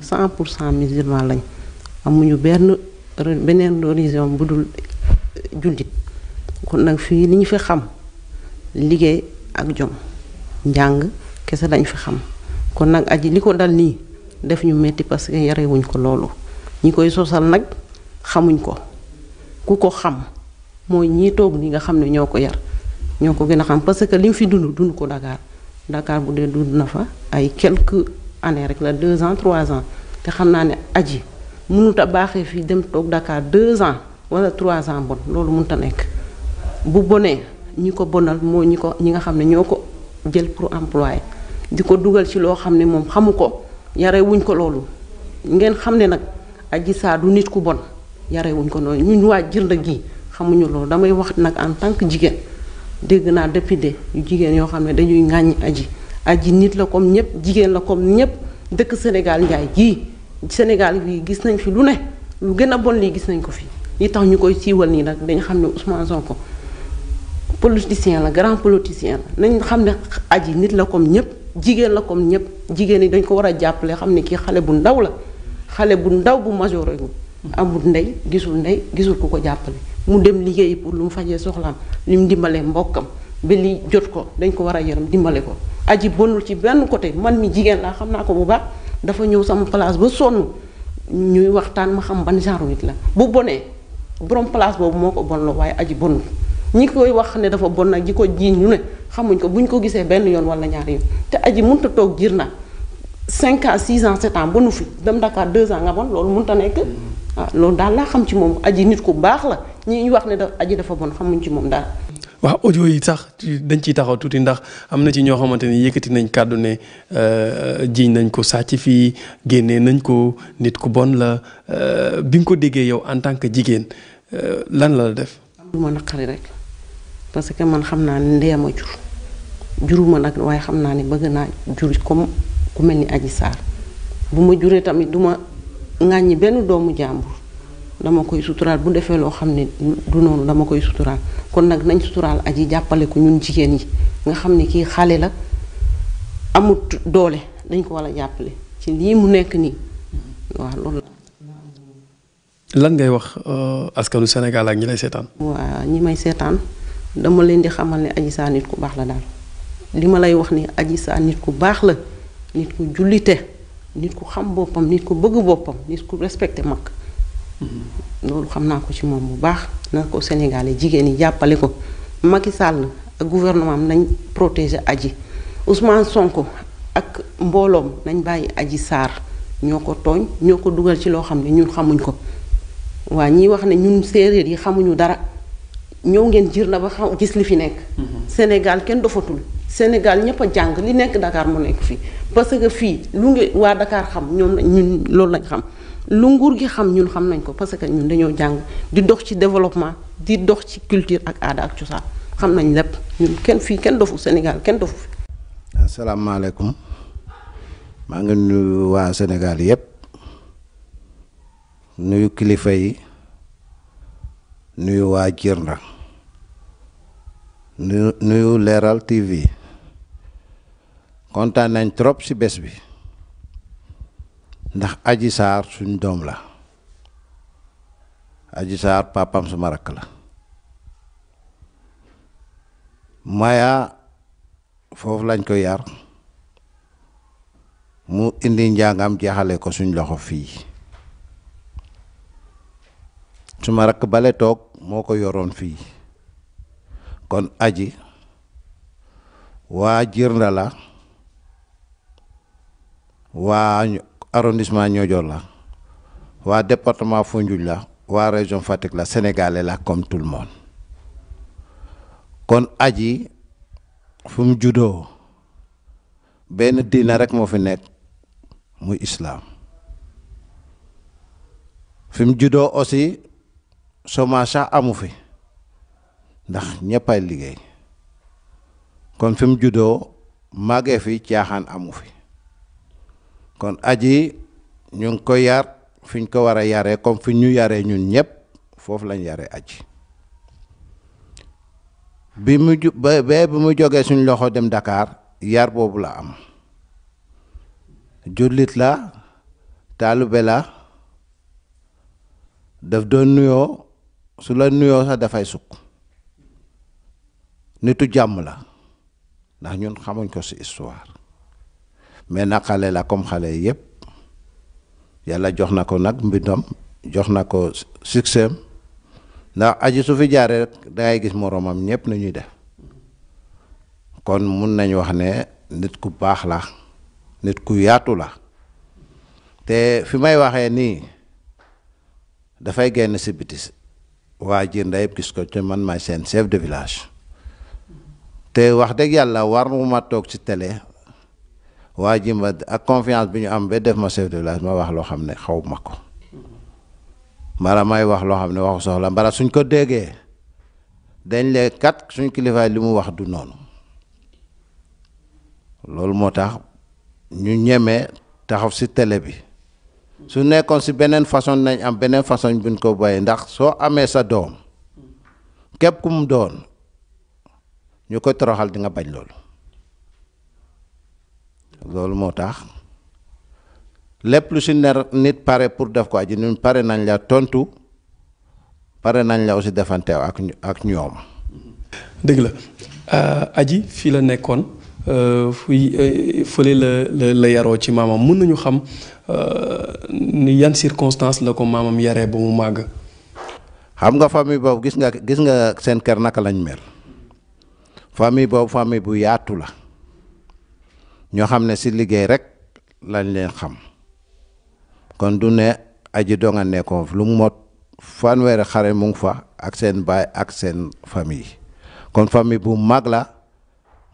cent pour cent musulman lañ amuñu benn beneen religion bu dul euh, jullit kon nag fii li ñu fi xam liggéey ak jom njàng kese lañ fi xam kon nag aji li ko dal nii def ñu metti parce que yarewuñ ko loolu ñi koy sosal nag xamuñ ko ku ko xam mooy ñii toog ni nga xam ne ñoo ko yar ñoo ko gën a xam parce que li fi dund dund ko Dakar Dakar bu dee dund na fa ay quelques années rek la deux ans trois te xam naa ne aji munut a baaxee fii dem toog Dakar deux ans wala trois ans bon loolu mënut a nekk bu bonee ñi ko bonal moo ñi ko ñi nga xam ne ñoo ko jël pour employé di ko dugal ci loo xam ne moom xamu ko yarewuñ ko loolu ngeen xam ne nag aji Sarr du nit ku bon yarewuñ ko loolu ñun waa jënd gi xamuñu loolu damay wax nag en tant que jigéen dégg naa député yu jigéen yoo xam ne dañuy ŋàññi Adji Adji nit la kom ñëpp jigéen la comme ñëpp dëkk Sénégal njaay gii Sénégal gii gis nañ fi lu ne lu gën a bon lii gis nañ ko fi li tax ñu koy siiwal nii nag dañ xam ne Ousmane Sonko politicien la grand politicien la nañ xam ne Adji nit la comme ñëpp jigéen la comme ñëpp jigéen ñi dañ ko war a jàppale xam ne kii xale bu ndaw la xale bu ndaw bu majoré gu amul ndey gisul ndey gisul ku ko jàppale mu dem liggéeyi pour lu mu fajee soxlaam li mu dimbalee mbokkam ba li jot ko dañ ko war a yaram dimbale ko aji bonul ci benn côté man mi jigéen laa xam naa ko bu baax dafa ñëw sama place ba sonn ñuy waxtaan ma xam ban genre nit la bu bonee borom place boobu moo ko bon la waaye aji bonul ñi koy wax ne dafa bon nag ji ko jiiñ ñu xamuñ ko bu ko gisee benn yoon wala ñaari te aji mënut toog jiir na cinq ans six ans sept ans ba nu fi dem Dakar deux ans nga bon loolu mënut a nekk. Ah, loolu daal laa xam ci moom aji nit ku baax la ñi wax ne dafa aji dafa bon xamuñ ci moom daal. waaw audio yi sax dañ ciy taxaw tuuti ndax am na ci ñoo xamante ni yëkkati nañ kàddu ne euh, jiiñ nañ ko sàcc fii génnee nañ ko nit ku bon la euh, bi nga ko déggee yow en tant que jigéen euh, lan la def. am lu rek parce que man xam naa ne ndee ma jur juruma nag waaye xam naa ni bëgg naa jur comme. ku mel ni Adji Sarr bu ma juree tamit du ma ŋàññi benn doomu jàmbur dama koy suturaal bu defee loo xam ne du noonu dama koy suturaal kon nag nañ suturaal Adji jàppale ko ñun jigéen yi nga xam ne kii xale la amut doole dañ ko war a jàppale ci lii mu nekk nii waaw loolu la. lan ngay wax euh, askanu Sénégal ak ñi lay seetaan. waa ñi may seetaan dama leen di xamal ne Adji Sarr nit ku baax la daal li ma lay wax ni Adji nit ku baax la. nit ku jullite nit ku xam boppam nit ku bëgg boppam nit ku respecté mag mm-hmm. loolu xam naa ko ci moom bu baax na ko Sénégal jigéen yi jàppale ko Macky Sall ak gouvernement am nañ protéger aji Ousmane Sonko ak mbooloom nañ bàyyi aji Sarr ñoo ko tooñ ñoo ko dugal ci loo xam ne ñun xamuñ ko waa ñiy wax ne ñun séeréer yi xamuñu dara ñëw ngeen jiir na ba xam gis li fi nekk. Mhm. Sénégal kenn dofatul Sénégal ñëpp a jàng li nekk dakaar moo nekk fii parce que fii lu ngi waa dakaar xam ñoom ñun loolu lañ xam lu nguur gi xam ñun xam nañ ko parce que ñun dañoo jàng di dox ci développement di dox ci culture ak aada ak cosaan xam nañ lépp ñun kenn fii kenn dofu Sénégal kenn dofu fi. asalaamaaleykum maa ngi nuyu waa Sénégal yëpp nuyu kilifa yi nuyu waa Djirnda. nuyu nuyu leeral TV kontaan nañ trop ci bés bi ndax Adji Sarr suñ doom la Adji saar pàppam suma rakk la Maya foofu lañ ko yar mu indi njàngam jeexale ko suñ loxo fii suma rakk bale toog moo ko yoroon fii kon aji waa Jirnda la waa arrondissement Niodior la waa département Foundiougne la waa région Fatick la Sénégalais la comme tout kon aji fu mu juddoo benn diina rek moo fi nekk muy islaam fi mu juddoo aussi chômage amu fi ndax ñëppay liggéey kon fi juddoo màggee fi caaxaan amu fi kon aji ñu ngi ko yar fi ñu ko war a yaree comme fi ñu yaree ñun ñëpp foofu lañ yare aj bi mu ju mu jógee suñ loxo dem Dakar yar boobu la am jullit la taalube la daf doon nuyoo su la nuyoo sax dafay sukk nitu jàmm la ndax ñun xamuñ ko ci histoire mais na xale la comme xale yëpp yàlla jox na ko nag mbindam jox na ko succès ndax aji su fi jaaree rek dangay gis moroomam ñëpp na ñuy def kon mun nañ wax ne nit ku baax la nit ku yaatu la te fi may waxee nii dafay génn si bitis waa Jirnda yëpp gis ko te man maay seen chef de village te wax dëgg yàlla war mu ma toog ci tele waa ji ak confiance bi ñu am ba def ma chef de village ma wax loo xam ne xaw ma ko mbala may wax loo xam ne waxu soxla bala suñ ko déggee dañ le kat suñ kilifaay li mu wax du noonu loolu moo tax ñu ñeme taxaw si télé bi su nekkoon si beneen façon nañ am beneen façon buñ ko bàyyi ndax soo amee sa doom képp ku doon ñu koy toroxal di nga bañ loolu loolu moo tax lépp lu si ner nit pare pour def ko aji nu pare nañ la tontu pare nañ la aussi defanteew ak ak ñoom. dëgg la euh, aji fii la nekkoon euh, fuy euh, fële la la yaroo ci maamam mën nañu xam ni yan circonstance la ko maamam yaree ba mu màgg. xam nga famille boobu gis nga gis nga seen kër naka lañ mel. famille boobu famille bu yaatu la ñoo xam ne si liggéey rek lañ leen xam kon du ne aji donga nekkoon lu mu mot fanweeri xare mu fa ak seen baay ak seen famille kon famille bu mag la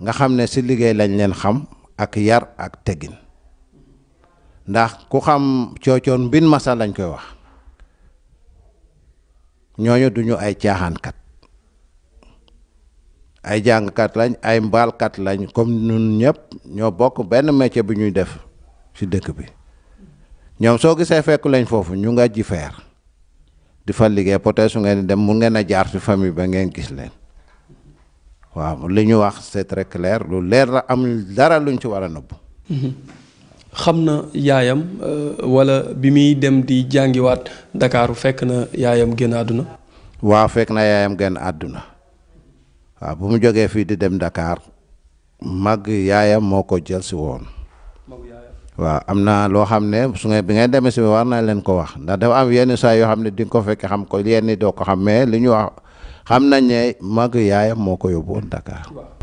nga xam ne si liggéey lañ leen xam ak yar ak teggin ndax ku xam coocoon mbin masa lañ koy wax ñooñu duñu ay caaxaankat ay jàngkat lañ ay mbaalkat lañ comme ñun ñëpp ñoo bokk benn métier bi ñuy def ci dëkk bi ñoom soo gisee fekk lañ foofu ñu nga ji feer di fa liggéey peut su ngeen dem mu ngeen a jaar ci famille ba ngeen gis leen waaw li ñu wax c'est très clair lu leer la am dara luñ ci war a nëbb mhm. xam na yaayam euh, walla bi muy dem di jàngiwaat Ndakaaru fekk na yaayam génn àdduna waa fekk na yaayam genn àdduna waaw bu mu jogee fii di dem ndakaar mag yaayam moo ko jël si woon waaw am na loo xam ne su nga bi ngay demee si war leen ko wax ndax dafa am yenn saa yoo xam ne di nga ko fekk xam ko yenn ko xam mais li ñu wax xam nañ ne mag yaayam moo ko yóbbu woon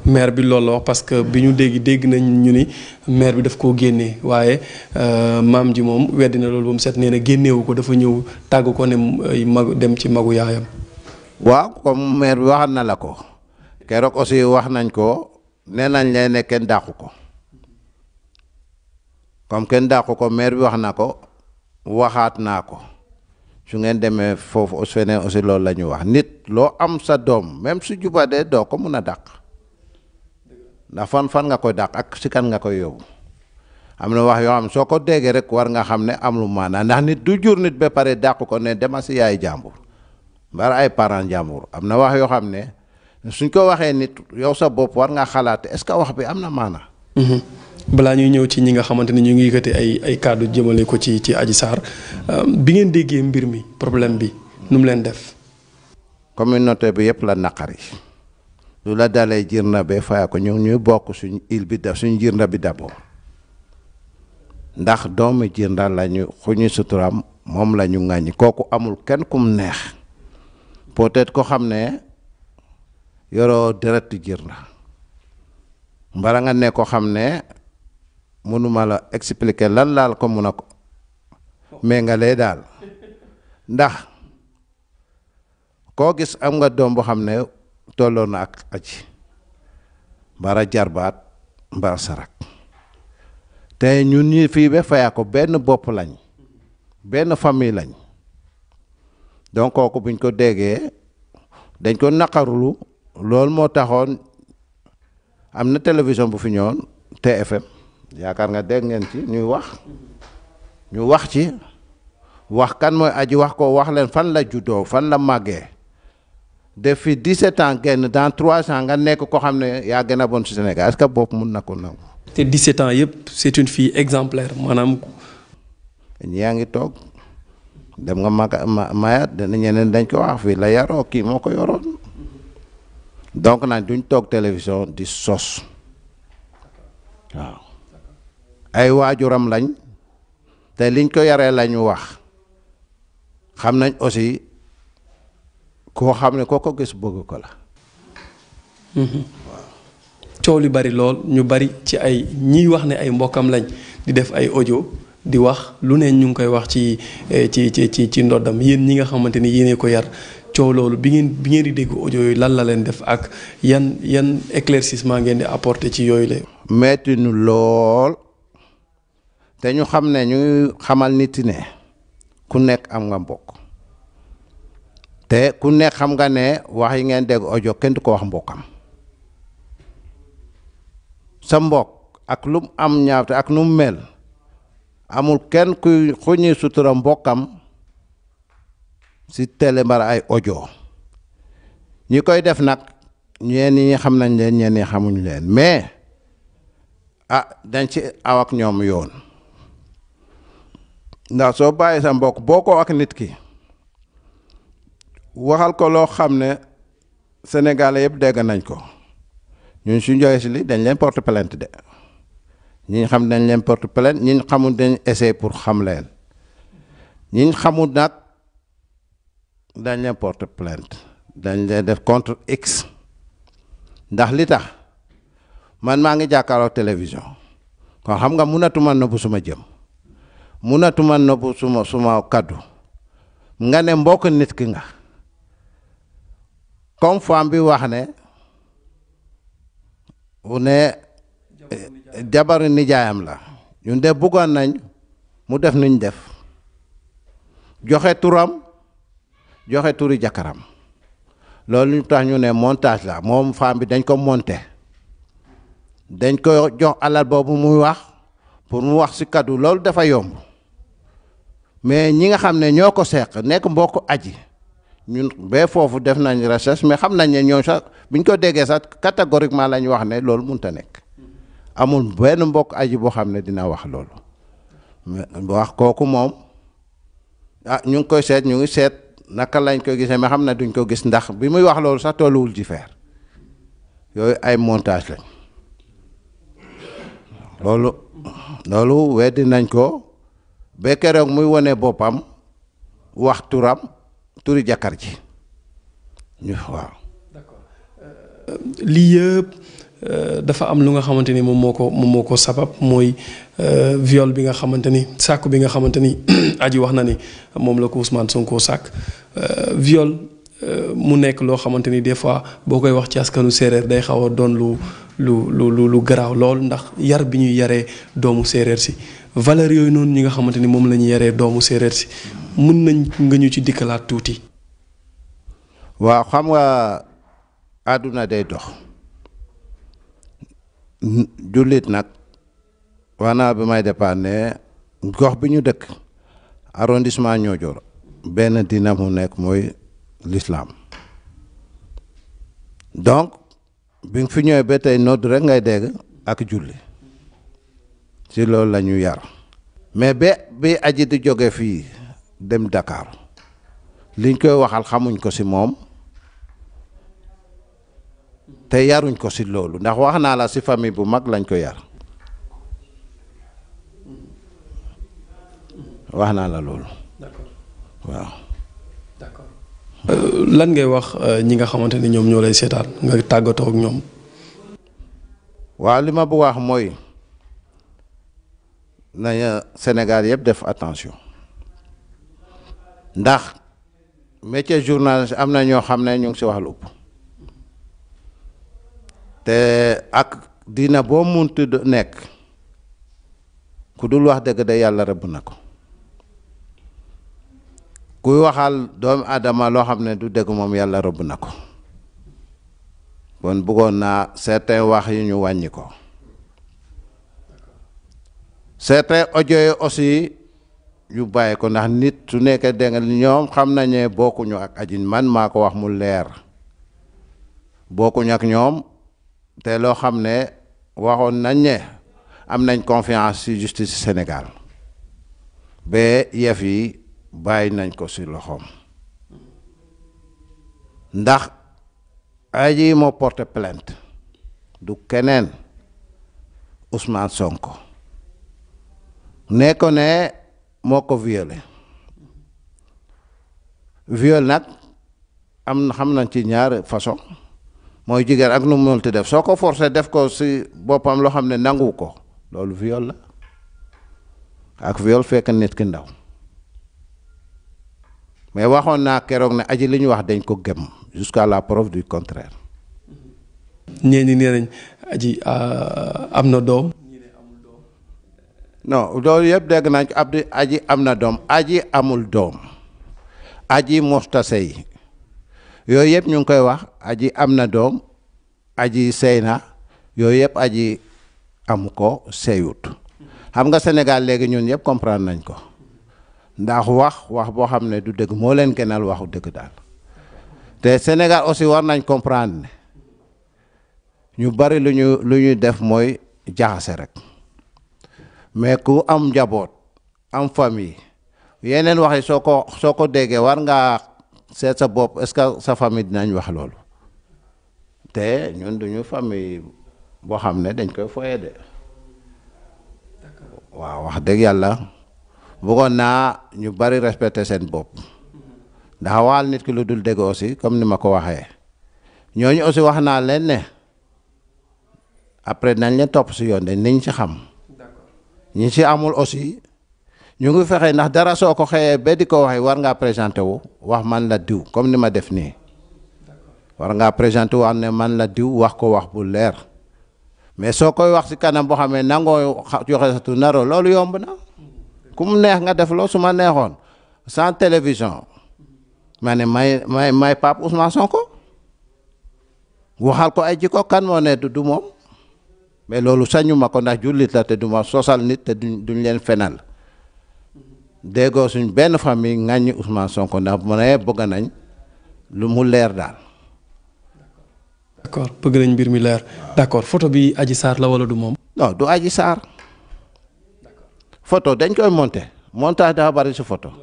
maire bi loolu parce que bi ñu dégg dégg nañ ñu ni maire bi daf koo génnee waaye euh, maam ji moom weddi loolu ba set nee na génneewu ko dafa ñëw tàgg ko ne mag dem ci magu yaayam. waaw comme maire bi waxal na la ko. keroog aussi wax nañ ko nee nañ leen ne kenn dàqu ko comme kenn dàqu ko maire bi wax na ko waxaat naa ko su ngeen demee foofu aussi feneen loolu la ñu wax nit loo am sa doom même su jubadee doo ko mun a dàq ndax fan fan nga ko dàq ak si kan nga koy yóbbu am na wax yoo xam soo ko déggee rek war nga xam ne am lu maanaa ndax nit du jur nit ba pare dàq ko ne dema yaay jàmbur mbara ay parents jàmbur am na wax yoo xam ne. suñ ko waxee nit yow sa bopp war nga xalaat est-ce que wax bi am na maana mhm. balaa ñuy ñëw ci ñi nga xamante ni ñu ngi yëkkati ay ay kàddu jëmale ko ci ci Adji Sarr euh, bi ngeen déggee mbir mi problème bi num leen def. communauté bi yëpp la naqari lu la dalee jirna be faya ko ñun ñuy bokk suñ il bi daf suñ na bi d'abord ndax doomu jirna lañu xu ñu suturaam moom la ñu ŋàññi kooku amul kenn kum neex peut-être ko xam ne. yoro deretu jir la mbara nga ne ko xam ne mënuma la expliquer lan laal ko mun a ko mais nga lay daal ndax koo gis am nga doom boo xam ne tolloo na ak aji mbara jarbaat mbara sarak te ñu nii fii ba fayaa ko benn bopp lañ benn famille lañ donc kooku buñ ko déggee dañ ko naqarulu loolu moo taxoon am na télévision bu fi ñëwoon TFM yaakaar nga dégg ngeen ci ñuy wax ñu wax ci wax kan mooy aji wax ko wax leen fan la juddoo fan la màggee def fi 17 ans genn dans 3 ans nga nekk ko xam ne yaa gën a bon si Sénégal est-ce que boobu mun na ko nangu. te 17 ans yëpp c'est une fille exemplaire maanaam. yaa ngi toog dem nga ma mayaat dana ñeneen dañ ko wax fii la yaroo kii moo ko yoroon. donc nag duñ toog télévision di sos waaw ay waajuram lañ te liñ ko yaree lañu wax xam nañ aussi koo xam ne koo ko gis bëgg ko la waaw mhm. coow li bari lool ñu bari ci ay ñiy wax ne ay mbokkam lañ di def ay ojo di wax lu ne ñu ngi koy wax eh, ci ci ci ci ndoddam yéen ñi nga xamante ni yéenee ko yar coow loolu bi ngeen bi ngeen di dégg audio yooyu lan la leen def ak yan yan éclaircissement ngeen di apporter ci yooyu la. metti nu lool te ñu xam ne ñu xamal nit ne ku nekk am nga mbokk te ku nekk xam nga ne wax yi ngeen dégg audio kenn du ko wax mbokkam sa mbokk ak lu mu am ñaawte ak nu mu mel amul kenn ku ku ñuy sutura mbokkam. si télé mbara ay audio ñi koy def nag ñeen ñi xam nañ leen ñeen ñi xamuñ leen mais a ah, dañ ci aw ñoom yoon ndax soo bàyyi sa mbokk boo ko ak nit ki waxal ko loo xam ne sénégalais yëpp degga nañ ko ñun su joxe si li dañ leen porte plainte de ñi xam dañ leen porte plainte ñi xamul dañ essayé pour xam leen ñi xamul nag dañ la porte plainte dañ la def contre x ndax li tax man maa ngi jàkkaarloo télévision kon xam nga munatuma nopp suma jëm munatu munatuma nopp suma suma kaddu nga ne mbokk nit ki nga kom femme bi wax ne u ne eh, jabaru nijaayam la ñun de buggoon nañ mu def nuñ def joxe turam joxe turi jakaram loolu ñu tax ñu ne montage la moom femme bi dañ ko monter dañ ko jox alal boobu muy wax pour mu wax si kaddu loolu dafa yomb mais ñi nga xam ne ñoo ko seq nekk mbokk aji ñun ba foofu def nañ recherche mais xam nañ ne ñoo sax biñ ko degee sax catégoriquement la ñu wax ne loolu mënut a nekk amul benn mbokk aji boo xam ne dina wax loolu wax kooku moom ah ñu ngi koy seet ñu ngi seet. naka lañ ko gisee mais xam na duñ ko gis ndax bi muy wax loolu sax tolluwul ci feer yooyu ay montage lañ loolu loolu weddi nañ ko ba keroog muy wone boppam wax turam turi jàkkar ji ñu waaw. Euh, lii yëpp euh, dafa am lu nga xamante ni moom moo ko moom moo ko sabab mooy. Euh, viol bi nga xamante ni sàkk bi nga xamante ni aji wax na ni moom la ko Ousmane Sonko sàkk euh, viol euh, mu nekk loo xamante ni des fois boo koy wax ci askanu séeréer day xaw a doon lu lu lu garaaw lool ndax yar bi ñuy yaree doomu séeréer si valeur yooyu noonu ñi nga xamante ni moom la ñu doomu séeréer si mun nañ nga ñu ci dikkalaat tuuti. waaw xam nga àdduna day dox. jullit nag. waanaa bi may dépanne gox bi ñu dëkk arrondissement Niodior benn dina mu nekk mooy lislaam donc bi nga fi ñëwee ba tey nodd rek ngay dégg ak julli si loolu la ñu yar mais ba bi aji di jóge fii dem Dakar liñ koy waxal xamuñ ko si moom te yaruñ ko si loolu ndax wax naa la si famille bu mag lañ ko yar wax naa la loolu. waaw. Euh, lan ngay wax euh, ñi nga xamante ni ñoom ñoo lay seetaan nga tàggatoo ak ñoom. waaw li ma bu wax mooy na euh, Sénégal yëpp def attention ndax métier journaliste am na ñoo xam ne ñu ngi si wax lu ëpp te ak dina boo munti nekk ku dul wax dëgg de yàlla rëbb na ko. kuy waxaal doomu aadama loo xam ne du dégg moom yàlla rëbb na ko kon bëggoon naa certains wax yu ñu wàññi ko certains audio yi yu bàyyi ko ndax nit su nekkee dégg ñoom xam nañu bokkuñu ak aji man maa ko wax mu leer bokkuñu ak ñoom te loo xam ne waxoon nañ am nañ confiance ci justice Sénégal ba yëf yi bàyyi nañ ko si loxoom ndax aji moo porté plainte du keneen Ousmane Sonko nekko ne moo ko violé viol nag am na xam nañ ci ñaari façon mooy jigéen ak nu mu def soo ko forcé def ko si boppam loo xam ne nangu ko loolu viol la ak viol fekk nit ki ndaw mais waxoon naa keroog ne aji li ñu wax dañ ko gëm jusqu'à la preuve du contraire. ñeen ñi nee nañ aji euh, am na doom. non yëpp dégg nañ ko abdi aji am na doom aji amul doom aji mosta sëy yooyu yëpp ñu ngi koy wax aji am na doom aji sey na yooyu yëpp aji amu ko sëyut xam nga Sénégal léegi ñun yëpp comprendre nañ ko. ndax wax wax boo xam ne du dëgg moo leen genal waxu dëgg daal te Sénégal aussi war nañ comprendre ñu bari lu ñu lu ñuy def mooy jaxase rek mais ku am njaboot am famille yeneen wax soo ko soo ko déggee war ngaa seet sa bopp est-ce que sa famille dinañ wax loolu te ñun duñu famille boo xam ne dañ koy foye de waaw wax dëgg yàlla bëggoon naa ñu bari respecté seen bopp ndax waal nit ki lu dul dégg aussi comme ni ma ko waxee ñooñu aussi wax naa leen ne après nañ leen topp si yoon de niñ si xam ñi si amul aussi ñu ngi fexe ndax dara soo ko xëyee ba di ko waxee war ngaa présenté wu wax man la diw comme ni ma def nii war ngaa présenté wu am ne man la diw wax ko wax bu leer mais soo koy wax si kanam boo xamee nangoo joxe sa tur naroo loolu yomb na ku mu neex nga def loo su ma neexoon san télévision ma ne may may may Pape Ousmane Sonko waxal ko ay jikko kan moo ne du moom mais loolu sañu ma ko ndax jullit la te du ma sosal nit te duñ duñ leen fenal déggoo suñ benn famille ŋàññi Ousmane Sonko ndax mu ne bëgg nañ lu mu leer daal. bëgg nañ mbir mi leer d' accord bi Adji Sarr la wala du moom. non du Adji Sarr. photo dañ koy monter montage dafa bari su photo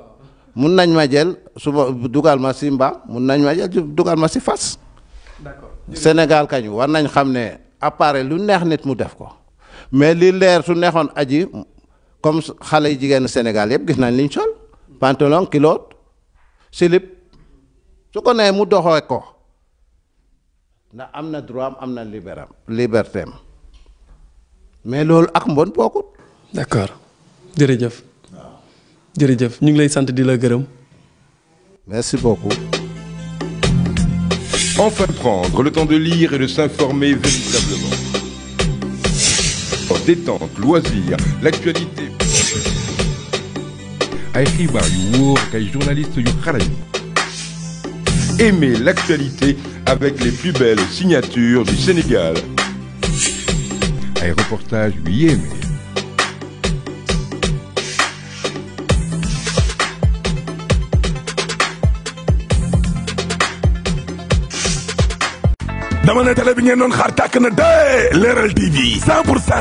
mun nañ ma jël su dugal ma si mbaam mun nañ ma jël dugal ma si fas. d'accord Sénégal war nañ xam ne appareil lu neex nit mu def ko mais li leer su neexoon aji comme xale yi jigéenu Sénégal yëpp gis nañ liñ sol pantalon culotte slip su ko nee mu doxee ko ndax am na droit am am na liberté am liberté loolu ak mbon bokkut. jërëjëf jërëjëf ñu ngi lay sant di la gërëm. merci beaucoup. Enfin prendre le temps de lire et de s'informer véritablement. Détente, loisirs, l'actualité. ay xibaar yu wóor ak ay journalistes yu xarañ. Aimez l'actualité avec les plus belles signatures du Sénégal. ay reportages yu yéeme. dama ne télé bi ngeen doon xaar tàkk na de Leral TV 100 pour 100